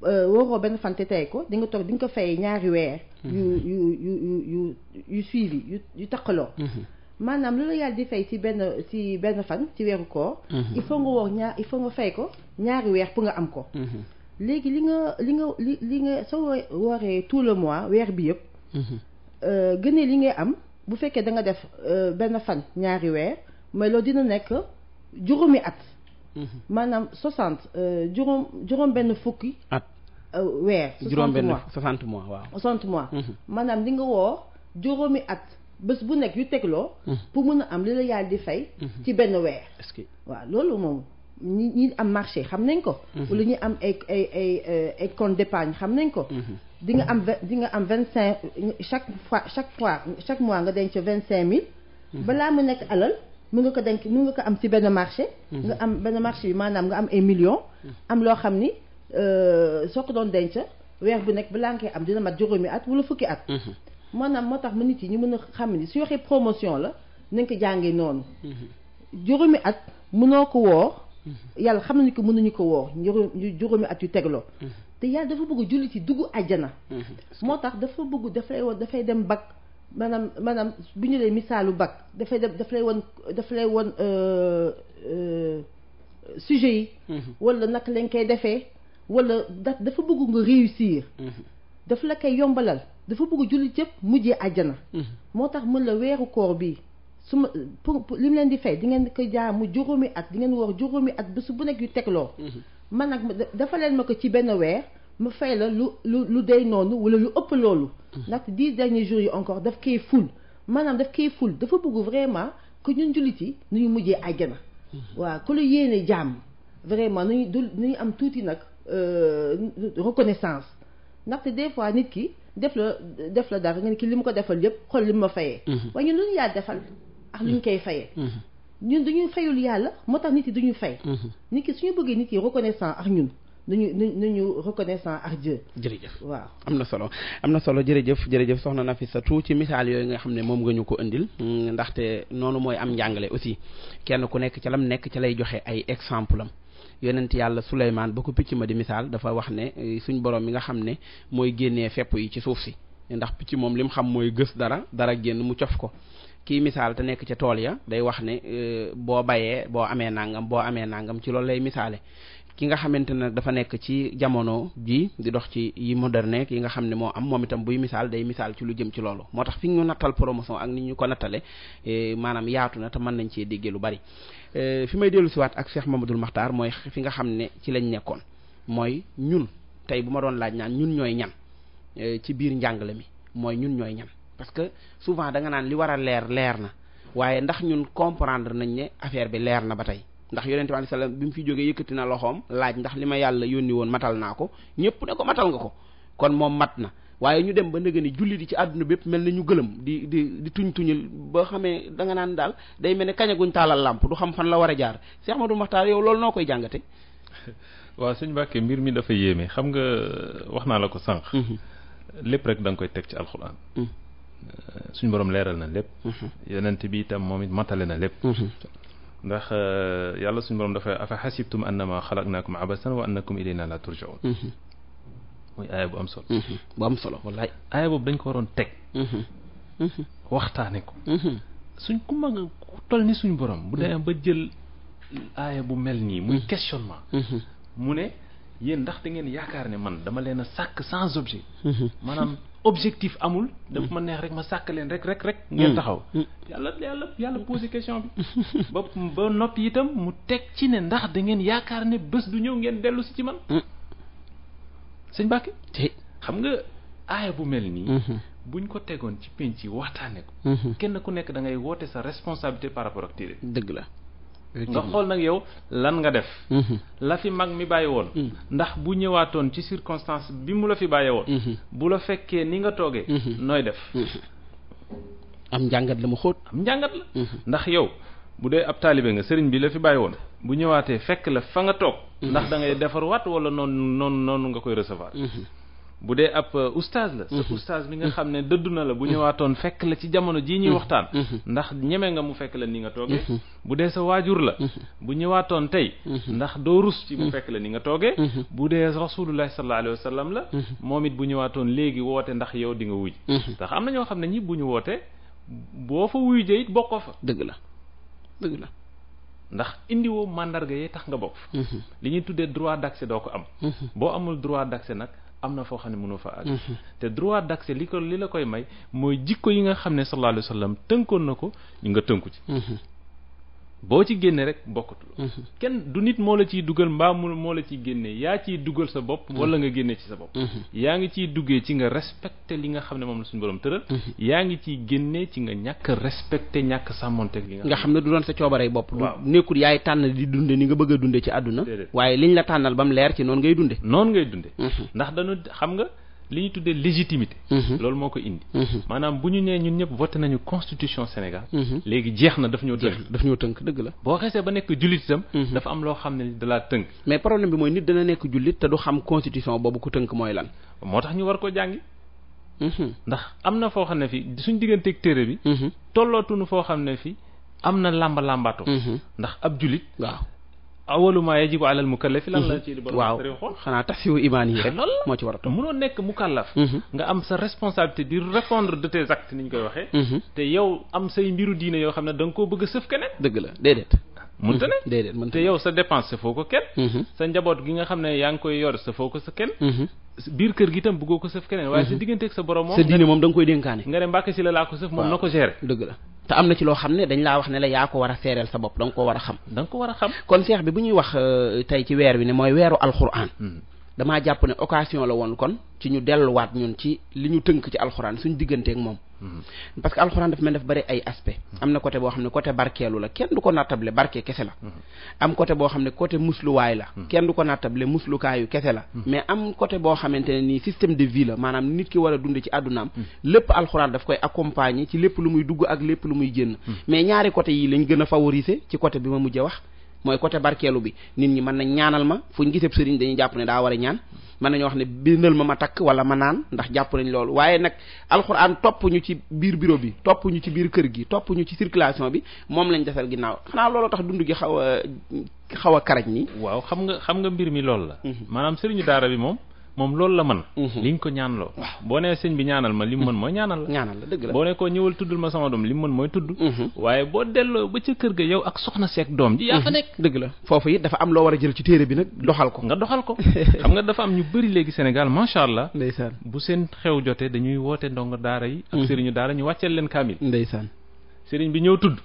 Euh, waroo benn fan te tey ko dinga nga toog di nga ko fay ñaari weer. Mm-hmm. yu yu yu yu yu suivi yu yu mm-hmm. maanaam lu la yàlla di fay ci benn ci benn fan ci weeru koor. Mm-hmm. il faut nga woor fay ko ñaari weer pour nga am ko. léegi li nga li nga li li nga soo wooree tout le mois weer bi yëpp. Euh, gënee li ngay am bu fekkee da nga def euh, benn fan ñaari weer mais loolu dina nekk juróomi at. Mm-hmm. maanaam soixante euh, juróom juróom benn fukki at euh, weer juróom benn soixante mois waaw soixante mois mm-hmm. maanaam li nga woo juróomi at bés bu nekk yu tegloo mm-hmm. pour mun a am li la yàlla di fay ci benn weer waaw loolu moom ñi ñi am marché xam nañ ko wala ñi am ay ay ay euh, ay compte d'épargne xam nañ ko di nga am di nga am vingt cinq chaque fois chaque fois chaque mois nga denc vingt cinq mille balaa mu nekk alal mu nga ko denc mën nga ko am ci benn marché. Mhm. nga am benn marché yi maanaam nga am ay millions. Mhm. am loo xam ni euh, soo ko doon denc weer bu nekk balaa nga koy am dina mat juróomi at wala fukki at. Mhm. maanaam moo tax ma nit yi ñu mën a xam ni su waxee promotion la nañ ko jàngee noonu. juróomi at noo ko woo yàlla xam nañu ko mënuñu ko woor juróomi at yu tegloo. te yàlla dafa bugg jullit yi dugg na moo tax dafa bugg dafay dafay dem bag maanaam maanaam bu ñu lay misaalu bag dafay def daf lay won daf lay won euh, euh, sujet yi mm-hmm. wala naka lañ koy defee wala da dafa bëgg nga réussir mm-hmm. daf la koy yombalal dafa bëgg jullit yëpp mujjee àjjana mm-hmm. moo tax mën la weeru koor bi su ma pour li mu leen di fay di ngeen ko jaamu juróomi at di ngeen woor juróomi at bés bu nekk yu tegloo man nag dafa leen ma ko ci benn weer mu fay la lu lu lu day noonu wala lu ëpp loolu ndaxte dix derniers jours yi encore daf koy ful maanaam daf koy ful dafa bëgg vraiment que ñun jullit yi nu ñu mujjee àjjana mhm. waaw ku la yéene jàmm vraiment nu ñu du nu am tuuti nag euh, reconnaissance ndaxte des fois nit ki def la def la dara nga ne ki li mu ko defal yëpp xool li mu ma fayee mhm. waaye ñun lu ñu yàlla defal ak lu ñu mhm. koy fayee ñun duñu fayul yàlla moo tax nit yi duñu fay nit ki suñu bëggee nit yi reconnaissant ak ñun nañu nañu reconnaissant ak Dieu. jërëjëf waaw am na solo am na solo jërëjëf jërëjëf soxna sa Nafissatou ci misaal yooyu nga xam ne moom nga ñu ko indil mm, ndaxte noonu mooy am njàngale aussi kenn ku nekk ca lam nekk ca lay joxe ay exemple am. yonent yàlla Souleymane ba ko picc ma di misaal dafa wax ne eh, suñ borom mi nga xam ne mooy génnee fepp yi ci suuf si ndax picc moom li mu xam mooy gës dara dara génn mu cof ko kii misaal te nekk ca tool ya day wax ne eh, boo bayee boo amee nangam boo amee nangam ci loolu lay misaale ki nga xamante ne nag dafa nekk ci jamono ji di dox ci yi moderne yi nga xam ne moo am moom itam buy misaal day misaal ci lu jëm ci loolu moo tax fi ñu nattal promotion ak ni ñu ko nattale eh, maanaam yaatu na te mën nañ cee déggee lu bari eh, fi may dellu siwaat ak Cheikh Mamadou Makhtar mooy fi nga xam ne ci lañ nekkoon mooy ñun tey bu ma doon laaj ñaan ñun ñooy ñan eh, ci biir njàngale mi mooy ñun ñooy ñan parce que souvent da nga naan li war a leer leer na waaye ndax ñun comprendre nañ ne affaire bi leer na ba tey ndax yonente bi alayhi salaam bi mu fi jógee yëkkati na loxoom laaj ndax li ma yàlla yónni woon matal naa ko ñëpp ne ko matal nga ko kon moom mat na waaye ñu dem ba nëgë ni jullit di ci àdduna bépp mel na ñu gëlëm di di di tuñ tuñul ba xamee danga naan daal day mel ni kañ guñ taalal làmp du xam fan la war a jaar Cheikh Ahmadou Makhtar yow loolu noo koy jàngate waaw sëñ Mbàkke mbir mi dafa yéeme xam nga wax naa la ko sànq mm-hmm. lépp rek danga koy teg ci alxuraan mm-hmm. suñu borom leeral na lépp mm-hmm. yonent bi itam moom it matale na lépp ndax euh, yàlla suñu borom dafa afa xasibtum annama xalaqnaakum abasan wa annakum ilayna la turjaun mhm. muy aaya bu am solo mhm. bu am solo wallaay aaya boobu dañ ko waroon teg mhm. waxtaane ko suñ ku mag ku toll ni suñu borom bu dee ba jël aaya bu mel nii muy questionnement mu ne yéen ndax da ngeen yaakaar ne man dama leen a sàkk sans objet objectif amul. daf mm. ma neex rek ma sàkk leen rek rek rek. Mm. ngeen taxaw. Mm. yàlla yàlla yàlla posé question bi. ba ba noppi itam mu teg ci ne ndax dangeen yaakaar ne bés du ñëw ngeen dellu ci man. sëñ Mbacke. te xam nga aaya bu mel nii. bu mm-hmm. buñ ko tegoon ci penc yi waxtaanee ko. Mm-hmm. kenn ku nekk da woote sa responsabilité par rapport ak téere. dëgg la. Euh, nga xool nag yow lan nga def. Mhm. la fi mag mi bàyyi woon. Mhm. ndax bu ñëwaatoon ci circonstance bi mu la fi bàyyee woon. Mhm. bu la fekkee ni nga toogee. nooy def. am njàngat la mu xóot. am njàngat la. ndax yow bu dee ab taalibee nga sëriñ bi la fi bàyyi woon bu ñëwaatee fekk la fa nga toog. ndax da ngay wat wala noonu noonu noonu nga koy recevoir. bu dee ab euh, oustaz la sa mm-hmm. oustaz bi nga mm-hmm. xam ne dëddu na la bu ñëwaatoon fekk la ci jamono jii ñuy mm-hmm. waxtaan ndax ñeme nga mu fekk la ni nga toogee bu dee sa waajur la bu ñëwaatoon tey ndax doo rus ci mu fekk la ni nga toogee bu dee rasulullahi sallallahu sa wa sallam la moom it bu ñëwaatoon léegi woote ndax yow di nga wuy ndax am na ñoo xam ne ñi bu ñu wootee boo fa wuy jee it bokkoo fa dëgg la dëgg la ndax indiwoo mandarga yee tax nga bokk fa li ñuy tuddee droit d'accès doo ko am boo amul droit d'accès nag am na foo xam ne mënoo fa àgg mhm. te droit d'accès li ko li la koy may mooy jikko yi nga xam ne sallallahu alayhi wa sallam tënkoon na ko nga tënku ci mhm. boo ci génne rek bokkatuloo mhm. kenn du nit moo la ciy dugal mbaa moo la ciy génnee yaa ciy dugal sa bopp mhm. wala nga génnee ci sa bopp mhm. yaa ngi ciy duggee ci nga respecté li nga xam ne moom la suñu borom yaa ngi ciy génnee ci nga ñàkk respecté ñàkk sàmmonteeg li nga xam ne du doon sa coobarey bopp waaw nekkul yaay tànn di dunde ni nga bëgg a dunde ci àdduna waaye liñ la tànnal ba mu leer ci noonu ngay dunde noonu ngay dunde ndax dañu xam nga li ñu tuddee légitimité. Mhm. loolu moo ko indi. Mhm. maanaam bu ñu nee ñun ñëpp voté nañu constitution Sénégal. Mhm. léegi jeex na daf ñoo tënk ñoo tënk dëgg la. boo xeesee ba nekk jullit itam. dafa am loo xam ne da laa tënk. mais problème bi mooy nit dana nekk jullit te du xam constitution boobu ku tënk mooy lan. moo tax ñu war ko jàngi. ndax am na foo xam ne fii suñ digganteeg téere bi. tollootuñu foo xam ne fii am na làmba làmbaatoo. ndax ab jullit waaw. awalu ma yajibu alal mukallafi lan la ci li waaw xanaa tax fiwu imaan yi rek moo ci war a toog munoo nekk mukallaf nga am sa responsabilité di répondre de tes actes ni ñu koy waxee te yow am say mbiru diine yoo xam ne da nga koo bëgg a sëf keneen dëgg la déedéet mun mënta ne déedéet mënta te yow sa dépense safoo ko kenn mm-hmm. sa njaboot gi nga xam ne yaa ngi koy yor safoo ko sa kenn mm-hmm. biir kër gi itam bëggoo ko sëf keneen waaye sa mm-hmm. diggante ak sa borom moom sa diine da nga koy dénkaane nga ne mbàkke si la laa ko sëf moom na ko gérer dëgg la te am na ci loo xam ne dañ laa wax ne la yaa ko war a seereel sa bopp da nga ko war a xam da ko war a xam kon seex bi bu ñuy wax euh, tey ci weer wi ne mooy weeru alxuraan damaa jàpp ne occasion la woon kon ci ñu delluwaat ñun ci li ñu tënk ci alxuraan suñu digganteek moom. Mm-hmm. parce que alxuraan daf mel daf bari ay aspect mm-hmm. am na côté boo xam ne côté barkeelu la kenn du ko nattable barke kese la mm-hmm. am côté boo xam ne côté musluwaay la kenn du ko nattable muslukaayu kese la mais am côté boo xamante ne nii système de vie la maanaam nit ki war a dund ci àddunaam lépp alxuraan daf koy accompagner ci lépp lu muy dugg ak lépp lu muy génn mais ñaari côté yi lañ gën a favoriser ci côté bi ma mujj a wax mooy côté barkeelu bi nit ñi mën nañ ñaanal ma fu ñu gisee sëriñ dañuy jàpp ne daa war a ñaan mën nañoo wax ne bindal ma ma takk wala ma naan ndax jàpp nañ loolu waaye nag alxuraan topp ñu ci biir biro bi topp ñu ci biir kër gi topp ñu ci circulation bi moom lañ desal ginnaaw xanaa looloo tax dund gi xaw a xaw a karaj ni waaw xam nga xam nga mbir mi loolu la mhm. maanaam sëriñu daara bi moom moom loolu la mën mhm. li nga ko ñaanloo boo nee sëñ bi ñaanal ma li mu mën mooy ñaanal la ñaanal la dëgg la boo ne koo ñëwal tuddul ma sama doom li mu mooy tudd mhm. waaye boo delloo ba ca kër ga yow ak soxna seek doom ji yaa fa mhm. nekk dëgg la foofu it dafa am loo war a jël ci téere bi nag doxal ko nga doxal ko xam nga dafa am ñu bëri léegi Sénégal macha allah ndeysaan bu seen xew jotee dañuy woote ndongo daara yi ak sëriñu daara ñu wàcceel leen kaamil ndeysaan sëriñ bi ñëw tudd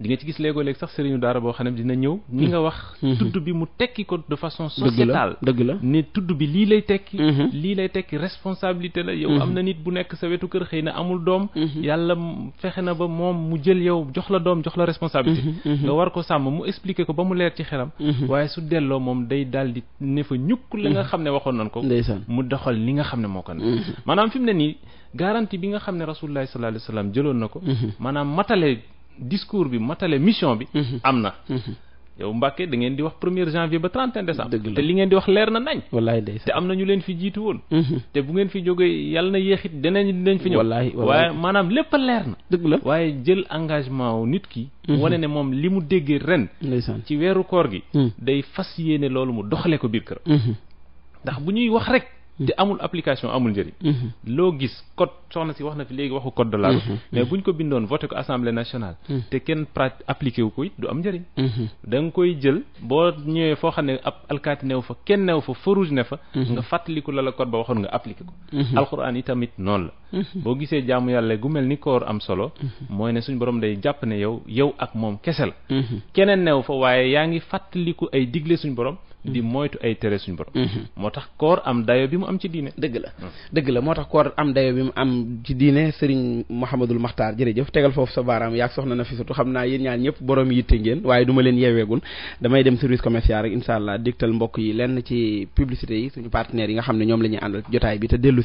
di nga ci gis léegoo léeg sax sëriñu daara boo xam ne dina ñëw ki nga wax mm-hmm. tudd bi mu tekki ko de façon sociétale dëgg la ne tudd bi lii lay tekki mm-hmm. lii lay tekki responsabilité la yow am na mm-hmm. nit bu nekk sa wetu kër xëy na amul doom yàlla fexe na ba moom mu jël yow jox la doom jox la responsabilité nga war ko sàmm mu expliquer ko ba mu leer ci xelam waaye su delloo moom day daal di ne fa ñukk li nga xam ne waxoon nañ ko mu doxal li nga xam ne moo ko ne maanaam ne nii garantie bi nga xam ne rasulullah sallallahu alayhi jëloon na ko discours bi matale mission bi. Mhm. am na. Mhm. yow Mbacke da ngeen di wax premier janvier ba 31 décembre. te li ngeen di wax leer na nañ. wallaay am na ñu leen fi jiitu woon. Mhm. te bu ngeen fi jógee yàlla na yéexit danañ dinañ fi ñëw. wallaay waaye maanaam lépp a leer na. dëgg la waaye jël engagement wu nit ki. wane ne moom li mu déggee ren. ci weeru koor gi. day fas yéene loolu mu doxalee ko biir kër. ndax bu ñuy wax rek. te amul application amul njëriñ. Mhm. loo gis code soxna si wax na fi léegi waxu code de la route. Mhm. mais buñ ko bindoon voté ko assemblée nationale. Mhm. te kenn pra appliqué wu ko it du am njëriñ. da nga koy jël boo ñëwee foo xam ne ab alkaati new fa kenn new fa farouge ne fa. nga fàttaliku la la code ba waxoon nga appliqué ko. alxuraan yi tamit noonu la. boo gisee jaamu yàlla gu mel ni koor am solo. mooy ne suñ borom day jàpp ne yow yow ak moom kese la. keneen new fa waaye yaa ngi fàttaliku ay digle suñ borom. di hmm. moytu ay tere suñu borom. Hmm. moo tax koor am dayo bi mu am ci diine. dëgg la hmm. dëgg la moo tax koor am dayo bi mu am ci diine Serigne Mouhamadul Makhtar jërëjëf tegal foofu sa baaraam yaa soxna na fi surtout xam naa yéen ñaan ñëpp borom yitte ngeen waaye du ma leen yeeweegul damay dem service commercial rek incha allah dégtal mbokk yi lenn ci publicité yi suñu partenaires yi nga xam ne ñoom la ñuy àndal jotaay bi te dellu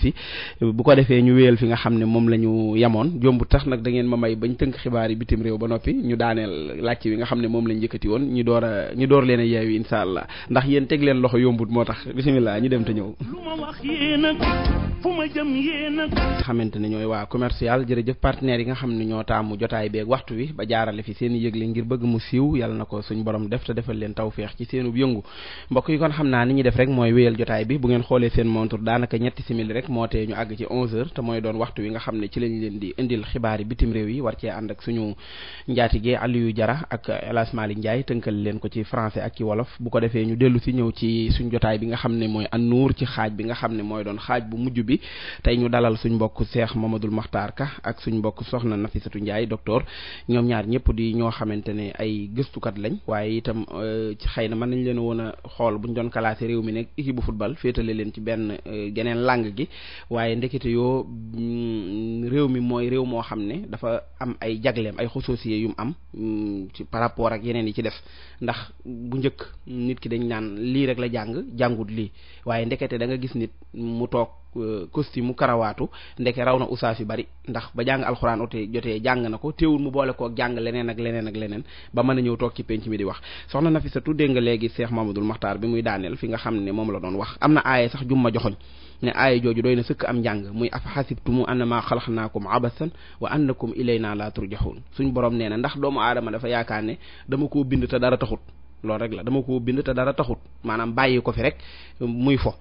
bu ko defee ñu wéyal fi nga xam ne moom la ñu yamoon jombu tax nag dangeen ma may bañ tënk xibaar yi bitim réew ba noppi ñu daaneel laajte wi nga xam ne moom lañ yëkkati woon ñu door a ñu leen a yeewi ndax yéen teg leen loxo yombut moo tax bisimilah ñu dem te ñëw. xamante ne ñooy waa commercial jërëjëf partenaires yi nga xam ne ñoo taamu jotaay beeg waxtu wi ba jaarale fi seen yëgle ngir bëgg mu siiw yàlla na ko suñ borom def te defal leen tawféex ci seenub yëngu mbokk yi kon xam naa ni ñuy def rek mooy wéyal jotaay bi bu ngeen xoolee seen montre daanaka ñetti simili rek moo tee ñu àgg ci 11h te mooy doon waxtu wi nga xam ne ci lañ leen di indil xibaari bitim réew yi war cee ànd suñu njaatige Aliou Jara ak El ak ci wolof bu ko dellu si ñëw ci suñ jotaay bi nga xam ne mooy annuur ci xaaj bi nga xam ne mooy doon xaaj bu mujj bi tey ñu dalal suñ mbokk Cheikh Mamadou Makhtar Ka ak suñ mbokk soxna Nafisatu Ndiaye docteur ñoom ñaar ñëpp di ñoo xamante ne ay gëstukat lañ waaye itam ci euh, xëy na mën nañ leen woon a xool buñ doon classé réew mi nekk équipe bu futbal féetale leen ci benn euh, geneen làng gi waaye ndekete yoo mm, réew mi mooy réew moo xam ne dafa am ay jagleem ay xososiye yu mu am mm, ci par rapport ak yeneen yi ci def naan lii rek la jàng jàngut lii waaye ndekete da nga gis nit mu toog euh, costume mu karawaatu ndeke raw na usaas yu bari ndax ba jàng alxuraan ote jotee jàng na ko teewul mu boole koo jàng leneen ak leneen ak leneen ba mën a ñëw toog ci penc mi di wax soxna sa tuddee nga léegi seex Cheikh Mamadul Maxtaar bi muy daaneel fi nga xam ne moom la doon wax am na aaye sax jumma joxoñ ne aaya jooju doy na sëkk am njàng muy af xasibtumu annama xalaxnaakum abasan wa annakum ilayna la turjaxuun suñ borom nee na ndax doomu aadama dafa yaakaar ne dama koo bind te dara taxut loolu rek la dama ko bind te dara taxut maanaam bàyyi ko fi rek muy fo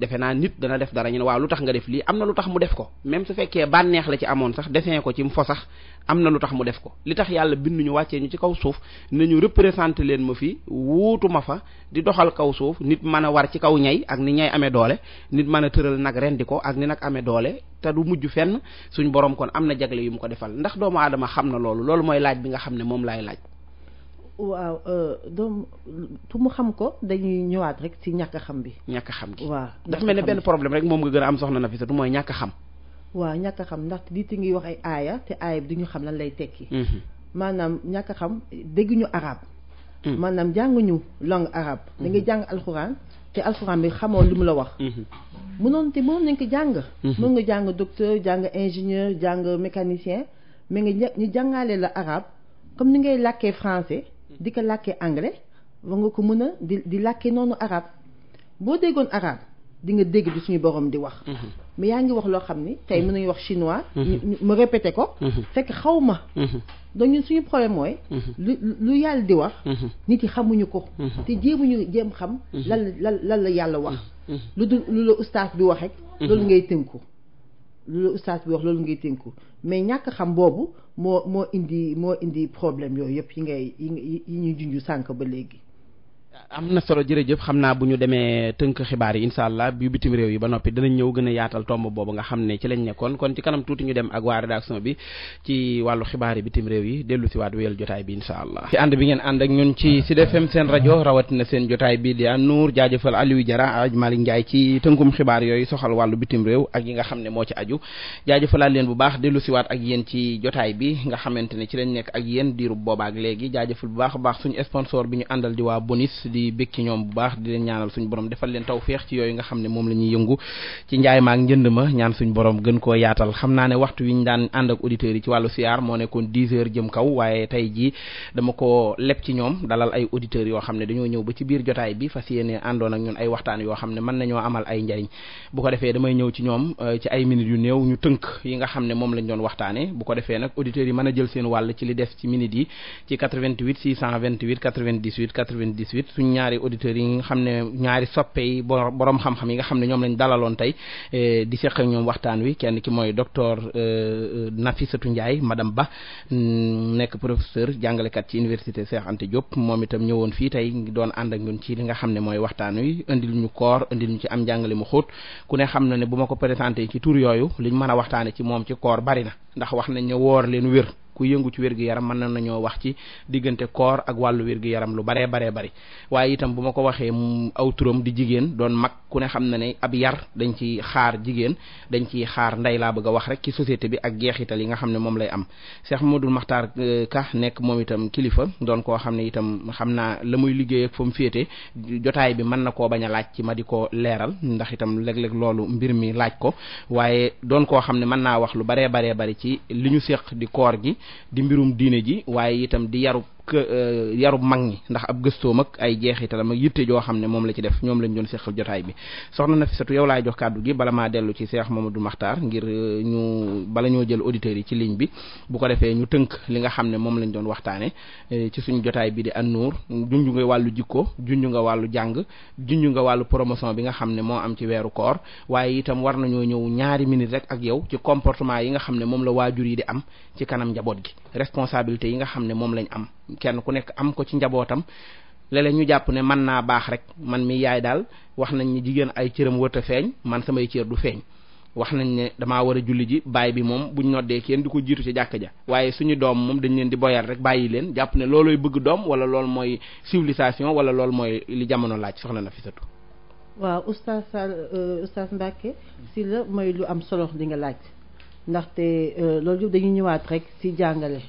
defe naa nit dana def dara ñu ne waaw lu tax nga def lii am na lu tax mu def ko même su fekkee bànneex la ci amoon sax dessin ko ci mu fo sax am na lu tax mu def ko li tax yàlla binduñu wàccee ñu ci kaw suuf nañu représenté leen ma fii wuutu fa di doxal kaw suuf nit mën a war ci kaw ñay ak ni ñay amee doole nit mën a tëral nag rendi ko ak ni nag amee doole te du mujj fenn suñ borom kon am na jagle yu mu ko defal ndax doomu aadama xam na loolu loolu mooy laaj bi nga xam ne moom laay laaj waaw euh, doom pour mu xam ko dañuy ñëwaat rek ci ñàkk xam bi. ñàkk xam gi waaw. dafa mel ne benn problème rek moom nga gën a am soxna Nafisa du mooy ñàkk xam. waaw ñàkk xam ndax lii ti ngi wax ay aaya te aaya bi du ñu xam lan lay tekki. Mhm. maanaam ñàkk xam dégguñu arab. Mhm. maanaam jànguñu langue arabe. da ngay mhm. jàng alxuraan te alxuraan bi xamoo lu mu la wax. mënoon te mënoon nañ ko jàng. mën nga jàng docteur jàng ingénieur jàng mécanicien mais nga ñu jàngale la arabe ni ngay làkkee français. di ko làkkee anglais war nga ko mën a di di làkkee noonu arab boo déggoon arab di nga dégg bi suñu borom di wax mhm. mais yaa ngi wax loo xam ni tey mën nañu wax chinois mhm. ma répété ko mhm. fekk xaw ma donc ñun suñu problème mooy lu lu yàlla di wax nit yi xamuñu ko te jéemuñu jéem xam lan lan lan la yàlla wax lu dul lu la ustaas bi wax rek loolu ngay tënku lu la ustaas bi wax loolu ngay tënku mais ñàkk xam boobu moo moo indi moo indi problème yooyu yëpp yi ngay yi yi ñuy junj sànq ba léegi am na solo jërëjëf xam naa bu ñu demee tënk xibaar yi incha allah bi bitim réew yi ba noppi dinañ ñëw gën a yaatal tomb boobu nga xam ne ci lañ nekkoon kon ci kanam tuuti ñu dem ak waa rédaction bi wàllu xibaar yi bitim réew yi dellu si waat jotaay bi incha allah ci ànd bi ngeen ànd ak ñun ci Sud FM seen rajo rawatina seen jotaay bi di An Nour jaajëfal Aliou Diarra aj Malick Ndiaye ci tënkum xibaar yooyu soxal wàllu bitim réew ak yi nga xam ne moo ci aju jaajëfalaat leen bu baax dellu si ak yéen ci jotaay bi nga xamante ne ci lañ nekk ak yéen diirub boobaak léegi jaajëfal bu baax baax suñu sponsor bi ñu àndal di waa Bonis di bég ci ñoom bu baax di leen ñaanal suñu borom defal leen tawféex ci yooyu nga xam ne moom la ñuy yëngu ci njaay maak njënd ma ñaan suñu borom gën koo yaatal xam naa ne waxtu wi ñu daan ànd ak auditeurs yi ci wàllu siyaar moo nekkoon 10 heures jëm kaw waaye tey jii dama ñoom dalal ay yoo xam ne dañoo ñëw ba ci biir jotaay bi fas yéene àndoon ak ñun waxtaan yoo xam ne mën nañoo amal ay njariñ bu ko defee damay ñëw ci ñoom euh, ci ay minutes yu néew ñu tënk yi nga xam ne moom lañ doon waxtaane bu ko defee nag auditeurs yi mën a jël seen wàll ci li des ci minutes yi ci 88 628 98 98 suñ ñaari auditeurs yi nga xam ne ñaari soppe yi borom xam-xam yi nga xam ne ñoom lañ dalaloon tey eh, di seq ñoom waxtaan wi kenn ki mooy doctor docteur eh, satu Ndiaye madame Ba mm, nekk professeur jàngalekat ci université Cheikh Anta Diop moom itam ñëwoon fii tey ngi doon ànd ak ñun ci li nga xam ne mooy waxtaan wi indil ñu koor indil ñu ci am njàngale mu xóot ku ne xam na ne bu ma ko présenté ci tur yooyu liñ mën a waxtaane ci moom ci koor bari na ndax wax nañ ne woor leen wér ku yëngu ci wér-gu-yaram mën nañoo wax ci diggante koor ak wàllu wér-gu-yaram lu baree baree bari waaye itam bu ma ko waxee mm, aw turam di jigéen doon mag ku ne xam na ne ab yar dañ ci xaar jigéen dañ ciy xaar ndey laa bëgg a wax rek ci société bi ak jeexital yi nga xam ne moom lay am Cheikh Modou Makhtar euh, Ka nekk moom itam kilifa doon koo xam ne itam xam naa la muy liggéey ak fa mu féete jotaay bi mën na koo bañ a laaj ci ma di ko leeral ndax itam léeg-léeg loolu mbir mi laaj ko waaye doon koo xam ne mën naa wax lu baree baree bari ci li ñu séq di koor gi di mbirum diine ji waaye itam di yarub Euh, yarub mag ñi ndax ab gëstoom ak ay jeexitalam ak yitte joo xam ne moom la ci def ñoom lañ doon seqal jotaay bi soxna Nafisatu yow laay jox kàddu gi bala maa dellu ci Cheikh Mamadou Makhtar ngir euh, ñu bala ñoo jël auditeurs yi ci ligne bi bu ko defee ñu tënk li nga xam ne moom lañ doon waxtaane euh, ci suñu jotaay bi di An-Nour junju nga wàllu jikko junju nga wàllu jàng junju nga wàllu promotion bi nga xam ne moo am ci weeru koor waaye itam war nañoo ñëw ñaari minute rek ak yow ci comportement yi nga xam ne moom la waajur yi di am ci kanam njaboot gi responsabilité yi nga xam ne moom lañ am kenn ku nekk am ko ci njabootam léeg ñu jàpp ne man naa baax rek man mi yaay daal wax nañ ne jigéen ay cëram wët a feeñ man samay cër du feeñ wax nañ ne damaa war a julli ji baay bi moom buñ noddee kenn di ko jiitu ci jàkk ja waaye suñu doom moom dañ leen di boyal rek bàyyi leen jàpp ne loolooy bëgg doom wala lool mooy civilisation wala lool mooy li jamono laaj soxna na fi satu waaw oustaz Sall euh, si la mooy lu am solo li nga laaj ndaxte euh, loolu dañuy ñëwaat rek si jàngale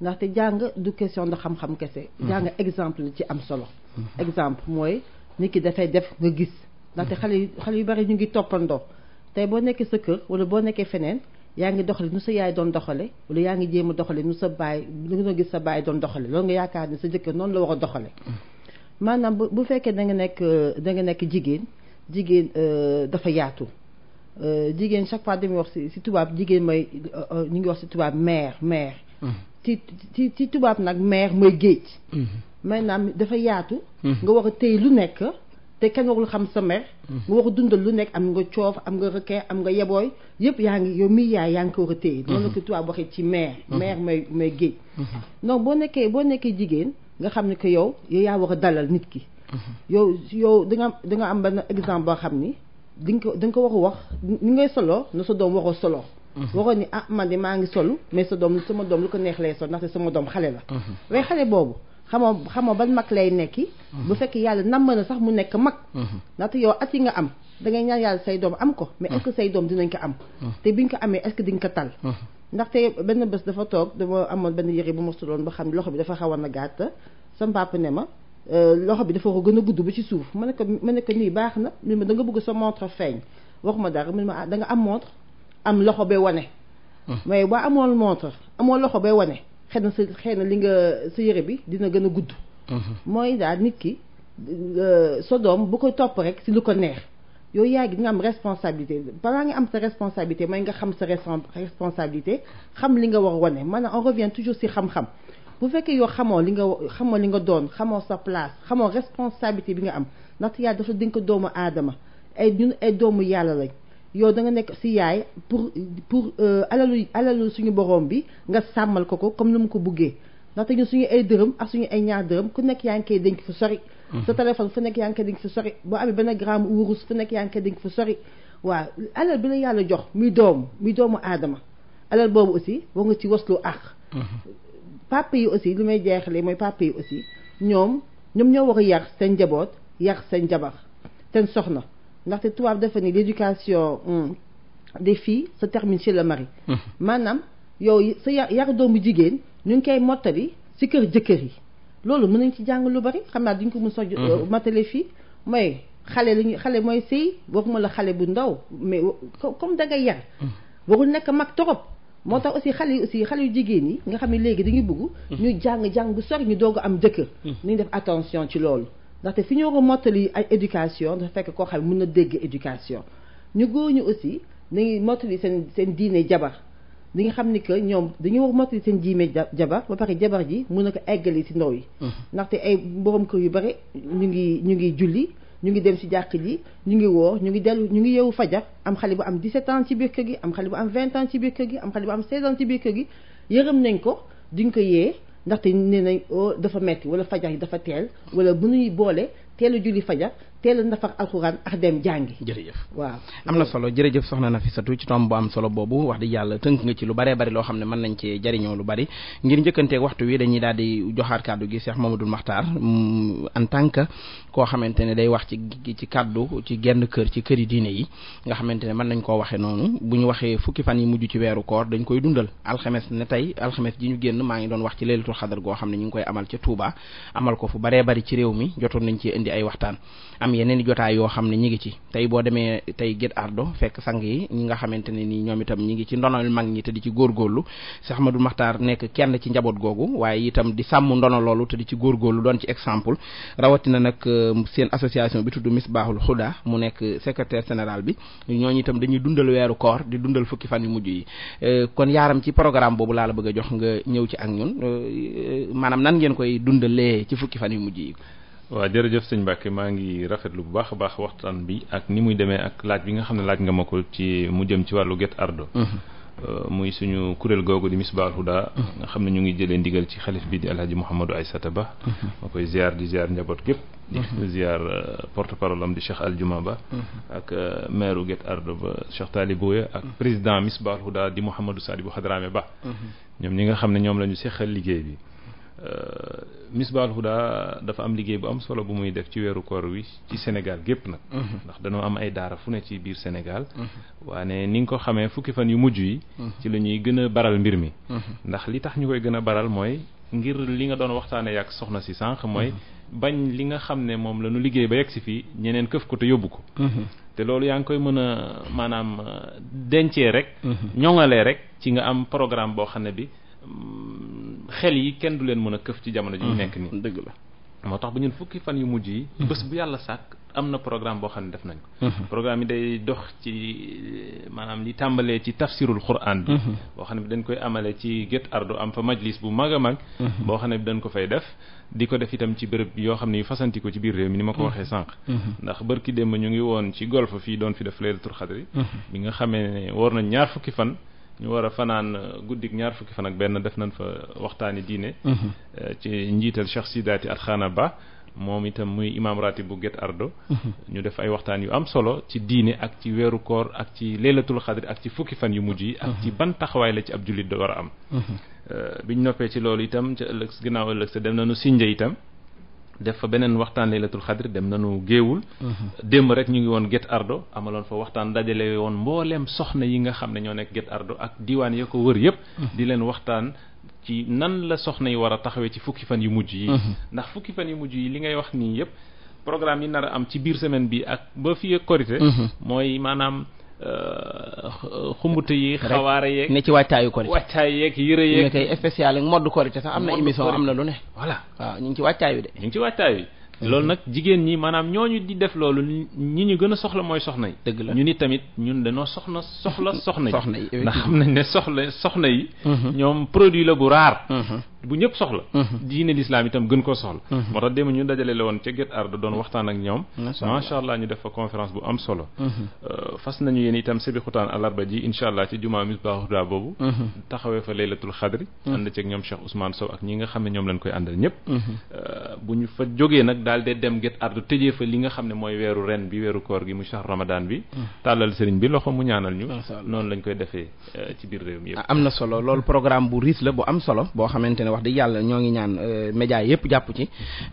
ndaxte jàng du question da xam-xam kese. Mhm. jàng exemple la ci am solo. Mhm. exemple mooy nit ki dafay def nga gis. ndaxte mhm. xale yu xale yu bari ñu ngi toppandoo tey boo nekkee sa kër wala boo nekkee feneen yaa ngi doxale nu sa yaay doon doxale wala yaa ngi jéema a doxale nu sa baay nu nga gis sa baay doon doxale loolu nga yaakaar ni sa jëkkër noonu la war a doxale maanaam bu bu fekkee da nga nekk da nga nekk jigéen jigéen euh, dafa yaatu euh, jigéen chaque fois dañuy wax si si tubaab jigéen mooy euh, ñu ngi wax si tubaab mère mère. ci ci tubaab nag mer mooy géej. Mhm. maanaam dafa yaatu. Mhm. nga wax a téye lu nekk. te kenn warul xam sa mer. Mhm. nga war a dundal lu nekk am nga coof am nga rëkkee am nga yebooy yëpp yaa ngi yow mii yaay yaa ngi ko war a téye. noonu la ko tubaab waxee ci mer. mer mooy mooy géej. donc boo nekkee boo nekkee jigéen nga xam ne que yow yow yaa war a dalal nit ki. yow yow danga nga da nga am benn exemple boo xam ni di ko da ko war a wax ni ngay solo na sa doom waroo solo. Mm-hmm. waxoon ni ah man de maa ngi sol mais sa doom sama doom lu ko neex lay sol ndaxte sama doom xale la mm-hmm. waaye xale boobu xamoo xamoo ban mag lay nekki bu mm-hmm. fekkee yàlla namm na sax mu nekk mag ndaxte yow at yi nga am da ngay ñaan yàlla say doom am ko mais est say doom dinañ ko am te bi biñ ko amee est-ce que diñ ko tal ndaxte benn bés dafa toog dama amoon benn yëre bu ma soloon ba xam ne loxo bi dafa xawoon a gàtt sa papa ne ma euh, loxo bi dafa ko gën a gudd ba ci suuf ma ne ko ma ne ko nii baax na mu ne ma da nga bëgg sa montre dara mu ne ma ah, da am montre am loxo hmm. ba wane. mais boo amoon montre amoo loxo ba wane xëy na sa xëy na li nga sa yére bi dina gën a gudd. Hmm. mooy daal nit ki euh, sa doom bu ko topp rek si lu ko neex yooyu yaa ngi nga am responsabilité balaa nga am sa responsabilité mooy nga xam sa responsabilité xam li nga war a wane maanaam on revient toujours si xam bu fekkee yoo xamoo li nga xamoo li nga doon xamoo sa place xamoo responsabilité bi nga am ndax ndaxte yàlla dafa ko doomu aadama ay ay doomu yàlla lañ. yow da nga nekk si yaay pour pour euh, alalu alalu suñu borom bi nga sàmmal ko ko comme ni mu ko buggee ndaxte ñun suñu ay dërëm ak suñu ay ñaar dërëm ku nekk yaa ngi koy denc fu sori. Mhm. sa téléphone fu nekk yaa ngi koy denc fu sori boo amee benn gramme wurus fu nekk yaa ngi sori waaw alal bi la yàlla jox muy doom muy doomu aadama alal boobu aussi war nga ci waslu ak mhm. papa yi aussi li may jeexalee mooy papa yi aussi ñoom ñoom ñoo war a yar seen njaboot yar seen jabar seen soxna. ndaxte tubaab dafa ni l'éducation des filles se termine chez le mari maanaam yow sa yar doomu jigéen ñu ngi koy mottali si kër jëkkër yi loolu mën nañ ci jàng lu bari xam naa duñ ko mën soj mottalee fii mooy xale lañu xale mooy sëy waxuma la xale bu ndaw mais comme da ngay yar warul nekk mag trop moo tax aussi xale yi aussi xale yu jigéen yi nga xam ne léegi dañuy bugg ñu jàng jàng bu sori ñu doog am jëkkër nañ def attention ci loolu ndaxte fi ñoo ko mottali ay éducation dafa fekk koo xam mun na dégg éducation ñu goo ñu aussi nañu mottali seen seen diine jabar li nga xam ni que ñoom dañuy wax mottali seen jiime jabar ba pare jabar ji mun na ko eggali ci ndaw yi ndaxte ay borom kër yu bari ñu ngi ñu ngi julli ñu ngi dem ci jàkk ji ñu ngi woor ñu ngi dellu ñu ngi yeewu fajar am xale bu am 17 ans ci biir kër gi am xale bu am vingt ans ci biir kër gi am xale bu am 16 ans ci biir gi yërëm nañ ko duñ ko yee ndaxte nee nañ oh, dafa metti wala fajar yi dafa teel wala bu ñuy boole teel a julli fajar teel a nafar alxuraan ak dem jàngi. jërëjëf waaw am na solo jërëjëf soxna na Nafisatu ci tomb bu am solo boobu wax di yàlla tënk nga ci lu baree bari loo xam ne mën nañ cee jariñoo lu bari ngir njëkkanteeg waxtu wi dañuy daal di joxaat kàddu gi Cheikh Mamadou Makhtar mm, en tant que koo xamante ne day wax ci ci kàddu ci genn kër ci këri diine yi nga xamante ne mën nañ koo waxee noonu bu ñu waxee fukki fan yi mujj ci weeru koor dañ koy dundal alxames ne tey alxames ji ñu génn maa ngi doon wax ci leelatul xadar goo xam ne ñu ngi koy amal ca Touba amal ko fu bare bari ci réew mi jotoon nañ ci indi ay waxtaan am yeneen i jotaay yoo xam ne ñi ngi ci tey boo demee tey gét ardo fekk sang yi ñi nga xamante ne nii ñoom itam ñi ngi ci ndonol mag ñi te di ci góorgóorlu Cheikh Ahmadou Makhtar nekk kenn ci njaboot googu waaye itam di sàmm ndono loolu te di ci góor góorgóorlu doon ci exemple rawatina nag euh, seen association bi tudd Misbahul Huda mu nekk secrétaire général bi ñooñu itam dañuy dundal weeru koor di dundal fukki fan yu mujj yi euh, kon yaaram ci programme boobu laa bëgg a jox nga ñëw ci ak ñun euh, maanaam nan ngeen koy dundalee ci fukki fan yu mujj yi waaw jërëjëf sëñ Mbacke maa ngi rafetlu bu baax a baax waxtaan bi ak ni muy demee ak laaj bi nga xam ne laaj nga ma ko ci mu jëm ci wàllu Guet Ardo mhm. euh, muy suñu kuréel googu di Misbahul Huda mhm. nga xam ne ñu ngi jële ndigal ci xalif bi di alhaji ay Aysata Ba mhm. ma koy ziar di ziar njaboot gépp di ziar euh, porte parole am di Cheikh Aljuma Ba ak euh, maire Guet Ardo ba Cheikh Talibouya ak président Misbahul Huda di Mouhamadou Sadibou Hadrame Ba ñoom ñi nga xam ne ñoom la ñu seqal liggéey bi Euh, Misbahul Huda dafa am liggéey bu am solo bu muy def ci weeru koor wi ci Sénégal gépp nag mhm. ndax dañoo am ay daara fu ne ci biir Sénégal mhm. waane ni nga ko xamee fukki fan yu mujj yi mhm. ci la ñuy gën a baral mbir mi ndax li tax ñu koy gën a baral mooy ngir li nga doon waxtaane yàgg soxna si sànq mooy bañ li nga xam ne moom la liggéey ba yegg si fii ñeneen këf ko te yóbbu ko te loolu yaa ngi koy mën a maanaam dencee rek ñoŋalee rek ci nga am programme boo xam ne bi Mm, xel yi kenn du leen mën a këf ci jamono ji ñu mm-hmm. nekk nii moo tax ba ñun fukki fan yu mujj yi mm-hmm. bés bu yàlla sàkk am na programme boo xam ne def nañ ko mm-hmm. programme yi day dox ci eh, maanaam li tàmbalee ci tafsirul quran bi boo xam ne bi dañ koy ci gét ardo am fa bu mag a boo xam ne bi ko fay def di ko def itam ci bërëb yoo xam ne yu fasanti ko ci biir réew mi ni ma ko waxee sànq ndax bërki démb ñu ngi woon ci golf fii doon fi def laylatul xadri bi nga xamee war nañ ñaar fukki fan ñu war a fanaan euh, guddik ñaar fukki fan ak benn def nañ fa waxtaani diine mhm. euh, ci njiital Cheikh Sidaati Atxaana Ba moom itam muy imam ratib bu Guet Ardo mhm. ñu def ay waxtaan yu am solo ci diine ak ci weeru koor ak ci laylatul xadri ak ci fukki fan yu mujj yi ak mhm. ci ban taxawaay la ci ab jullit da war a am euh, ñu noppee ci loolu itam ca ëllëg ginnaaw ëllëg sa dem nañu sinja itam def fa beneen waxtaan laylatul xadri dem nañu géewul mhm. démb rek ñu ngi woon Guet Ardo amaloon fa waxtaan dajale woon mbooleem soxna yi nga xam ne ñoo nekk Guet Ardo ak diwaan ya ko wër yëpp mhm. di leen waxtaan ci nan la soxna yi war a taxawee ci fukki fan yu mujj yi mhm. ndax fukki fan yu mujj yi li ngay wax nii yëpp programme yi nar a am ci biir semaine bi ak ba fii ak mooy maanaam Euh, xumbut yi xawaare yeeg ne ci waajtaayu korite waajtaay yeeg yëre yeeg kay spécial ak modd korite sax am na émission am na lu ne voilà waaw ñu ngi ci waajtaayu de ñu ngi ci waajtaayu loolu nag jigéen ñi maanaam ñoo ñu di def loolu ñi ñu gën a soxla mooy soxna yi dëgg la ñu ni tamit ñun dañoo soxna soxla soxna yi ndax xam nañ ne soxla soxna yi mhm. ñoom produit la bu raar mhm. bu ñëpp soxla mm-hmm. diine lislaam itam gën koo soxla mm-hmm. moo tax démb ñu dajale la woon ca Guet Art doon waxtaan ak ñoom macha allah ñu def fa conférence bu am solo mm-hmm. euh, fas nañu yéen itam sebi xutaan alarba ji incha allah ci jumaa Misbahul Huda boobu taxawee fa laylatul xadri ànd ceeg ñoom Cheikh Ousmane Sow ak ñi nga xam ne ñoom lañ koy àndal ñëpp euh, bu ñu fa jógee nag daal dee dem Guet Art tëjee fa li nga xam ne mooy weeru ren bi weeru koor gi mu shahr ramadan bi tàllal sëriñ bi loxo mu ñaanal ñu noonu lañ koy defee euh, ci biir réew mi yëpp ah, ne wax dëgg yàlla ñoo ngi ñaan euh, média yëpp jàpp ci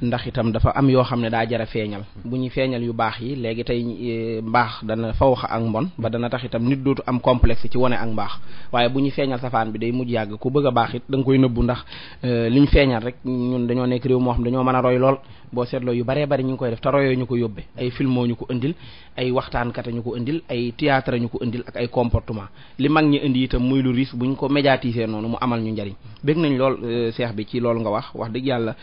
ndax itam dafa am yoo xam ne daa jara feeñal bu ñu feeñal yu baax yi léegi tey euh, mbaax dana fa wax ak mbon ba dana tax itam nit dootu am complexe ci wane ak mbaax waaye bu ñu feeñal safaan bi day mujj yàgg ku bëgg a baax it da nga koy nëbbu ndax euh, li ñu feeñal rek ñun dañoo nekk réew moo xam dañoo mën a roy lool boo seetloo yu baree bari ñu ngi koy def te royoo ñu ko yóbbee ay filmoo ñu ko indil ay waxtaankate ñu ko indil ay théâtre ñu ko indil ak ay comportement li mag ñi indi itam muy lu risque bu ñu ko médiatiser noonu mu amal ñu njariñ bég nañ lool seex euh, bi ci loolu nga wax wax dëgg yàlla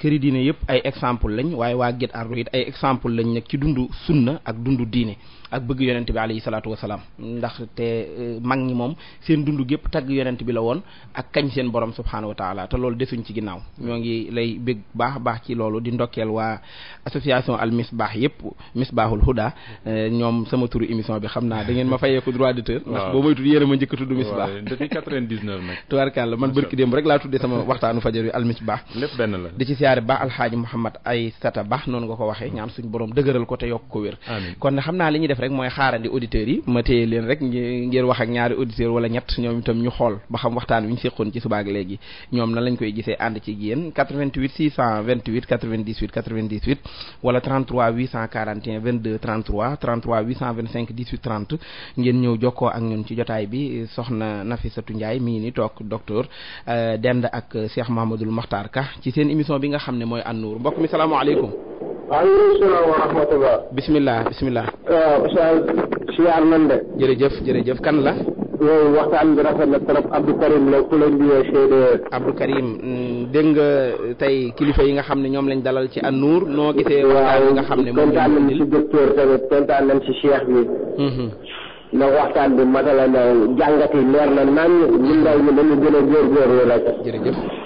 këri diine yëpp ay exemple lañ waaye waa Guet Art it ay exemple lañ nag ci dundu sunna ak dundu diine ak bëgg yonent bi alayhi salaatu wasalaam ndax te eh, mag ñi moom seen dund gépp tagg yonent bi la woon ak kañ seen borom subhaanahu wa taala te loolu desuñ ci ginnaaw ñoo ngi lay bég baax baax ci loolu di ndokkeel waa association al misbaax yépp misbaahul huda eh, ñoom sama turu émission bi xam naa da ngeen ma fayee ko droit d'auteur ndax boo moytud yéen a ma njëkk tudd misbaax depuis 99 nag tubaarkàlla man bërki démb rek laa tuddee sama waxtaanu fajar yu al ko waxee mm. ñaan suñ borom dëgëral ko te yokk ko wér kon xam rek mooy xaarandi auditeurs yi ma téye leen rek ngir wax ak ñaari auditeurs wala ñett ñoom itam ñu xool ba xam waxtaan wi ñu seqoon ci subaak léegi ñoom nan lañ koy gisee ànd ci yéen 88 628 98 98 wala 33 841 22 33 33 825 18 30 ngeen ñëw jokkoo ak ñun ci jotaay bi soxna Nafisatu Ndiaye mi ngi ni toog docteur euh, dend ak Cheikh Mahmadul Makhtar Ka ci seen émission bi nga xam ne mooy An Nour mbokk mi salaamaaleykum. waaleykum salaam waaw euh, Oustaz siyaar nan de. jërëjëf jërëjëf kan la. loolu waxtaan bi rafet na trop Abdou Karim la ku la nuyoo seede. Abdou Karim mm, dégg nga tey kilifa yi nga xam ne ñoom lañ dalal ci An-Nour noo gisee. waxtaan bi nga xam ne moom kontaan nañ ci docteur ci cheikh bi. Mm-hmm. ndax waxtaan bi matala jàngati leer na nañ ñun daal ñu dañu gën a góorgóorlu rek. jërëjëf.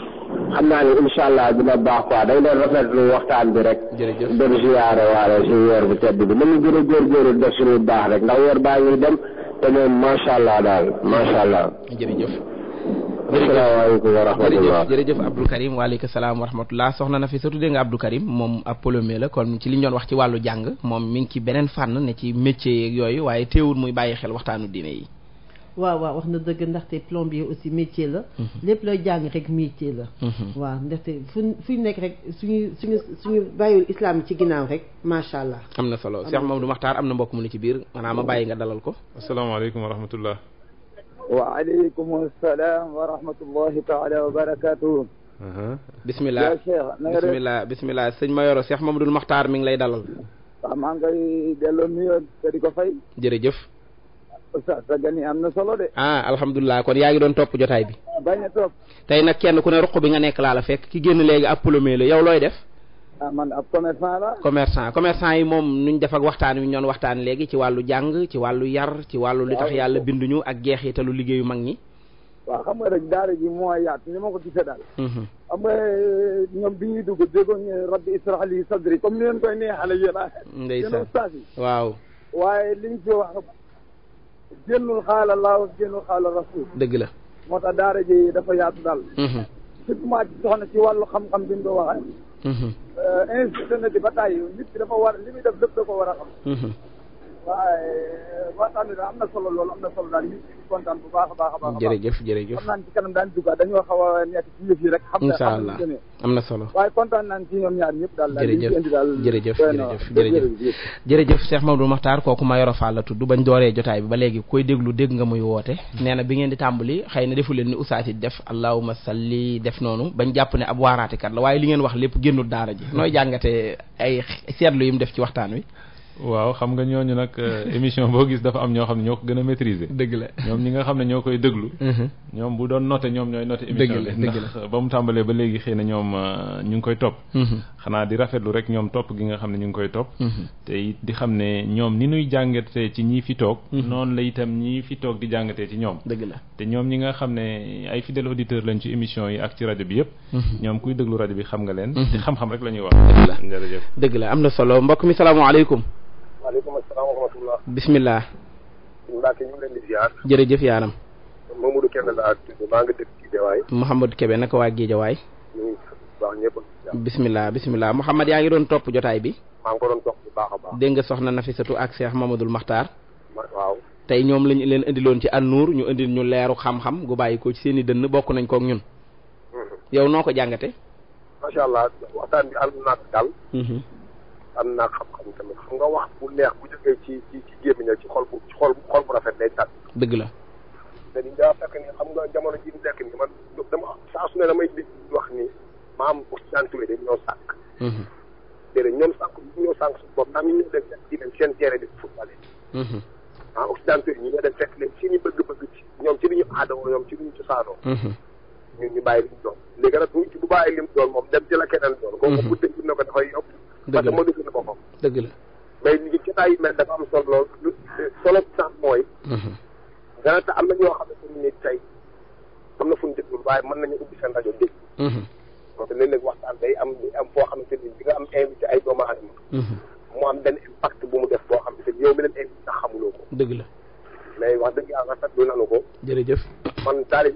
xam naa ni incha allah dina baax quoi dañ doon rafetlu waxtaan bi rek. jërëjëf dem ziare waale si weer bu tedd bi nañu gën a góorgóorlu def suñu baax rek ndax weer baa ngi dem te moom macha allah daal macha allah. jërëjëf. asalaamaaleykum wa rahmatulah jërëjëf Abdou Karim waaleykum salaam wa rahmatulah soxna na fi sa tuddee nga Abdou Karim moom ab polomé la kon ci li ñu doon wax ci wàllu jàng moom mi ngi ci beneen fànn ne ci métier yeeg yooyu waaye teewul muy bàyyi xel waxtaanu diine yi. waaw waaw wax na dëgg ndaxte plombier aussi métier la mhm. lépp looy jàng rek métier la mhm. waaw ndaxte fu fu nekk rek suñu suñu suñu bàyyiwul islam ci ginnaaw rek macha allah. am na solo Cheikh Mamadou Makhtar am na mbokk mu ne ci biir maanaam ma bàyyi nga dalal ko asalaamaaleykum wa rahmatullah waaleykum salaam wa rahmatullahi taala wa barakatuhu bismillah bismillah bismillah sëñ Mayoro Cheikh Mamadou Makhtar mi ngi lay dalal waaw ah, maa ngi koy delloo nuyoo te di ko oustaz sa gan yi am na ah alhamdulilah kon yaa ngi doon topp jotaay bi. Ah, a topp. tey nag kenn ku ne ruq bi nga nekk laa la fekk ki génn léegi ab polomé la yow looy def. ah man ab commerçant la. yi moom nuñ def ak waxtaan wi ñoon waxtaan léegi ci wàllu jàng ci wàllu yar ci wàllu li tax yàlla binduñu ak jeexitalu liggéeyu mag ñi. waaw xam ma ko gisee mhm. xam nga eh, ñoom bi ñuy dugg déggoon rabbi israh li sadri comme ni leen koy neexale yéen. ndeysaan yéen ustaas yi waaw. waaye liñ ci wax. génnul xaala laaw génnul xaala rasul dëgg la moo tax daara ji dafa yaatu daal mm-hmm. surtout maa ci soxna ci wàllu xam-xam bi mu doon waxee insisté na di ba tàyyi nit ki dafa war li muy def lépp da ko war a xam mm-hmm. waaye waxtaan bi daal am na solo loolu am na solo daal ñu ngi kontaan bu baax a jërëjëf jërëjëf xam naa ci am na solo waaye kontaan naa ci ñoom ñaar ñëpp daal. kooku Mayoro Fall la tudd bañ dooree jotaay bi ba léegi koy déglu dégg nga muy woote nee na bi ngeen di tàmbali xëy na defu leen ni usaati def allahuma salli def noonu bañ jàpp ne ab waaraatikat la waaye li ngeen wax lépp génnul daara ji nooy jàngate ay seetlu mu def ci waxtaan wi waaw xam nga ñooñu nag euh, émission boo gis dafa am ñoo xam ne ñoo ko gën a maîtriser. dëgg la ñoom ñi nga xam ne ñoo koy déglu. Mhm. ñoom bu doon noté ñoom ñooy noté émission bi ndax ba mu tàmbalee ba léegi xëy na ñoom euh, ñu ngi koy topp. Mhm. xanaa di rafetlu rek ñoom topp gi nga xam ne ñu ngi koy topp. Mhm. te di xam ne ñoom ni ñuy jàngatee ci ñii fi toog. noonu la itam ñii fi toog di jàngatee ci ñoom. dëgg la te ñoom ñi nga xam ne ay fidèles auditeurs lañ ci émission yi ak ci rajo bi yëpp. ñoom kuy déglu rajo bi xam nga leen. xam-xam rek la ñuy wax. dëgg la dëgg am na solo mbokk mi salaamaaleykum maaleykum bismillah. Mbacke ñu ngi leen di jërëjëf yaaram. Mamadou Kébé laa tudd maa ngi dëkk naka waa Guédiawaye. ñu bismillah bismillah Mouhamad yaa ngi doon topp jotaay bi. maa ngi ko doon topp a baax. dégg soxna Nafisatu ak Cheikh Mamadou Makhtar. tey ñoom lañ leen indiloon ci annuur ñu indil ñu leeru xam-xam gu bàyyi ko ci seen i dënn bokk nañ kook ñun. Mm-hmm. yow noo ko jàngate. am naa xam-xam tamit xam nga wax bu neex bu jógee ci ci ci gémmiñ ci xol bu ci xol xol bu rafet day tàgg. dëgg la. dañuy daa fekk ni xam nga jamono ji ñu nekk ni man dama saa su ne damay di wax ni maam Ousmane Touré dañ ñoo sànq. Mhm. déedéet ñoom sànq ñoo sànq suñu bopp ndax ñu ñoo dem fekk ci leen seen terrain di footballé. Mhm. ah Ousmane Touré ñu ñoo dem fekk leen si ñu bëgg-bëgg ci ñoom ci li ñu aadoo ñoom ci li ñu cosaanoo. Mhm. ñun ñu bàyyi li mu doon léegi nag bu bu moom dafay yokk. dëgg la parce dëgg la mais ñu jotaay yu mel dafa am solo lool lu solo sax mooy mhm. dana tax am na ñoo xam ne suñu nit tey am na fu ñu déglu waaye mën nañu ubbi seen rajo dégg parce mhm. que léeg-léeg waxtaan day am am foo xam ne di nga am invité ay doomu aadama mhm. mu am benn impact bu mu def boo xam ne yow mi leen invité sax xamuloo ko dëgg la mais wax dëgg yàlla rafetlu nanu ko jërëjëf man taalib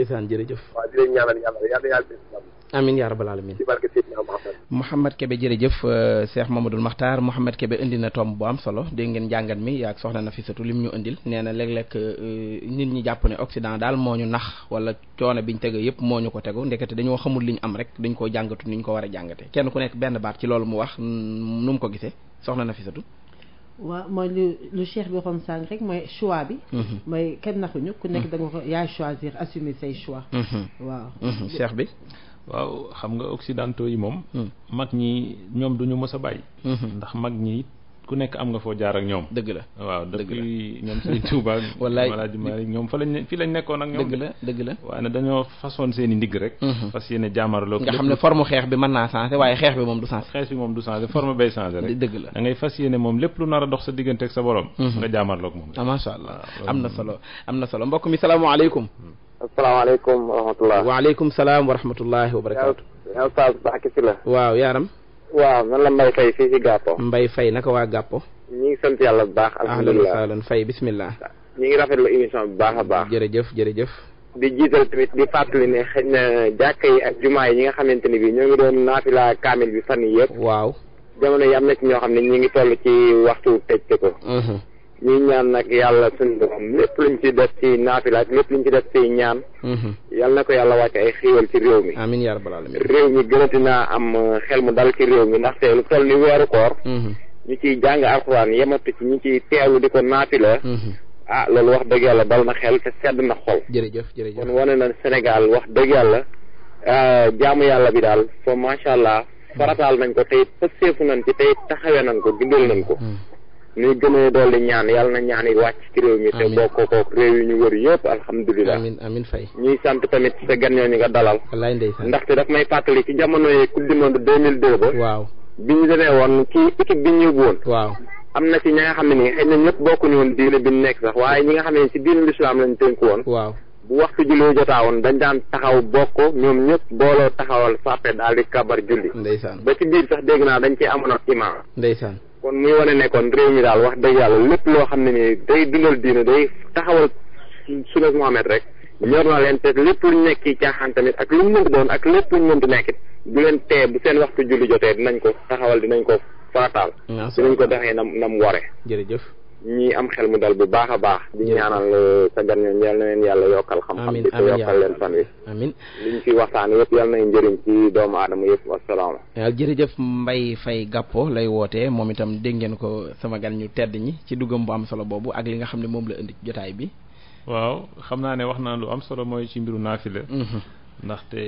islam jërëjëf waaw di leen yàlla yàlla yàlla def jàmm yaa rabbal alamin Mouhamed Kebe jërëjëf euh, Cheikh Mamadou Makhtar Mouhamed Kebe indi na tomb bu am solo dégg ngeen jàngat mi yaag soxna Nafisatu lim ñu indil nee na léeg-léeg euh, euh, nit ñi jàpp ne Occident daal moo ñu nax wala coono biñ tege yëpp moo ñu ko tegu ndekete dañoo xamul li ñu am rek dañ koo jàngatu ni ñu ko war a jàngate kenn ku nekk benn baat ci loolu mu wax nu mu ko gisee soxna Nafisatu waaw mooy lu lu cheikh bi waxoon sànq rek mooy choix bi. Mm-hmm. mooy kenn naxuñu ku nekk mm-hmm. da nga ko waaw xam nga occidentaux yi moom. Hmm. mag ñi ñoom du ñu ma sa bàyyi. Hmm. ndax mag ñi ku nekk am nga foo jaar ak ñoom. dëgg la waaw depuis ñoom Serigne Touba. wallaay Maladji Malick ñoom fa lañ fi dëgg la dëgg la waaye nag dañoo façon seen i ndigg rek. Hmm. fas yéene jaamarloo. nga xam ne forme xeex bi mën naa changé waaye xeex bi moom du changé. xeex bi moom du changé forme bay changé rek. dëgg la da fas yéene moom lépp lu nar a dox sa diggante ak sa borom. nga jaamarloo ak moom. Ah, macha allah am na solo am na solo mbokk mi salaamaaleykum. asalaamaaleykum wa rahmatulah. waaleykum salaam wa rahmatulah wa barakaatu. yaa Oustaz Mbacké Sylla. waaw yaaram. waaw man la Mbaye Faye fii si Gàppo. Mbaye Faye naka waa Gàppo. ñu ngi sant yàlla bu baax. alhamdulilah ahlan sahlan Faye bismillah. ñu ngi rafetlu émission bu baax a baax. jërëjëf jërëjëf. di jiital tamit di fàttali ne xëy na jàkka yi ak jumaa yi ñi nga xamante ni bii ñoo ngi doon naafila kaamil bi fan yii yëpp. waaw jamono yi am na ci ñoo xam ne ñu ngi toll ci waxtu tëj ko. Mhm. ñuy ñaan nag yàlla suñu borom lépp luñ ci def ci naafila ak lépp luñ ci def ci ñaan. Mm-hmm. yal na ko yàlla wàcce ay xéewal ci réew mi. amiin yaa rabbal réew mi gënati naa am uh, xel mu dal ci réew mi ndaxte lu toll ni weeru koor. Mm-hmm. ñu ciy jàng alxuraan yematu ci ñu ciy teewlu di ko naafila. Mm-hmm. ah loolu wax dëgg yàlla dal na xel te sedd na xol. jërëjëf jërëjëf kon wane na Sénégal wax dëgg yàlla uh, jaamu yàlla bi daal fo macha allah farataal nañ ko tey pëseefu nañ ci tey taxawee nañ ko nañ ko. ñuy gënee dolli ñaan yàlla na ñaan yi wàcc ci réew mi te bokk kook réew yi ñu wër yëpp alhamdulilah amiin amiin fay ñuy sant tamit sa gan ñooñu nga dalal wallaay ndeysaan ndaxte daf may fàttali ci jamono yi coupe du monde deux mille deux ba waaw bi ñu demee woon ci équipe bi ñu woon waaw am na ci ñi nga xam ne nii xëy na ñëpp bokkuñu woon diine bi ñu nekk sax waaye ñi nga xam ne ci diine lislaam lañ tënku woon waaw bu waxtu julli jotaa woon dañ daan taxaw bokk ñoom ñëpp booloo taxawal fàppe daal di kabar julli ndeysaan ba ci biir sax dégg naa dañ ci amoon imaam ndeysaan kon muy wane ne kon réew mi daal wax dëgg yàlla lépp loo xam ne nii day dundal diine day taxawal sunnas Muhammad rek ñor na leen te lépp luñ nekk ci caaxaan tamit ak luñ mënti doon ak lépp luñ mënti nekkit bu leen tee bu seen waxtu julli jotee dinañ ko taxawal dinañ ko faataal dinañ ko doxee na nam ware jërëjëf ñi am xel mu dal bu baax a baax di ñaanal uh, sa gan ñoom yal na leen yàlla yokkal xam-xam bi te yokkal leen fan wi amin liñ fi waxtaan yëpp yal nañ njëriñ ci doomu aadama yëpp wasalaama waaw jërëjëf mbay fay Gàppo lay woote moom itam dégg ngeen ko sama gan ñu tedd ñi ci duggam bu am solo boobu ak li nga xam ne moom la indi jotaay bi waaw xam naa ne wax naa lu am solo mooy ci mbiru naafila mm-hmm. ndaxte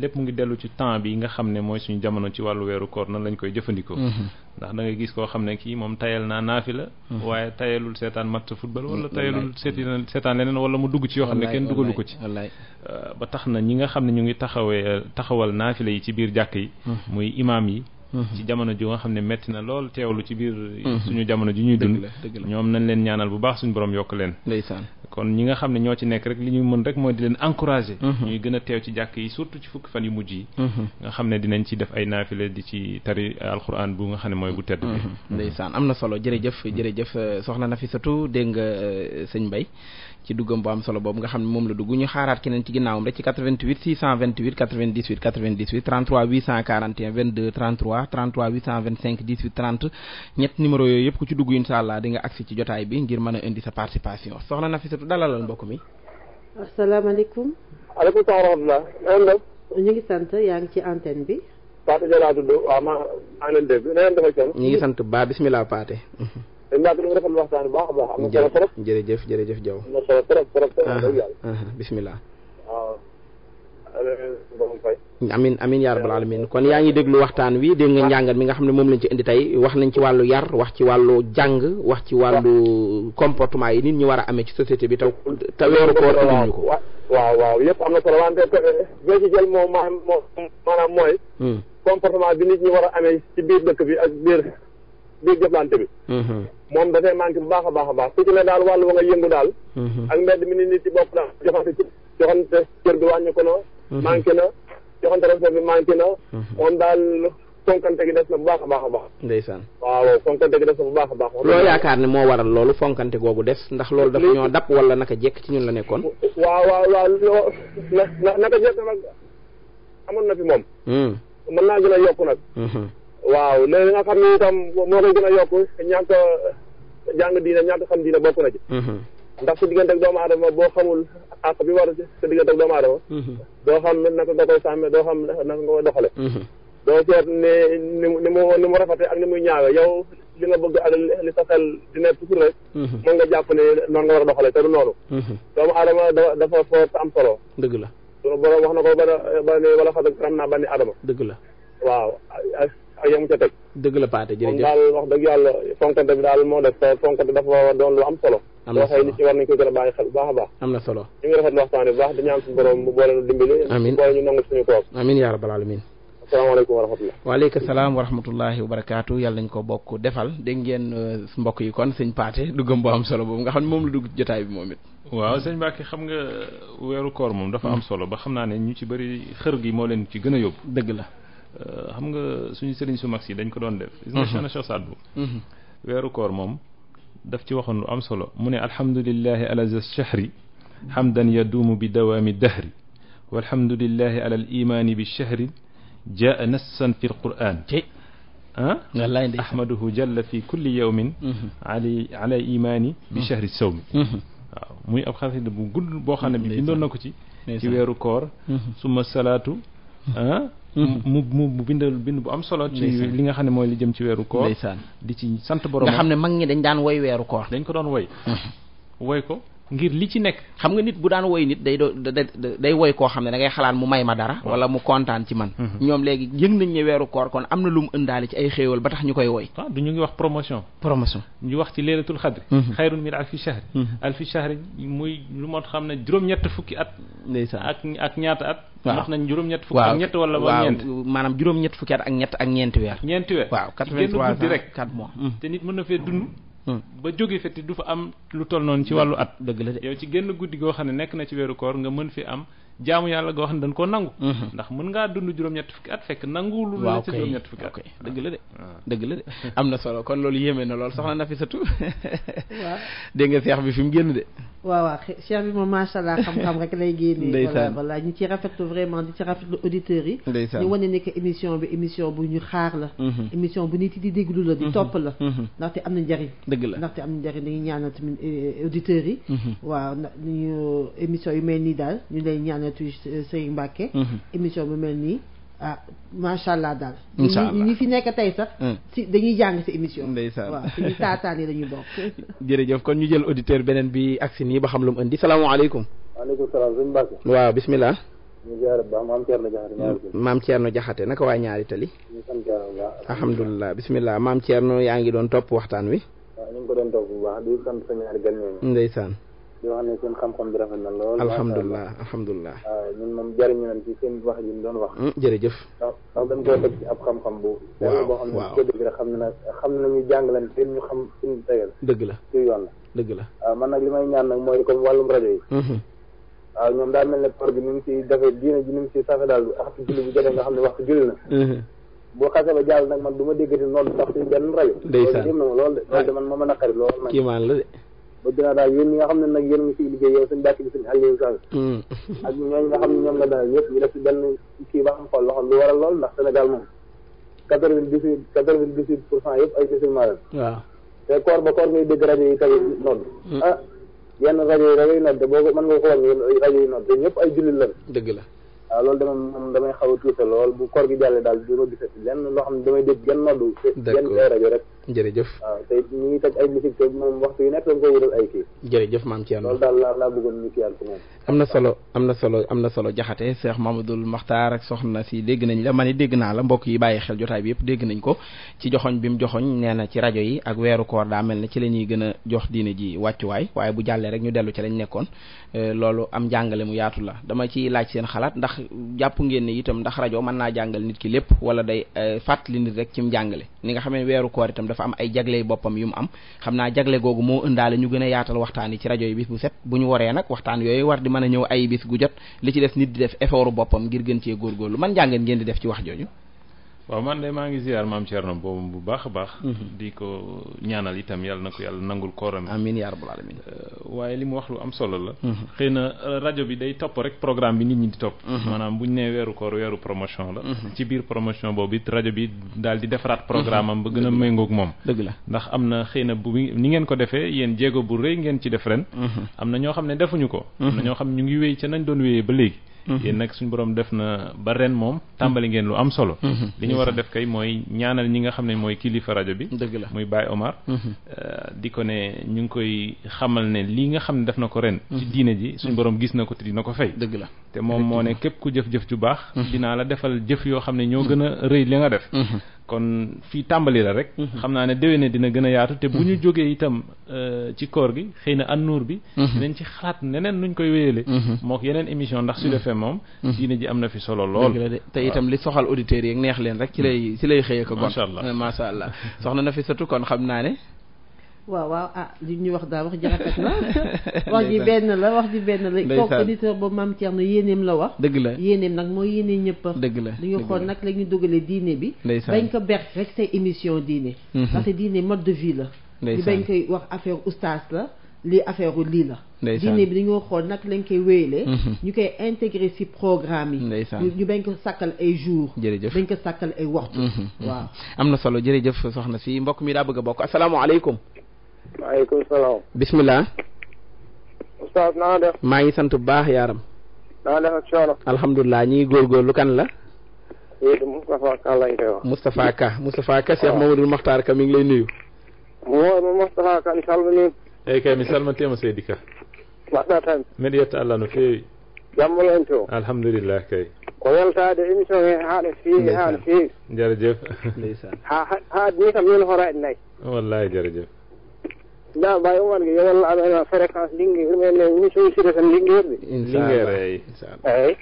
lépp mu ngi dellu ci temps bi nga xam ne mooy suñu jamono ci wàllu weeru koor nan lañ koy jëfandikoo. Mhm. ndax da nga gis koo xam ne kii moom tayal naa naafi la. Mhm. waaye tayalul seetaan match football. wala tayalul seetaan seetaan leneen wala mu dugg ci yoo xam ne kenn dugalu ko ci. Euh, ba tax na ñi nga xam ne ñu ngi taxawee taxawal naafila yi ci biir jàkk yi. Mhm. muy imaam yi. Mm-hmm. ci jamono ji nga xam ne metti na lool teewlu ci biir mm-hmm. suñu jamono ji ñuy dund ñoom nañ leen ñaanal bu baax suñu borom yokk leen kon ñi nga xam ne ñoo ci nekk rek li ñuy mën rek mooy di leen encourager mm-hmm. ñuy gën teew ci jàkk yi surtout ci fukki fan yu mujj yi nga xam ne dinañ ci def ay naafile di ci tari alxuraan bu bu nga xam ne moom la dugg ñu xaaraat keneen ci ginnaawam rek ci 88 628 98 98 33 841 22 33 33 33 825 18 30 ñett numéro yooyu yëpp ku ci dugg incha allah agsi ci jotaay bi ngir mën a indi sa participation soxna Nafisatu dalalal mbokk mi. asalaamaaleykum. aleykum salaam wa rahmatulah. ñu Paate Jalla tudd waaw maa maa leen ba bisimilah Paate. dañ laa gën a rafetlu waxtaan bu baax a baax. am na solo trop jërëjëf amin amin yaa rabbal alamin kon yaa ngi déglu waxtaan wi dégg nga njàngat mi nga xam ne moom lañ ci indi tey wax nañ ci wàllu yar wax ci wàllu jàng wax ci wàllu comportement yi nit ñi war a amee ci société bi taw te weeru koor ko waaw waaw lépp na solo wante boo ci jël moom ma maanaam mooy hmm. comportement bi nit a amee ci biir dëkk bi ak biir biir jëflante bi hmm. moom dafay manqué bu baax a baax a baax ku ne daal wàllu wa nga yëngu daal hmm. ak mbedd mi nit ñi bopp daal joxante ci joxante cër bi wàññi ko na Mhm. manqué na joxante rapport bi manqué na moom daal fonkante gi des na bu baax a baax a baax ndeysaan waaw fonkante gi des na bu baax a baax loolu yaakaar ne moo waral loolu fonkante googu des ndax loolu dafa ñoo dab wala naka jekk ci ñun la nekkoon waaw waaw waaw loo na naka jekk nag amoon na fi moom hmm. mën naa gën a yokk nag hmm. waaw léegi nga xam ne itam moo koy gën a yokk ñàkk jàng diine ñàkk xam diine bokk na ci hmm. ndax su diggante ak doomu aadama boo xamul àq bi war sa diggante ak doomu aadama mhm. doo xam naka nga koy sàmme doo xam naka nga koy doxale mhm. doo seet ne ni mu ni mu rafete ak ni muy ñaawee yow li nga bëgg ak li sa xel di nekk toujours rek moom nga jàpp ne noonu nga war a doxale te du noonu mhm. doomu aadama dafa fort am solo dëgg la borom wax na ko ba ne wala xatak ram naa bani aadama dëgg la waaw ak yam ca teg dëgg la Paate jërëjëf daal wax dëgg yàlla fonkante bi daal moo def fonkante dafa doon lu am solo am na solo ci gën a baax a baax am na solo ñu ngi rafet waxtaan bu baax dañu am suñu borom mu boole nu dimbali amiin boole suñu koor amiin yaa rabbal alamin asalaamaaleykum wa rahmatulah waaleykum salaam wa rahmatullahi wa barakaatu yàlla nañ ko bokk defal dégg ngeen euh, mbokk yi kon sëñ Paate duggam boo am solo boobu nga xam ne moom la dugg jotaay bi moom it waaw sëñ Mbacke xam nga weeru koor moom dafa am mm. solo ba xam naa ne ñu ci bari xër gi moo leen ci gën a yóbbu dëgg la euh, xam nga suñu sëriñ su mag yi dañ ko doon def gis nga mm-hmm. Cheikh Sadbou mm-hmm. weeru koor moom daf ci waxoon lu am solo mu ne alhamdulillahi ala shahri hamdan yaduumu bi dawaami dahri walhamdulillahi ala al imaani bi shahri jaa nassan fi alquran ah wallaay ahmaduhu jalla fi kulli yawmin mm-hmm. ali ala imaani bi mm-hmm. shahri sawmi mm-hmm. waaw muy ab xasida bu gudd boo xam ne bi bindoon na ko ci ci weeru koor summa salaatu ah Mhm. mu mu mu bindal bind bu am solo. ci li nga xam ne mooy li jëm ci weeru koor. di ci sant borom nga xam ne mag ñi dañ daan woy weeru koor. dañ ko doon woy mhm. woy ko. ngir li ci nekk xam nga nit bu daan woy nit day do day woy koo xam ne dangay xalaat mu may ma dara wala mu kontaan ci man mhm. ñoom léegi yëg nañ ne weeru koor kon am na lu mu ëndaale ci ay xéewal ba tax ñu koy woy ah, du ñu ngi wax promotion promotion ñu wax ci leelatul xadri mhm. xayrun min alfi shahri mhm. alfi shahri muy lu moo xam ne juróom-ñett fukki at ndeysaan ak ak ñaata at wax nañ juróom-ñett fukki ak wala maanaam juróom-ñett at ak ñett ak ñeenti weer ñeenti weer waaw quatre vingt te Hmm. ba jóge fa te du fa am lu toll noonu ci wàllu at. dëgg la de yow ci génn guddi goo xam ne nekk na ci weeru koor nga mën fi am jaamu yàlla goo xam ne dañ koo nangu. Hmm. ndax mën ngaa dund juróom-ñett fukki at fekk nangu. lu la ci juróom-ñett fukki at dëgg la de. Ah. dëgg la de am na solo kon loolu yéeme na lool soxna Nafisatu. waaw dégg nga seex bi fi mu génn de. waaw waaw cheikh bi moom macha allah xam-xam rek lay génne. ndeysaan voilà ñu ci rafetlu vraiment di ci rafetlu auditeurs yi. ndeysaan ñu wane ne émission bi émission bu ñu xaar la. Mm-hmm. émission bu nit yi di déglu la di mm-hmm. topp la. Mm-hmm. ndaxte am na njariñ. dëgg la ndaxte am na njariñ dañuy ñaanal tamit eh, eh, auditeurs yi. waaw ñu émission yu mel nii daal ñu lay ñaanal tuuti eh, Serigne Mbacke. émission bu mel nii. ah macha allah daal. incha allah ñi fi nekk tey sax. Hmm. si dañuy jàng si émission bi. ndeysaan waaw si ñi kon ñu jël auditeur beneen bi ak nii ba xam lu mu indi salaamaaleykum. waaleykum salaam sëñ waaw bismillah. maam Thierno Diakhaté. maam naka waa ñaari tali. ñu sant yàlla alhamdulilah bismillah maam Thierno yaa ngi doon topp waxtaan wi. waaw ñu di wax ne seen xam-xam bi rafet na lool. alhamdulilah alhamdulilah. waaw ñun moom jëriñu nañ ci seen wax yi ñu doon wax. Hmm, jërëjëf. ndax ndax dañ koy teg ci ab xam-xam bu. waaw waaw boo xam ne ko dégg rek xam na xam nañu jàngaleen seen ñu xam suñu tegal. dëgg la ci yoon la. dëgg la waaw man nag li may ñaan nag mooy comme wàllum rajo yi. Hmm. waaw ñoom daa mel ne por bi ni mu ciy defee diine ji ni mu ciy safe daal waxtu julli bu jotee nga xam ne waxtu julli na. Hmm. boo xasee ba jàll nag man du ma déggati noonu sax suñu benn rajo. ndeysaan loolu de man ma mën a loolu. kii maan la de bëgg naa daal yéen ñi nga xam ne nag yéen ngi ciy liggéey yow suñu bàcc bi suñu Aliou Sall hmm. ak ñooñu nga xam ne ñoom la daal ñëpp ñu def si benn kii ba am xool loo xam lu waral lool ndax Sénégal moom quatre vingt dix huit quatre vingt dix huit pour cent yëpp ay musulman lañ waaw te koor ba koor ngay dégg rajo yi tamit nodd hmm. ah yenn rajo yi nodd boo man mën nga ko rajo yi nodd te ñëpp ay jullit lañ la ah, loolu dama damay xaw a lool bu koor gi jàllee daal du lenn loo xam ne damay dégg genn nodd genn ay rajo rek jërëjëf waaw te ñu ngi teg waxtu yu nekk loolu daal laa bëggoon ñu kiiyal ko moom am na solo am na solo am na solo jaxate Cheikh Mamadou Makhtar ak soxna si dégg nañ la ma ne dégg naa la mbokk yi bàyyi xel jotaay bi yëpp dégg nañ ko ci joxoñ bi mu joxoñ nee na ci rajo yi ak weeru koor daa mel ne ci la ñuy gën a jox diine ji wàccuwaay waaye bu jàllee rek ñu dellu ci lañ nekkoon euh, loolu am jàngale mu yaatu la dama ci laaj seen xalaat ndax jàpp ngeen ne itam ndax rajo mën naa jàngal nit ki lépp wala day euh, fàttali nit rek ci mu jàngale ni nga xam ne weeru koor itam am ay jagle boppam yu mu am xam naa jagle googu moo ëndaale ñu gën a yaatal waxtaan yi ci rajo yi bis bu set bu ñu waree nag waxtaan yooyu war di mën a ñëw ay bis gu jot li ci des nit di def effort boppam ngir gën cee góorgóorlu man jàngeen ngeen di def ci wax jooju waaw man de maa ngi ziar maam Thierno boobu bu baax a baax. Mm-hmm. di ko ñaanal itam yàlla na ko yàlla nangul kooram. amiin yaa rabbal alamin euh, waaye li mu wax lu am solo la. Mm-hmm. xëy na euh, rajo bi day topp rek programme bi nit ñi di topp. Mm-hmm. maanaam bu ñu nee weeru koor weeru promotion la. ci biir promotion boobu it rajo bi daal di defaraat programme ba gën a méngoog moom. dëgg la ndax am na xëy na bu ni ngeen ko defee yéen jéego bu rëy ngeen ci def ren. am na ñoo xam ne defuñu ko. am na ñoo xam Mm-hmm. yéen nag suñu borom def na ba ren moom tàmbali ngeen lu am solo mm-hmm. li ñu war a def kay mooy ñaanal ñi nga xam ne mooy kilifa rajo bi la muy Baye Omar mm-hmm. euh, di ko ne ñu ngi koy xamal ne li nga xam ne def na ko ren ci diine ji suñu borom gis na ko te dina ko fay dëgg la te moom moo ne képp ku jëf-jëf ju baax dinaa la defal jëf yoo xam ne ñoo gën a rëy li nga def kon fii tàmbali la rek. Mhm. xam naa ne déwéne dina gën a yaatu. te bu ñu mhm. jógee itam euh, ci koor gi xëy na an nuur bi. Mhm. dinañ ci xaat neneen nuñ koy wéyale. mook yeneen émission ndax Sud FM moom. diine ji am na fi solo lool. te itam li soxal auditeurs yi neex leen rek ci lay ci lay xëyee ko. macha allah kon macha allah soxna na fi satu kon xam naa ne. waaw waaw ah li ñu wax daal wax ji rafet wax ji benn la wax ji benn la kooku auditeur ba maam Thierno yéeneem la wax dëgg la yéeneem nag mooy yéene ñëpp dëgg la dañu xool nag la ñu dugale diine bi bañ ko ber rek say émission diine parce mhm. que diine mode de vie la li bañ koy wax affaire oustaz la lii affaire u lii la diine bi dañoo xool nag lañ koy wéyalee mhm. ñu koy intégré ci programme yi ñu bañ ko sàkkal ay jour jërëjëf bañ ko sàkkal ay waxtu mhm. waaw am na solo jërëjëf soxna si mbokk mi daa bëgg a bokk asalaamaaleykum maaleykum salaam. maa ngi sant bu baax yaaram. na nga def ak coono. kan la. yéen Ka lañ koy wax. Moustapha Ka Moustapha Ka Cheikh ah. Mamadou Makhtar Ka mi lay nuyu. Moom Moustapha Ka mi salmini. eeyi eh, kay mi salmantema seydi Ka. yetta Allah no feewi. jamma haa haa no ni kam min horaɗe nayi. wallahi jarajef. jaaɓa e wonde yo wallu amen ha fréquence ligguey ɗumen eh. eh,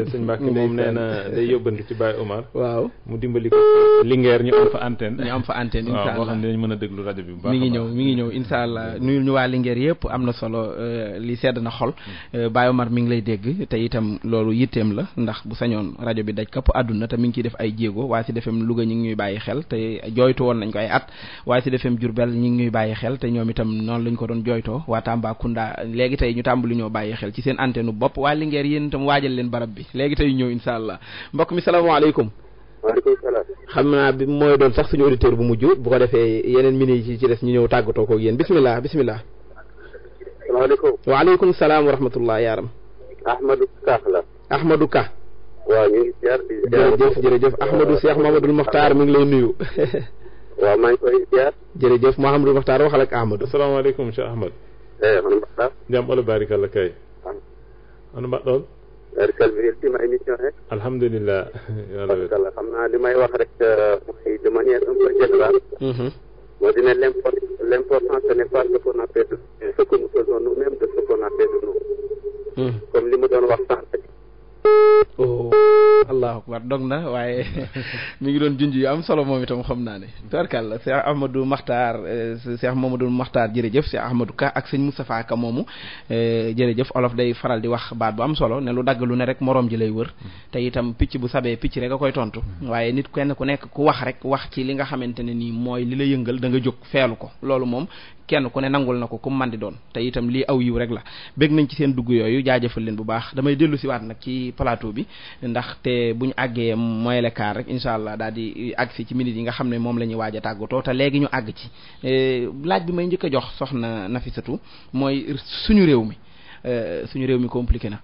émission day yóbbante ci Baye waaw mu dimbali ko linguère ñu am fa antenne ñu am fa antenne inchallah boo xam ne mën a déglu rajo bi bu ngi ñëw mi ngi ñëw inchallah nuyul ñu waa linguère yëpp am na solo euh, li sedd na xol mm. euh, Baye Omar mi ngi lay dégg te itam loolu yitteem la ndax bu sañoon rajo bi daj kapp àdduna te mi ngi ciy def ay jéego waa si defem Louga ñu ngi bàyyi xel te jooytu woon nañ ko ay at waaye Sud jur Diourbel ñi ngi ñuy bàyyi xel te ñoom itam noonu lañ ko doon jooytoo waa Tambacounda léegi tey ñu tàmbali ñoo bàyyi xel ci seen antenne bopp waa Linguère yéen itam waajal leen barab bi léegi tey ñëw insha allah mbokk mi salaamaaleykum waaleykum xam naa bi mooy doon sax suñu auditeur bu mujj bu ko defee yeneen minutes yi ci des ñu ñëw tàggatoo koog yéen bisimilah bisimilah salaamaaleykum waaleykum salaam wa rahmatullah yaaram ahmadou Ka waaw ñu ngi ziar di ziar jërëjëf jërëjëf Ahmadou Cheikh Mouhamadoul Mokhtar mi ngi lay nuyu. waaw maa ngi koy ziar. jërëjëf Mouhamadoul Mokhtar waxal ak Ahmadou. asalaamaaleykum Cheikh Ahmad. Eh, mano mbaɗɗa jaam olo barikalla ah. barikal mi weltima émission he alhamdulillah barikalla kam na limay wax rek euh, moy de manière mm-hmm. a fait de ce que nous faisons nous a fait de nous mm-hmm. li mu doon wax sànq Oh. allahu akbar dog na waaye mu ngi doon junj yu am solo moom itam xam naa ne la tubarkàlla Cheikh Ahmadou Makhtar Cheikh Mamadou Makhtar jërëjëf Cheikh Ahmadou Ka ak sëñ Moustapha moomu moomu eh, jërëjëf olof day faral di wax baat bu am solo ne lu dagg lu ne rek moroom ji lay wër te itam picc bu sabee picc rek a koy tontu waaye nit kenn ku nekk ku wax rek wax ci li nga xamante ne nii mooy li la yëngal da nga jóg feelu ko loolu moom kenn ku ne nangul na ko comme man di doon te itam lii aw yiw rek la bëgg nañ ci seen dugg yooyu jaajëfal leen bu baax damay dellu siwaat nag ci plateau bi ndaxte bu ñu àggee mooy le quart incha allah daal di àgg si ci minutes yi nga xam ne moom la ñuy waaj a te léegi ñu àgg ci eh, laaj bi may njëkk a jox soxna Nafisatu mooy suñu réew mi eh, suñu réew mi compliqué na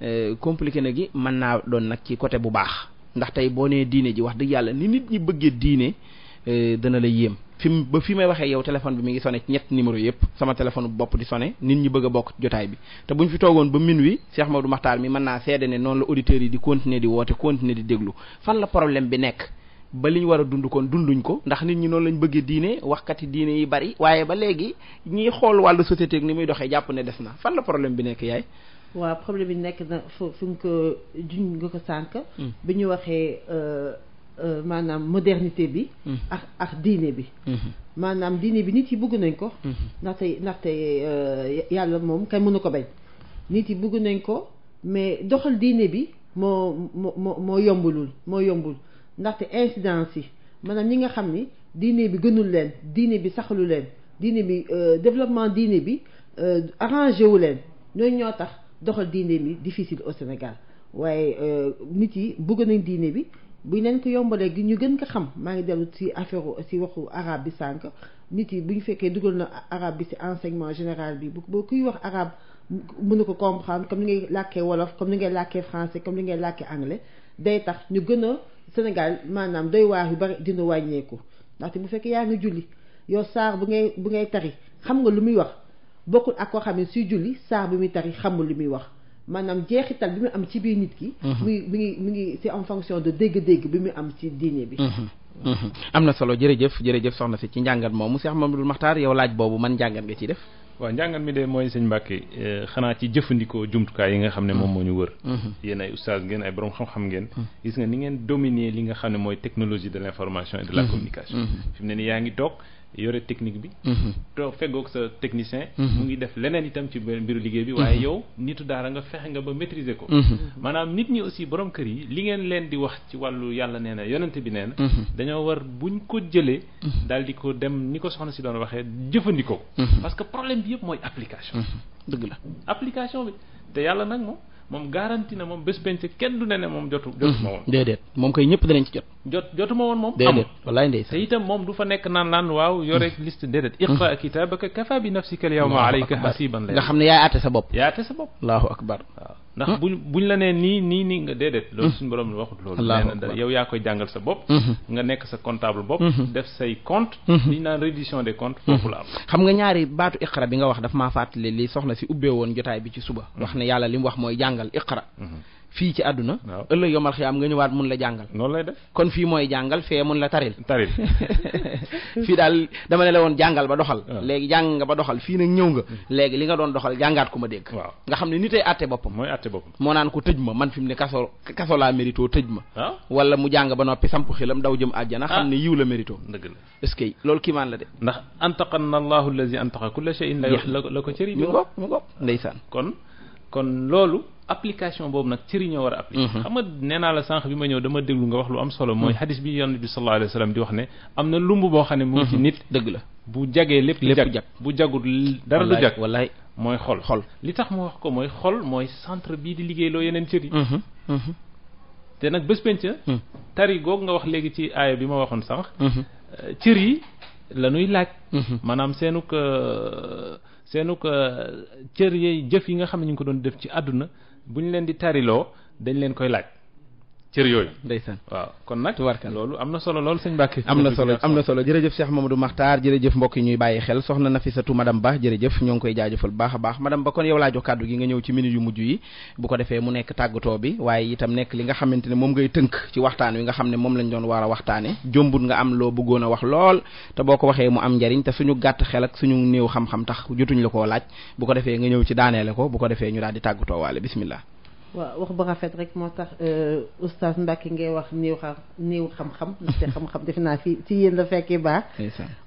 eh, compliqué na gi mën naa doon nag ci côté bu baax ndax tey boo nee diine ji wax dëgg yàlla ni nit ñi bëggee diine dana la yéem fi mu ba fi may waxee yow téléphone bi mi ngi sonné ci ñett numéro yëpp sama téléphone bopp di sonné nit ñi bëgg a bokk jotaay bi te buñ fi toogoon ba minuit Cheikh Maodo Makhtar mi mën naa seede ne noonu la auditeurs yi di continuer di woote continuer di déglu fan la problème bi nekk ba li ñu war a dund kon dunduñ ko ndax nit ñi noonu lañ bëggee diine waxkati diine yi bari waaye ba léegi ñiy xool wàllu société ak ni muy doxee jàpp ne des na fan la problème bi nekk bi nekk na fu Euh, maanaam modernité bi. Mm-hmm. ak ak diine bi. Mm-hmm. maanaam diine bi nit yi bugg nañ ko. Mm-hmm. ndaxte ndaxte euh, yàlla moom kay mënu ko bañ. nit yi bëgg nañ ko mais doxal diine bi moo moo moo yombulul moo yombul ndaxte incidence yi maanaam ñi nga xam ni diine bi gënul leen diine bi saxalu leen diine bi euh, développement diine bi arrangé wu leen ñooñu ñoo tax doxal diine bi difficile au Sénégal waaye nit yi bëgg nañ diine bi. buñ leen ko yombalee gi ñu gën ko xam maa ngi dellu ci affaire ci waxu arabe bi sànq nit yi bu ñu fekkee dugal na arabe bi ci enseignement général bi bu boo kuy wax arabe mënu ko comprendre comme ni ngay làkkee wolof comme ni ngay làkkee français comme ni ngay làkkee anglais day tax ñu gën a Sénégal maanaam doy waax yu bari dina wàññeeku ndaxte bu fekkee yaa ngi julli yow saar bu ngay bu ngay tari xam nga lu muy wax bokkul ak koo xam ne suy julli saar bu muy tari xamul lu muy wax maanaam jeexital bi mu am ci biir nit ki. Mhm. mi ngi mi ngi c'est en fonction de dégg-dégg bi mu am ci diine bi. Mhm. Mhm. am na solo jërëjëf jërëjëf soxna si ci njàngat moomu Cheikh Mamadou Makhtar yow laaj boobu man njàngat nga ci def. waaw njàngat mi de mooy sëñ Mbàkke eh, xanaa ci jëfandikoo jumtukaay yi nga xam ne moom moo ñu wër yéen ay oustaz ngeen ay borom xam-xam ngeen gis nga ni ngeen dominer li nga xam ne mooy technologie de l'information et de la communication ni yaa ngi toog yore technique bi. Mhm. te feggoog sa technicien. Mhm. mu ngi def leneen itam ci mbiru liggéey bi. Mhm. waaye yow nitu daara nga fexe nga ba maîtriser ko. maanaam nit ñi aussi borom kër yi li ngeen leen di wax ci wàllu yàlla nee na yonent bi nee na. dañoo war bu ñu ko jëlee. daal di ko dem ni ko soxna si doon waxee jëfandikoo. parce que problème bi yëpp mooy application. dëgg la application bi te yàlla nag moom moom garanti na moom bés penc kenn du ne moom jotu. jotu ma ñëpp danañ ci jot. jot jotuma woon moom. amul wallaay ndeysaan itam moom du nekk naan laan waaw yore hmm. liste déedéet. Hmm. iqra kitaabaka kafa bi nafsika al yawma alayka hasiban xam ne yaay àtte sa bopp. yaay sa bopp allahu akbar waaw ndax nii nii nii nga déedéet. Hmm. loolu suñu borom waxut loolu. nee yow yaa koy jàngal sa bopp. nga nekk sa comptable bopp. def say compte naan reddition des comptes. foofu xam nga ñaari baatu iqra bi nga wax daf maa fàttali li soxna si ubbee woon jotaay bi ci suba. wax ne yàlla li mu wax mooy jàngal iqra fii ci àdduna ëllëg yomal xiyaam nga ñëwaat mun la jàngal noonu lay def kon fii mooy jàngal fee mun la taril taril fii daal dama ne la woon jàngal ba doxal léegi jàng nga ba doxal fii nag ñëw nga hmm. léegi li nga doon doxal jàngaat ku ma dégg waaw nga xam ne ni tey àtte boppam mooy àtte boppam moo naan ko tëj ma man fi mu ne kaso kaso laa mérito tëj ma ah. wala mu jàng ba noppi samp xilam daw jëm àjjana ah. xam ne yiw la mérito dëgg la est-ce que loolu kiimaan la de ndax antaqana allahu allazi antaqa kulla shay'in la la ko cëri mi ngoog mi ngoog ndeysaan kon loolu application boobu nag ci ñoo war a appliquer mhm. xam nee naa la sànq bi ma ñëw dama déglu nga wax lu am solo mooy xadis mhm. bi yonent bi sallallahu alayhi wasallam di wax am na lumb boo xam ne mu mhm. nit dëgg la bu jagee lépp lépp jag bu jagul dara du jag wallaay mooy xol xol li tax ma wax ko mooy xol mooy centre bii di liggéey loo yeneen cër nag bés tari googu nga wax léegi ci aaya bi ma waxoon sànq euh, cër yi la ñuy laaj maanaam seenu euh, seenuk euh, cër yi jëf yi nga xam ne ñu ngi ko doon def ci àdduna bu ñu leen di tariloo dañ leen koy laaj cër yooyu. ndeysaan waaw kon nag. tubaarkal loolu am na solo lool sëñ Mbacke. am na solo am na solo jërëjëf Cheikh Mamadou Makhtar jërëjëf mbokk yi ñuy bàyyi xel soxna Nafisatu madame Ba jërëjëf ñoo ngi koy jaajafal baax a baax madame Ba kon yow laa jox kàddu gi nga ñëw ci minute yu mujj yi bu ko defee mu nekk tàggatoo bi waaye itam nekk li nga xamante ne moom ngay tënk ci waxtaan wi nga xam ne moom lañu doon war waxtaane jombut nga am loo bëggoon a wax lool te boo ko waxee mu am njariñ te suñu gàtt xel ak suñu néew xam-xam tax jotuñ la koo laaj bu ko defee nga ñëw ci daaneele ko bu ko defee ñu daal tàggatoo waale bismillah waaw wax bu rafet rek moo tax euh, oustaz Mbacke ngay wax néew xam néew xam-xam ndaxte xam-xam defe naa fi ci yéen la fekkee baax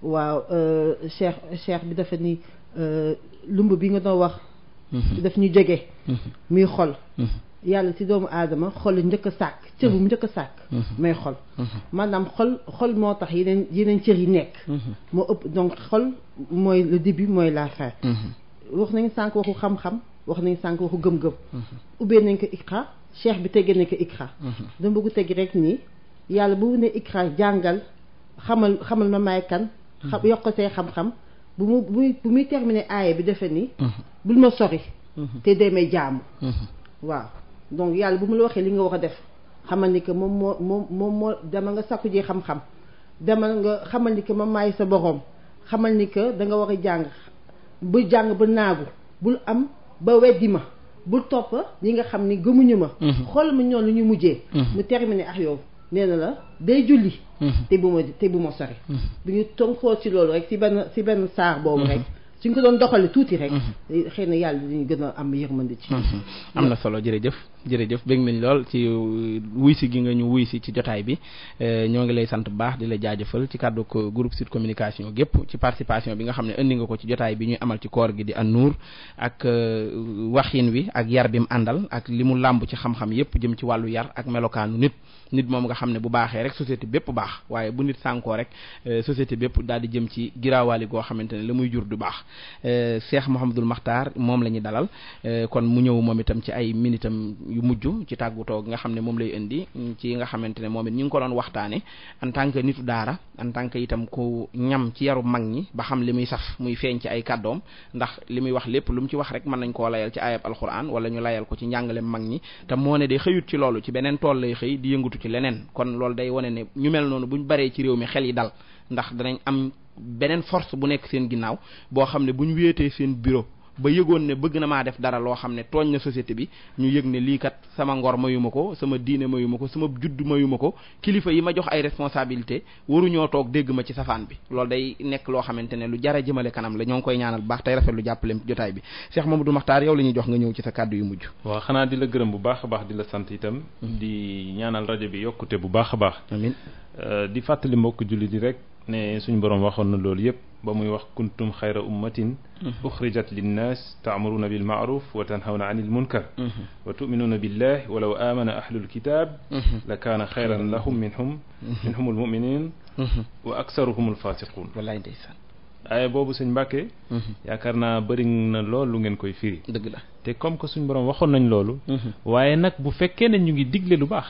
waaw euh, cheikh cheikh bi dafa ni euh, lumb bi nga doon wax mhm. daf ñu jege mhm. muy xol mhm. yàlla si doomu aadama xol njëkk a sàkk cër bu njëkk a sàkk may xol maanaam xol xol moo tax yeneen yeneen cër yi nekk moo ëpp donc xol mooy le début mooy la fin wax nañ sànq waxu xam-xam wax nañ sànq waxu gëm-gëm ubbee nañ ko iqra cheikh bi teggee nañ ko iqra mhm. dama ko teg rek nii yàlla bu ne iqra jàngal xamal xamal ma may kan mhm. xam yokk see xam-xam bu mu bu muy termine aaya bi defe nii mhm. bul ma sori te demee jaamu waaw donc yàlla bu mu la waxee li nga wax a def xamal ni que moom moo moom moom moo demal nga sàkku ji xam-xam dama nga xamal ni que ma maay sa borom xamal ni que da nga war a jàng bu jàng ba naagu bul am ba weddi ma bu topp ñi nga xam ni gëmuñu ma mhm. xool ma ñoon lu ñu mujjee mhm. mu terminé ak yow nee na la day julli mhm. te bu ma te bu ma sori bi ñu tonkoo ci loolu rek ci benn ci benn saar boobu rek suñ ko doon doxale tuuti rek xëy na yàlla dañu gën a am yërmande ci am na solo jërëjëf jërëjëf bég nañ lool ci euh, wuy si gi nga ñu wuy si ci jotaay bi euh, ñoo ngi lay sant bu baax di la jaajëfal ci kàddu groupe Sud Communication gépp ci participation bi nga xam ne indi nga ko ci jotaay bi ñuy amal ci koor gi di An-Nour ak euh, waxin wi ak yar bi mu àndal ak li mu làmb ci xam-xam yépp jëm ci wàllu yar ak melokaanu nit nit moom nga xam ne bu baaxee rek société bépp baax waaye bu nit sànkoo rek société bépp daal di jëm ci giraawaali goo xamante ne la muy jur du baax Cheikh Mouhamadoul Makhtar moom la ñuy dalal kon mu ñëw moom itam ci ay minitam yu mujj ci tàggutoo nga xam ne moom lay indi ci nga xamante ne moom it ñu ngi ko doon waxtaane en tant que nitu daara en tant que itam ku ñam ci yaru mag ñi ba xam li muy saf muy feeñ ci ay kàddoom ndax li muy wax lépp lu mu ci wax rek mën nañ koo layal ci ayab alquran wala ñu layal ko ci njàngale mag ñi te moo ne de xëyut ci loolu ci beneen tool lay xëy di yëngatu ci leneen kon loolu day wane ne ñu mel noonu buñ baree ci réew mi xel yi dal ndax danañ am beneen force bu nekk seen ginnaaw boo xam ne buñ wéetee ba yëgoon ne bëgg na maa def dara loo xam ne tooñ na société bi ñu yëg ne lii kat sama ngor mayu ko sama diine mayu ko sama judd mayu ma ko kilifa yi ma jox ay responsabilité waruñoo toog dégg ma ci safaan bi loolu day nekk loo xamante ne lu jara jëmale kanam la ñoo ngi koy ñaanal baax tey rafet lu jàppale jotaay bi Cheikh Mamadou Makhtar yow la ñuy jox nga ñëw ci sa kàddu yu mujj waaw xanaa di la gërëm bu baax a baax di la sant itam mm-hmm. di ñaanal rajo bi yokkute bu baax a baax amiin euh, di fàttali mbokk julli di rek ne suñ boroom waxoon na loolu yëpp ba muy wax kuntum xayra ummatin mm-hmm. uxrijat linnaas taamuruuna bilmaaruf wa tanhawna anil munkar mm-hmm. wa tuminuuna billah walaw aamana ahlul kitaab mm-hmm. la kaana xayran lahum minhum minhum almuminin wa aksaruhum alfasiquun wallaay ndeysaan aaya boobu suñ mbàkkee yaakaar naa bëri na lool lu ngeen koy firi dëgg la te comme que suñ boroom waxoon nañ loolu waaye nag bu fekkee ne ñu ngi digle lu baax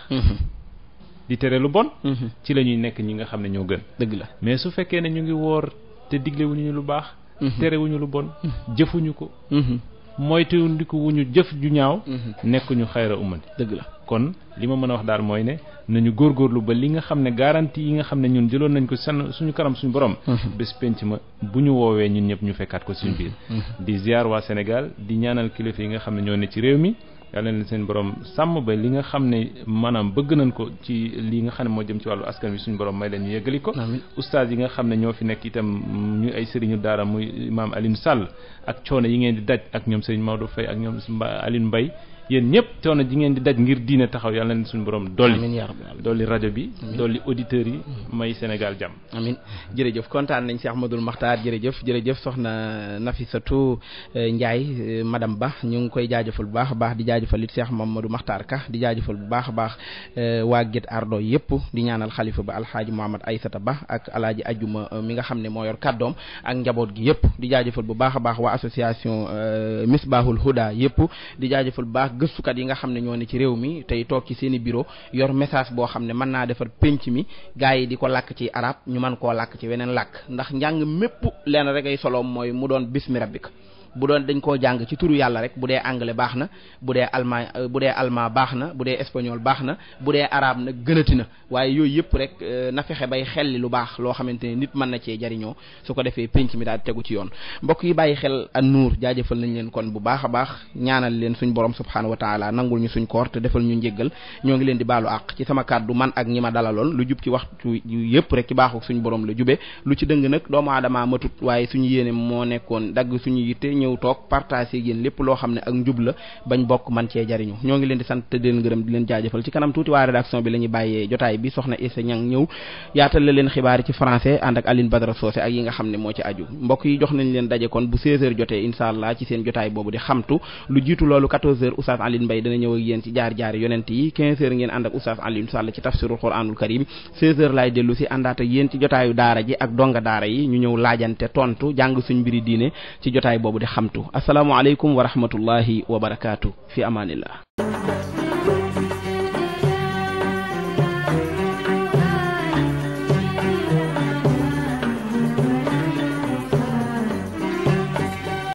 di tere lu bon. Mhm. ci la ñuy nekk ñi nga xam ne ñoo gën. dëgg la mais su fekkee ne ñu ngi woor te wu ñu lu baax. Mhm. terewuñu lu bon. Mhm. jëfuñu ko. moytu ndiku wuñu jëf ju ñaaw. nekkuñu xayra umman dëgg la kon li ma mën a wax daal mooy ne nañu góor góorgóorlu ba li nga xam ne garantie yi nga xam ne ñun jëloon nañ ko seen suñu kanam suñu borom. bés penc ma bu ñu woowee ñun ñëpp ñu fekkaat ko suñu biir. di ziar waa Sénégal di ñaanal kilifa yi nga xam ne ñoo ne ci réew mi. yàlla na leen seen borom sàmm ba li nga xam ne maanaam bëgg nañ ko ci lii nga xam ne moo jëm ci wàllu askan wi suñu borom may leen ñu yeggali ko oustaz yi nga xam ne ñoo fi nekk itam ñu ay sëriñu daara muy imaam alin Sall ak coono yi ngeen di daj ak ñoom sëriñ Maodo Faye ak ñoom Alioune mbay yéen ñëpp coono ji ngeen di daj ngir diine taxaw yàlla leen suñu borom dolli dolli rajo bi dolli auditeurs yi mm. may Sénégal jam amin jërëjëf kontaan nañ si Ahmadul Maxtaar jërëjëf jërëjëf soxna Nafisatu eh, Ndiaye eh, madam Ba ñu ngi koy jaajëfal bu baax a baax di jaajëfal it Cheikh Mamadou Maxtaar Ka di jaajëfal bu baax a baax eh, waa Gét Ardo yëpp di ñaanal xalifa ba alxaaji Mohamad Aysata Ba ak alaaji Ajuma mi nga xam ne moo yor kàddoom ak njaboot gi yëpp di jaajëfal bu baax a baax waa association Misbahul Huda yëpp di gëstukat yi nga xam ne ñoo ne ci réew mi tey toog ci seen i bureau yor message boo xam ne mën naa defar pénc mi gars yi di ko làkk ci arab ñu mën koo làkk ci weneen làkk ndax njàng mépp leen rek ay soloom mooy mu doon bismi rabbik bu doon dañ koo jàng ci turu yàlla rek bu dee anglais baax na bu dee allemand euh, bu dee allemand baax na bu dee espagnol baax na bu dee arabe nag gënati na waaye yooyu yëpp rek euh, na fexe bay xelli lu baax loo xamante ne nit mën na cee jariñoo su ko defee penc mi daal tegu ci yoon mbokk yi bàyyi xel an nuur jaajëfal nañ leen kon bu baax a baax ñaanal leen suñ borom subhaanahu wa nangul ñu suñ koor te defal ñu njéggal ñoo ngi leen di baalu àq ci sama kàddu man ak ñi ma dalaloon lu jub ci waxtu yëpp rek ci baaxu suñ borom la jube lu ci dëng nag ñëw toog partager yéen lépp loo xam ne ak njub bañ bokk man cee jariñu ñoo ngi leen di sant te leen gërëm di leen jaajëfal ci kanam tuuti waa rédaction bi la bàyyee jotaay bi soxna Issa Niang ñëw yaatal la leen xibaar ci français ànd ak Aline Badara Socé ak yi nga xam ne moo ci aju mbokk yi jox nañ leen daje kon bu 16h jotee incha ci seen jotaay boobu di xamtu lu jiitu loolu 14 Aline Mbaye dana ñëw ak ci jaar jaar yonent xamtu asalaamualeykum wa rahmatullahi wa barakaatu fi amaanillah